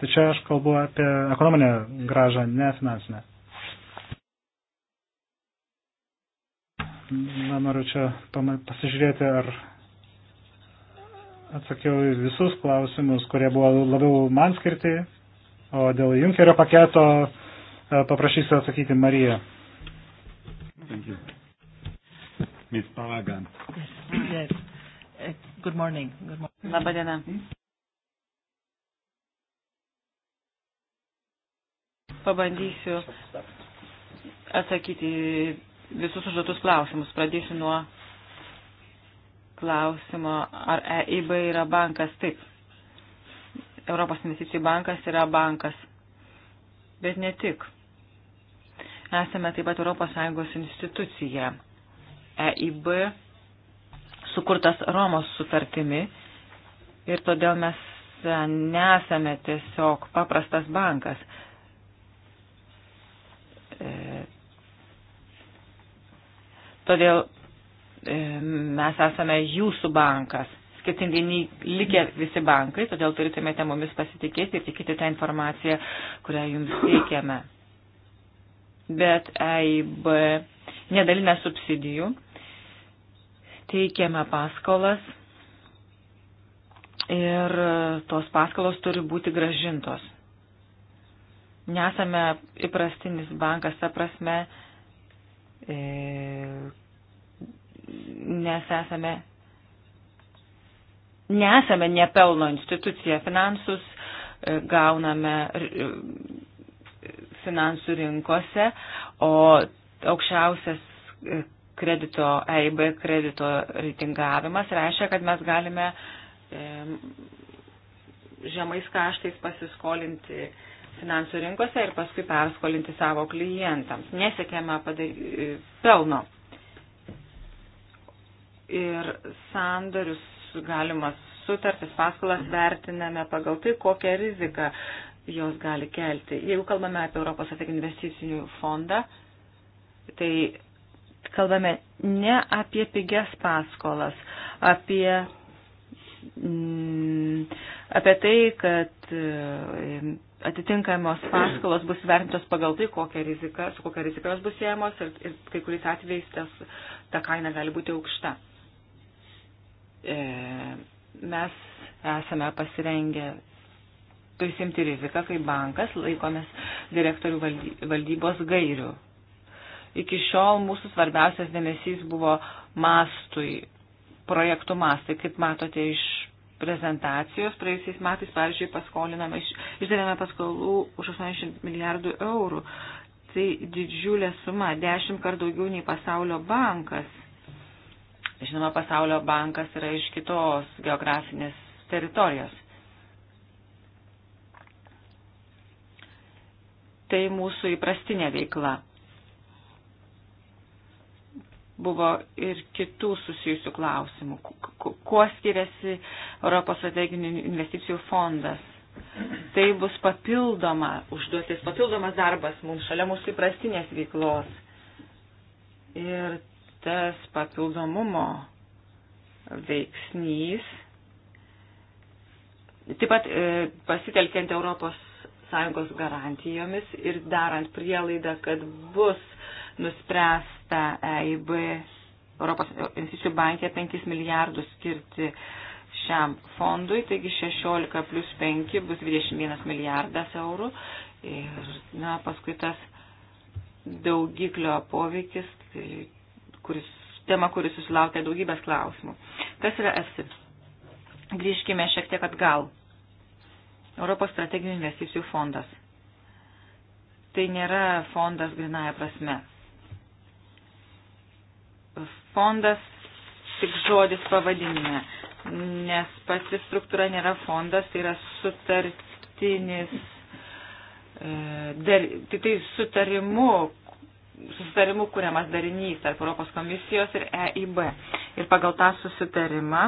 Tai čia aš kalbu apie ekonominę gražą, ne finansinę. Na, noriu čia pasižiūrėti, ar atsakiau į visus klausimus, kurie buvo labiau man skirti, o dėl Junkerio paketo e, paprašysiu atsakyti Mariją. Ms. Paragan. Yes, yes. Uh, good morning. Good morning. Labadiena. Pabandysiu atsakyti visus užduotus klausimus. Pradėsiu nuo klausimo, ar EIB yra bankas. Taip, Europos investicijų bankas yra bankas, bet ne tik. Esame taip pat ES institucija. EIB sukurtas Romos sutartimi ir todėl mes nesame tiesiog paprastas bankas. E, todėl E, mes esame jūsų bankas, skirtingai nei likę visi bankai, todėl turėtumėte mumis pasitikėti ir tikėti tą informaciją, kurią jums teikiame. Bet EIB nedalina subsidijų, teikiame paskolas ir tos paskolos turi būti gražintos. Nesame įprastinis bankas, ta prasme, e, nes esame, nesame nepelno institucija. Finansus e, gauname e, finansų rinkose, o aukščiausias e, kredito, AIB kredito reitingavimas reiškia, kad mes galime žemais kaštais pasiskolinti finansų rinkose ir paskui perskolinti savo klientams. Nesiekėme pelno ir sandorius galimas sutartis paskolas vertiname pagal tai, kokią riziką jos gali kelti. Jeigu kalbame apie Europos investicinių fondą, tai kalbame ne apie pigias paskolas, apie, mm, apie tai, kad mm, atitinkamos paskolos bus vertintos pagal tai, kokia rizika, su kokia rizika jos bus siejamos ir, ir kai kuriais atvejais tas, ta kaina gali būti aukšta. E, mes esame pasirengę prisimti riziką, kai bankas laikomės direktorių valdybos gairių. Iki šiol mūsų svarbiausias dėmesys buvo mastui, projektų mastui, kaip matote iš prezentacijos. Praėjusiais metais, pavyzdžiui, paskoliname, iš, išdavėme paskolų už 80 milijardų eurų. Tai didžiulė suma, dešimt kart daugiau nei pasaulio bankas Žinoma, pasaulio bankas yra iš kitos geografinės teritorijos. Tai mūsų įprastinė veikla. Buvo ir kitų susijusių klausimų. Kuo skiriasi Europos strateginių investicijų fondas? Tai bus papildoma užduotis, papildomas darbas mums šalia mūsų įprastinės veiklos. Ir tas papildomumo veiksnys, taip pat e, pasitelkiant Europos Sąjungos garantijomis ir darant prielaidą, kad bus nuspręsta EIB Europos institucijų bankė 5 milijardus skirti šiam fondui, taigi 16 plus 5 bus 21 milijardas eurų ir na, paskui tas daugiklio poveikis, tai kuris, tema, kuris susilaukia daugybės klausimų. Kas yra EFSI? Grįžkime šiek tiek atgal. Europos strateginių investicijų fondas. Tai nėra fondas grinaja prasme. Fondas tik žodis pavadinime, nes pati struktūra nėra fondas, tai yra sutartinis, e, dar, tik tai sutarimu susitarimu kuriamas darinys tarp Europos komisijos ir EIB. Ir pagal tą susitarimą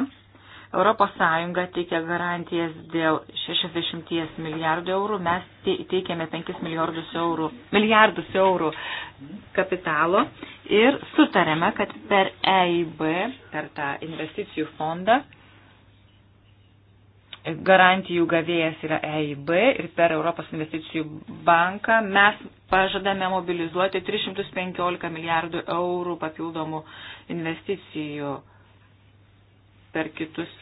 ES teikia garantijas dėl 60 milijardų eurų, mes teikiame 5 milijardus eurų, milijardus eurų kapitalo ir sutarėme, kad per EIB, per tą investicijų fondą, garantijų gavėjas yra EIB ir per Europos investicijų banką mes pažadame mobilizuoti 315 milijardų eurų papildomų investicijų per kitus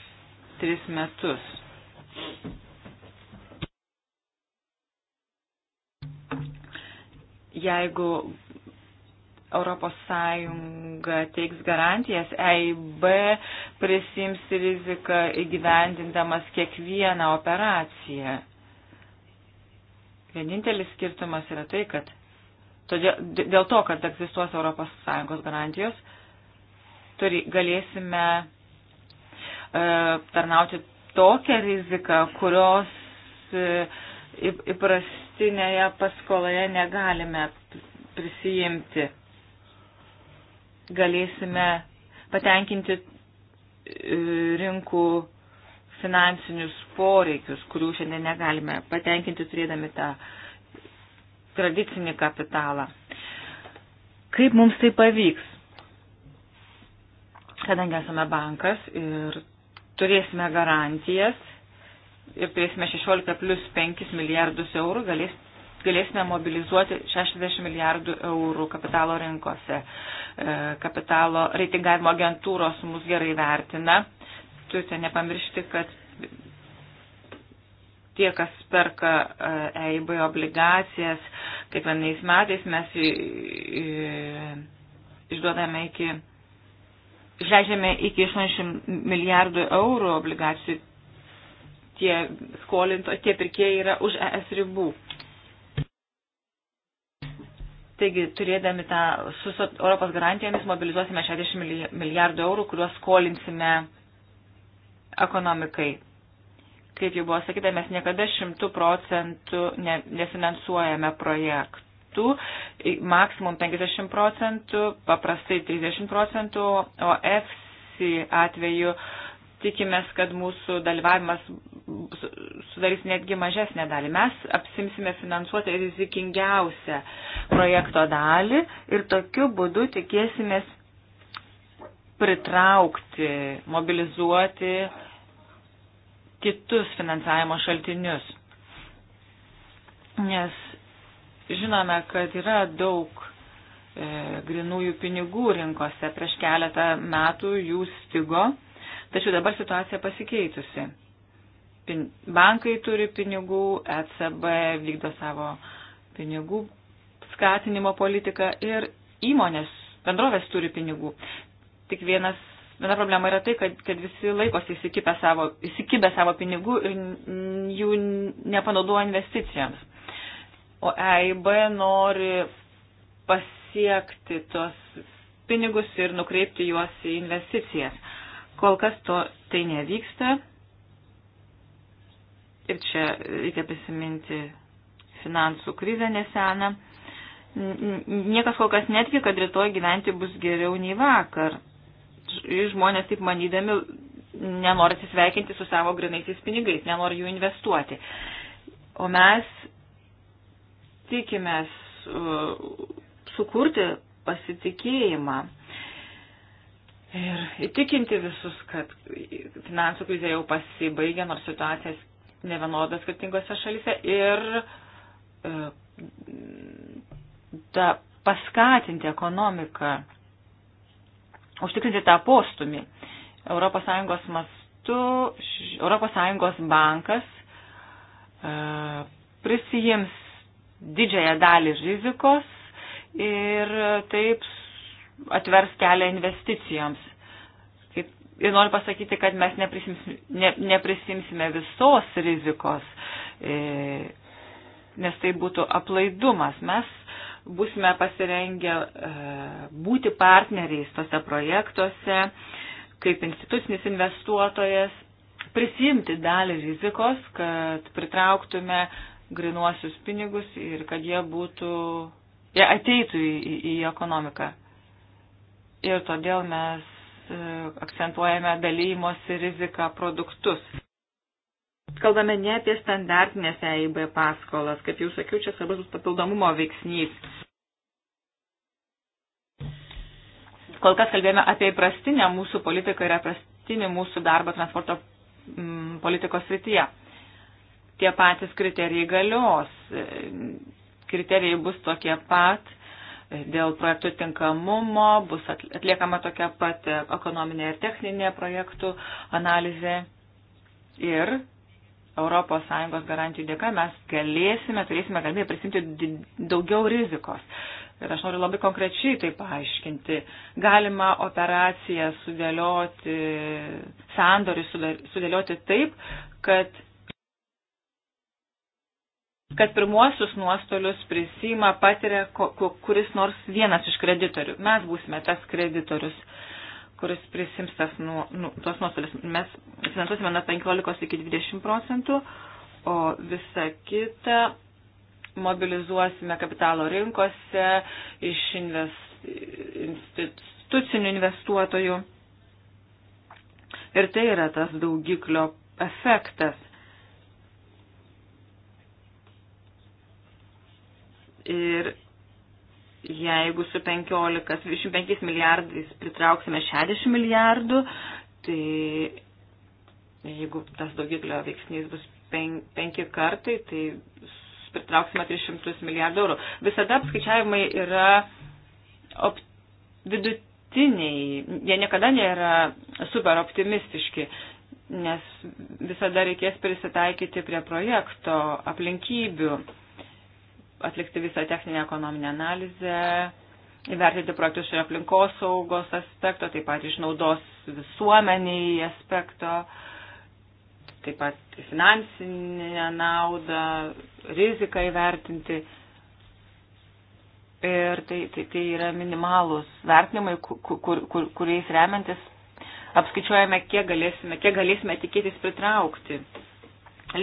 tris metus. Jeigu ES teiks garantijas, EIB prisims riziką įgyvendindamas kiekvieną operaciją. Vienintelis skirtumas yra tai, kad todėl, dėl to, kad egzistuos ES garantijos, turi, galėsime e, tarnauti tokią riziką, kurios e, įprastinėje paskoloje negalime prisijimti galėsime patenkinti e, rinkų finansinius poreikius, kurių šiandien negalime patenkinti turėdami tą tradicinį kapitalą. Kaip mums tai pavyks? Kadangi esame bankas ir turėsime garantijas ir turėsime 16 plus 5 milijardus eurų, galės, galėsime mobilizuoti 60 milijardų eurų kapitalo rinkose. E, kapitalo reitingavimo agentūros mus gerai vertina. Turite nepamiršti, kad tie, kas perka EIB e obligacijas, kiekvienais metais mes išduodame iki, išleidžiame iki 80 milijardų eurų obligacijų. Tie skolinto, tie pirkėjai yra už ES ribų. Taigi, turėdami tą su Europos garantijomis mobilizuosime 60 milijardų eurų, kuriuos skolinsime ekonomikai. Kaip jau buvo sakyta, mes niekada šimtų procentų nefinansuojame projektų, maksimum 50 procentų, paprastai 30 procentų, o EFSI atveju tikimės, kad mūsų dalyvavimas sudarys netgi mažesnę dalį. Mes apsimsime finansuoti rizikingiausią projekto dalį ir tokiu būdu tikėsimės pritraukti, mobilizuoti kitus finansavimo šaltinius. Nes žinome, kad yra daug e, grinųjų pinigų rinkose. Prieš keletą metų jų stigo, tačiau dabar situacija pasikeitusi pin, bankai turi pinigų, ECB vykdo savo pinigų skatinimo politiką ir įmonės, bendrovės turi pinigų. Tik vienas, viena problema yra tai, kad, kad visi laikosi įsikibę savo, įsikibę savo pinigų ir jų nepanaudoja investicijoms. O EIB nori pasiekti tos pinigus ir nukreipti juos į investicijas. Kol kas to tai nevyksta ir čia reikia prisiminti finansų krizę neseną, niekas kol kas netgi, kad rytoj gyventi bus geriau nei vakar. Žmonės taip manydami nenori atsisveikinti su savo grinaisiais pinigais, nenori jų investuoti. O mes tikimės uh, sukurti pasitikėjimą ir įtikinti visus, kad finansų krizė jau pasibaigė, nors situacijas nevienodas skirtingose šalyse ir e, da, paskatinti ekonomiką, užtikrinti tą postumį. ES mastu, ES bankas e, prisijims didžiąją dalį rizikos ir taip atvers kelią investicijoms. Ir noriu pasakyti, kad mes neprisimsime, ne, neprisimsime visos rizikos, e, nes tai būtų aplaidumas. Mes būsime pasirengę e, būti partneriais tose projektuose, kaip institucinis investuotojas, prisimti dalį rizikos, kad pritrauktume grinuosius pinigus ir kad jie būtų, jie ateitų į, į, į ekonomiką. Ir todėl mes E, akcentuojame dalymosi riziką produktus. Kalbame ne apie standartinės EIB paskolas, kaip jau sakiau, čia svarbus bus papildomumo veiksnys. Kol kas kalbėjome apie įprastinę mūsų politiką ir įprastinį mūsų darbą transporto m, mm, politikos srityje. Tie patys kriterijai galios. Kriterijai bus tokie pat dėl projektų tinkamumo, bus atliekama tokia pat e, ekonominė ir techninė projektų analizė ir ES garantijų dėka mes galėsime, turėsime galimybę prisimti daugiau rizikos. Ir aš noriu labai konkrečiai tai paaiškinti. Galima operaciją sudėlioti, sandorį sudėlioti taip, kad kad pirmuosius nuostolius prisima patiria kuris nors vienas iš kreditorių. Mes būsime tas kreditorius, kuris prisims tas, nu, nu, tuos nuostolius. Mes finansuosime nuo 15 iki 20 procentų, o visa kita mobilizuosime kapitalo rinkose iš invest, institucinių investuotojų. Ir tai yra tas daugiklio efektas Ir jeigu su 15-25 milijardais pritrauksime 60 milijardų, tai jeigu tas daugiklio veiksnys bus 5 kartai, tai pritrauksime 300 milijardų eurų. Visada apskaičiavimai yra op, vidutiniai, jie niekada nėra super optimistiški, nes visada reikės prisitaikyti prie projekto aplinkybių atlikti visą techninę ekonominę analizę, įvertinti projektus iš aplinkos saugos aspekto, taip pat išnaudos visuomeniai aspekto, taip pat finansinę naudą, riziką įvertinti. Ir tai, tai, tai yra minimalūs vertinimai, kur, kur, kur, kuriais remiantis apskaičiuojame, kiek galėsime, kiek galėsime tikėtis pritraukti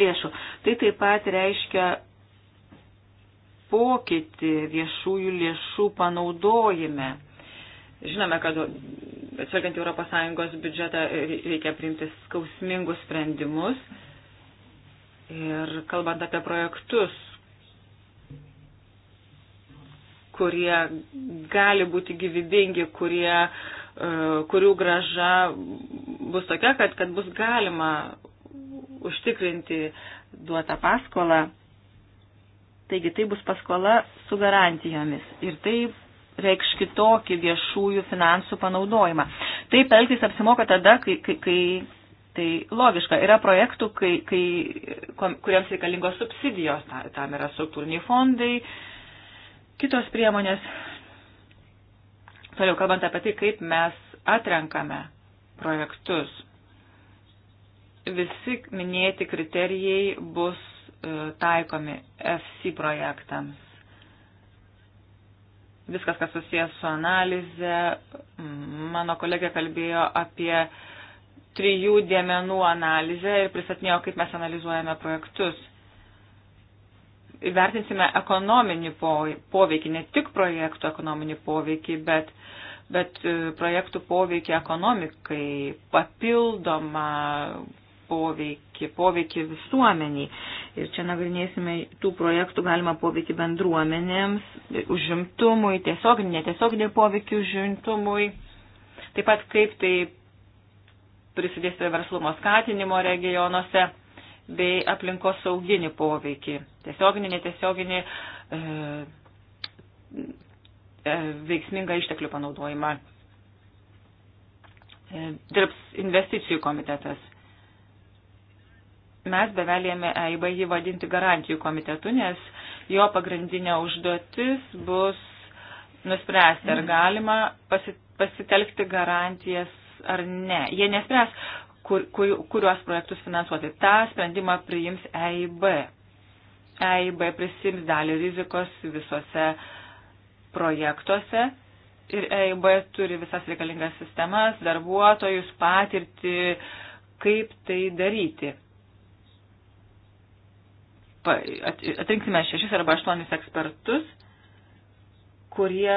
lėšų. Tai taip pat reiškia pokytį viešųjų lėšų panaudojime. Žinome, kad atsvelgiant ES biudžetą reikia priimti skausmingus sprendimus. Ir kalbant apie projektus, kurie gali būti gyvybingi, kurie, e, kurių graža bus tokia, kad, kad bus galima užtikrinti duotą paskolą Taigi tai bus paskola su garantijomis ir tai reikš kitokį viešųjų finansų panaudojimą. Taip elgtis apsimoka tada, kai, kai, kai tai logiška. Yra projektų, kai, kai, kuriems reikalingos subsidijos, tam yra struktūriniai fondai, kitos priemonės. Toliau kalbant apie tai, kaip mes atrenkame projektus. Visi minėti kriterijai bus E, taikomi FC projektams. Viskas, kas susijęs su analize, mano kolegė kalbėjo apie trijų dėmenų analizę ir pristatinėjo, kaip mes analizuojame projektus. Įvertinsime ekonominį poveikį, ne tik projektų ekonominį poveikį, bet, bet e, projektų poveikį ekonomikai, papildomą poveikį, poveikį visuomeniai. Ir čia nagrinėsime tų projektų galima poveikį bendruomenėms, užimtumui, tiesiog, netiesioginį poveikį užimtumui, taip pat kaip tai prisidės prie verslumo skatinimo regionuose bei aplinkos sauginį poveikį, tiesioginį, netiesioginį e, e, veiksmingą išteklių panaudojimą e, dirbs investicijų komitetas mes bevelėme EIB jį vadinti garantijų komitetu, nes jo pagrindinė užduotis bus nuspręsti, ar galima pasitelkti garantijas ar ne. Jie nespręs, kur, kur, kuriuos projektus finansuoti. Ta sprendimą priims EIB. EIB prisims dalį rizikos visose projektuose ir EIB turi visas reikalingas sistemas, darbuotojus, patirtį, kaip tai daryti atrinksime šešis arba aštuonis ekspertus, kurie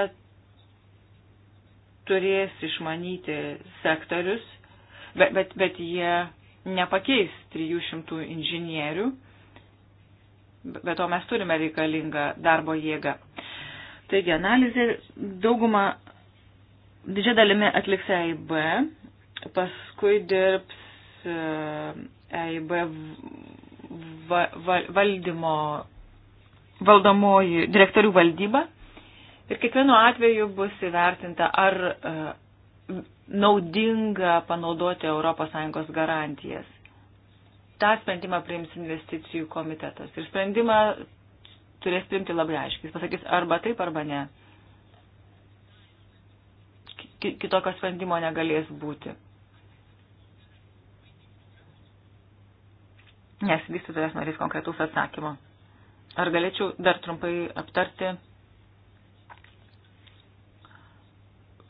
turės išmanyti sektorius, bet, bet, bet jie nepakeis 300 inžinierių, bet to mes turime reikalingą darbo jėgą. Taigi analizė daugumą didžia dalimi atliks EIB, paskui dirbs EIB va, va, valdymo, valdomoji direktorių valdyba ir kiekvienu atveju bus įvertinta, ar e, naudinga panaudoti ES garantijas. Ta sprendimą priims investicijų komitetas ir sprendimą turės priimti labai aiškiai. Jis pasakys arba taip, arba ne. Kitokio sprendimo negalės būti. nes vystytojas norės konkretus atsakymų. Ar galėčiau dar trumpai aptarti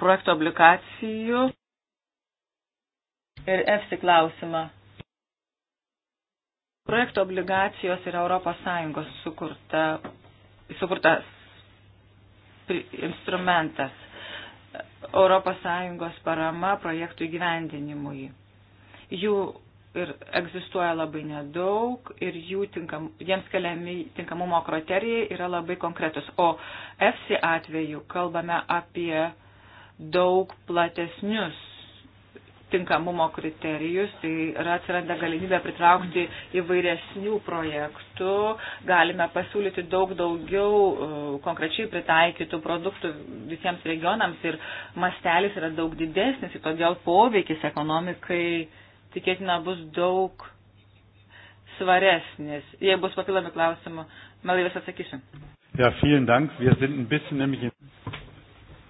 projekto obligacijų ir EFSI klausimą? Projekto obligacijos yra Europos Sąjungos sukurta, sukurtas instrumentas. Europos Sąjungos parama projektų įgyvendinimui. Jų ir egzistuoja labai nedaug ir jų tinkam, jiems keliami tinkamumo kriterijai yra labai konkretus. O EFSI atveju kalbame apie daug platesnius tinkamumo kriterijus, tai yra atsiranda galimybė pritraukti įvairesnių projektų, galime pasiūlyti daug daugiau e, konkrečiai pritaikytų produktų visiems regionams ir mastelis yra daug didesnis ir todėl poveikis ekonomikai uh, tikėtina bus daug svaresnis. Jei bus papildomi klausimų, melai vis atsakysiu. Ja, vielen Dank. Wir sind ein bisschen nämlich.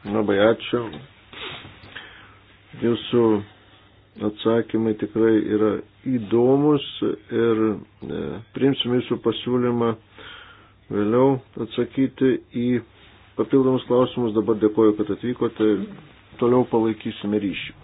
Labai ačiū. Jūsų atsakymai tikrai yra įdomus ir e, priimsim jūsų pasiūlymą vėliau atsakyti į papildomus klausimus. Dabar dėkoju, kad atvykote. Toliau palaikysime ryšį.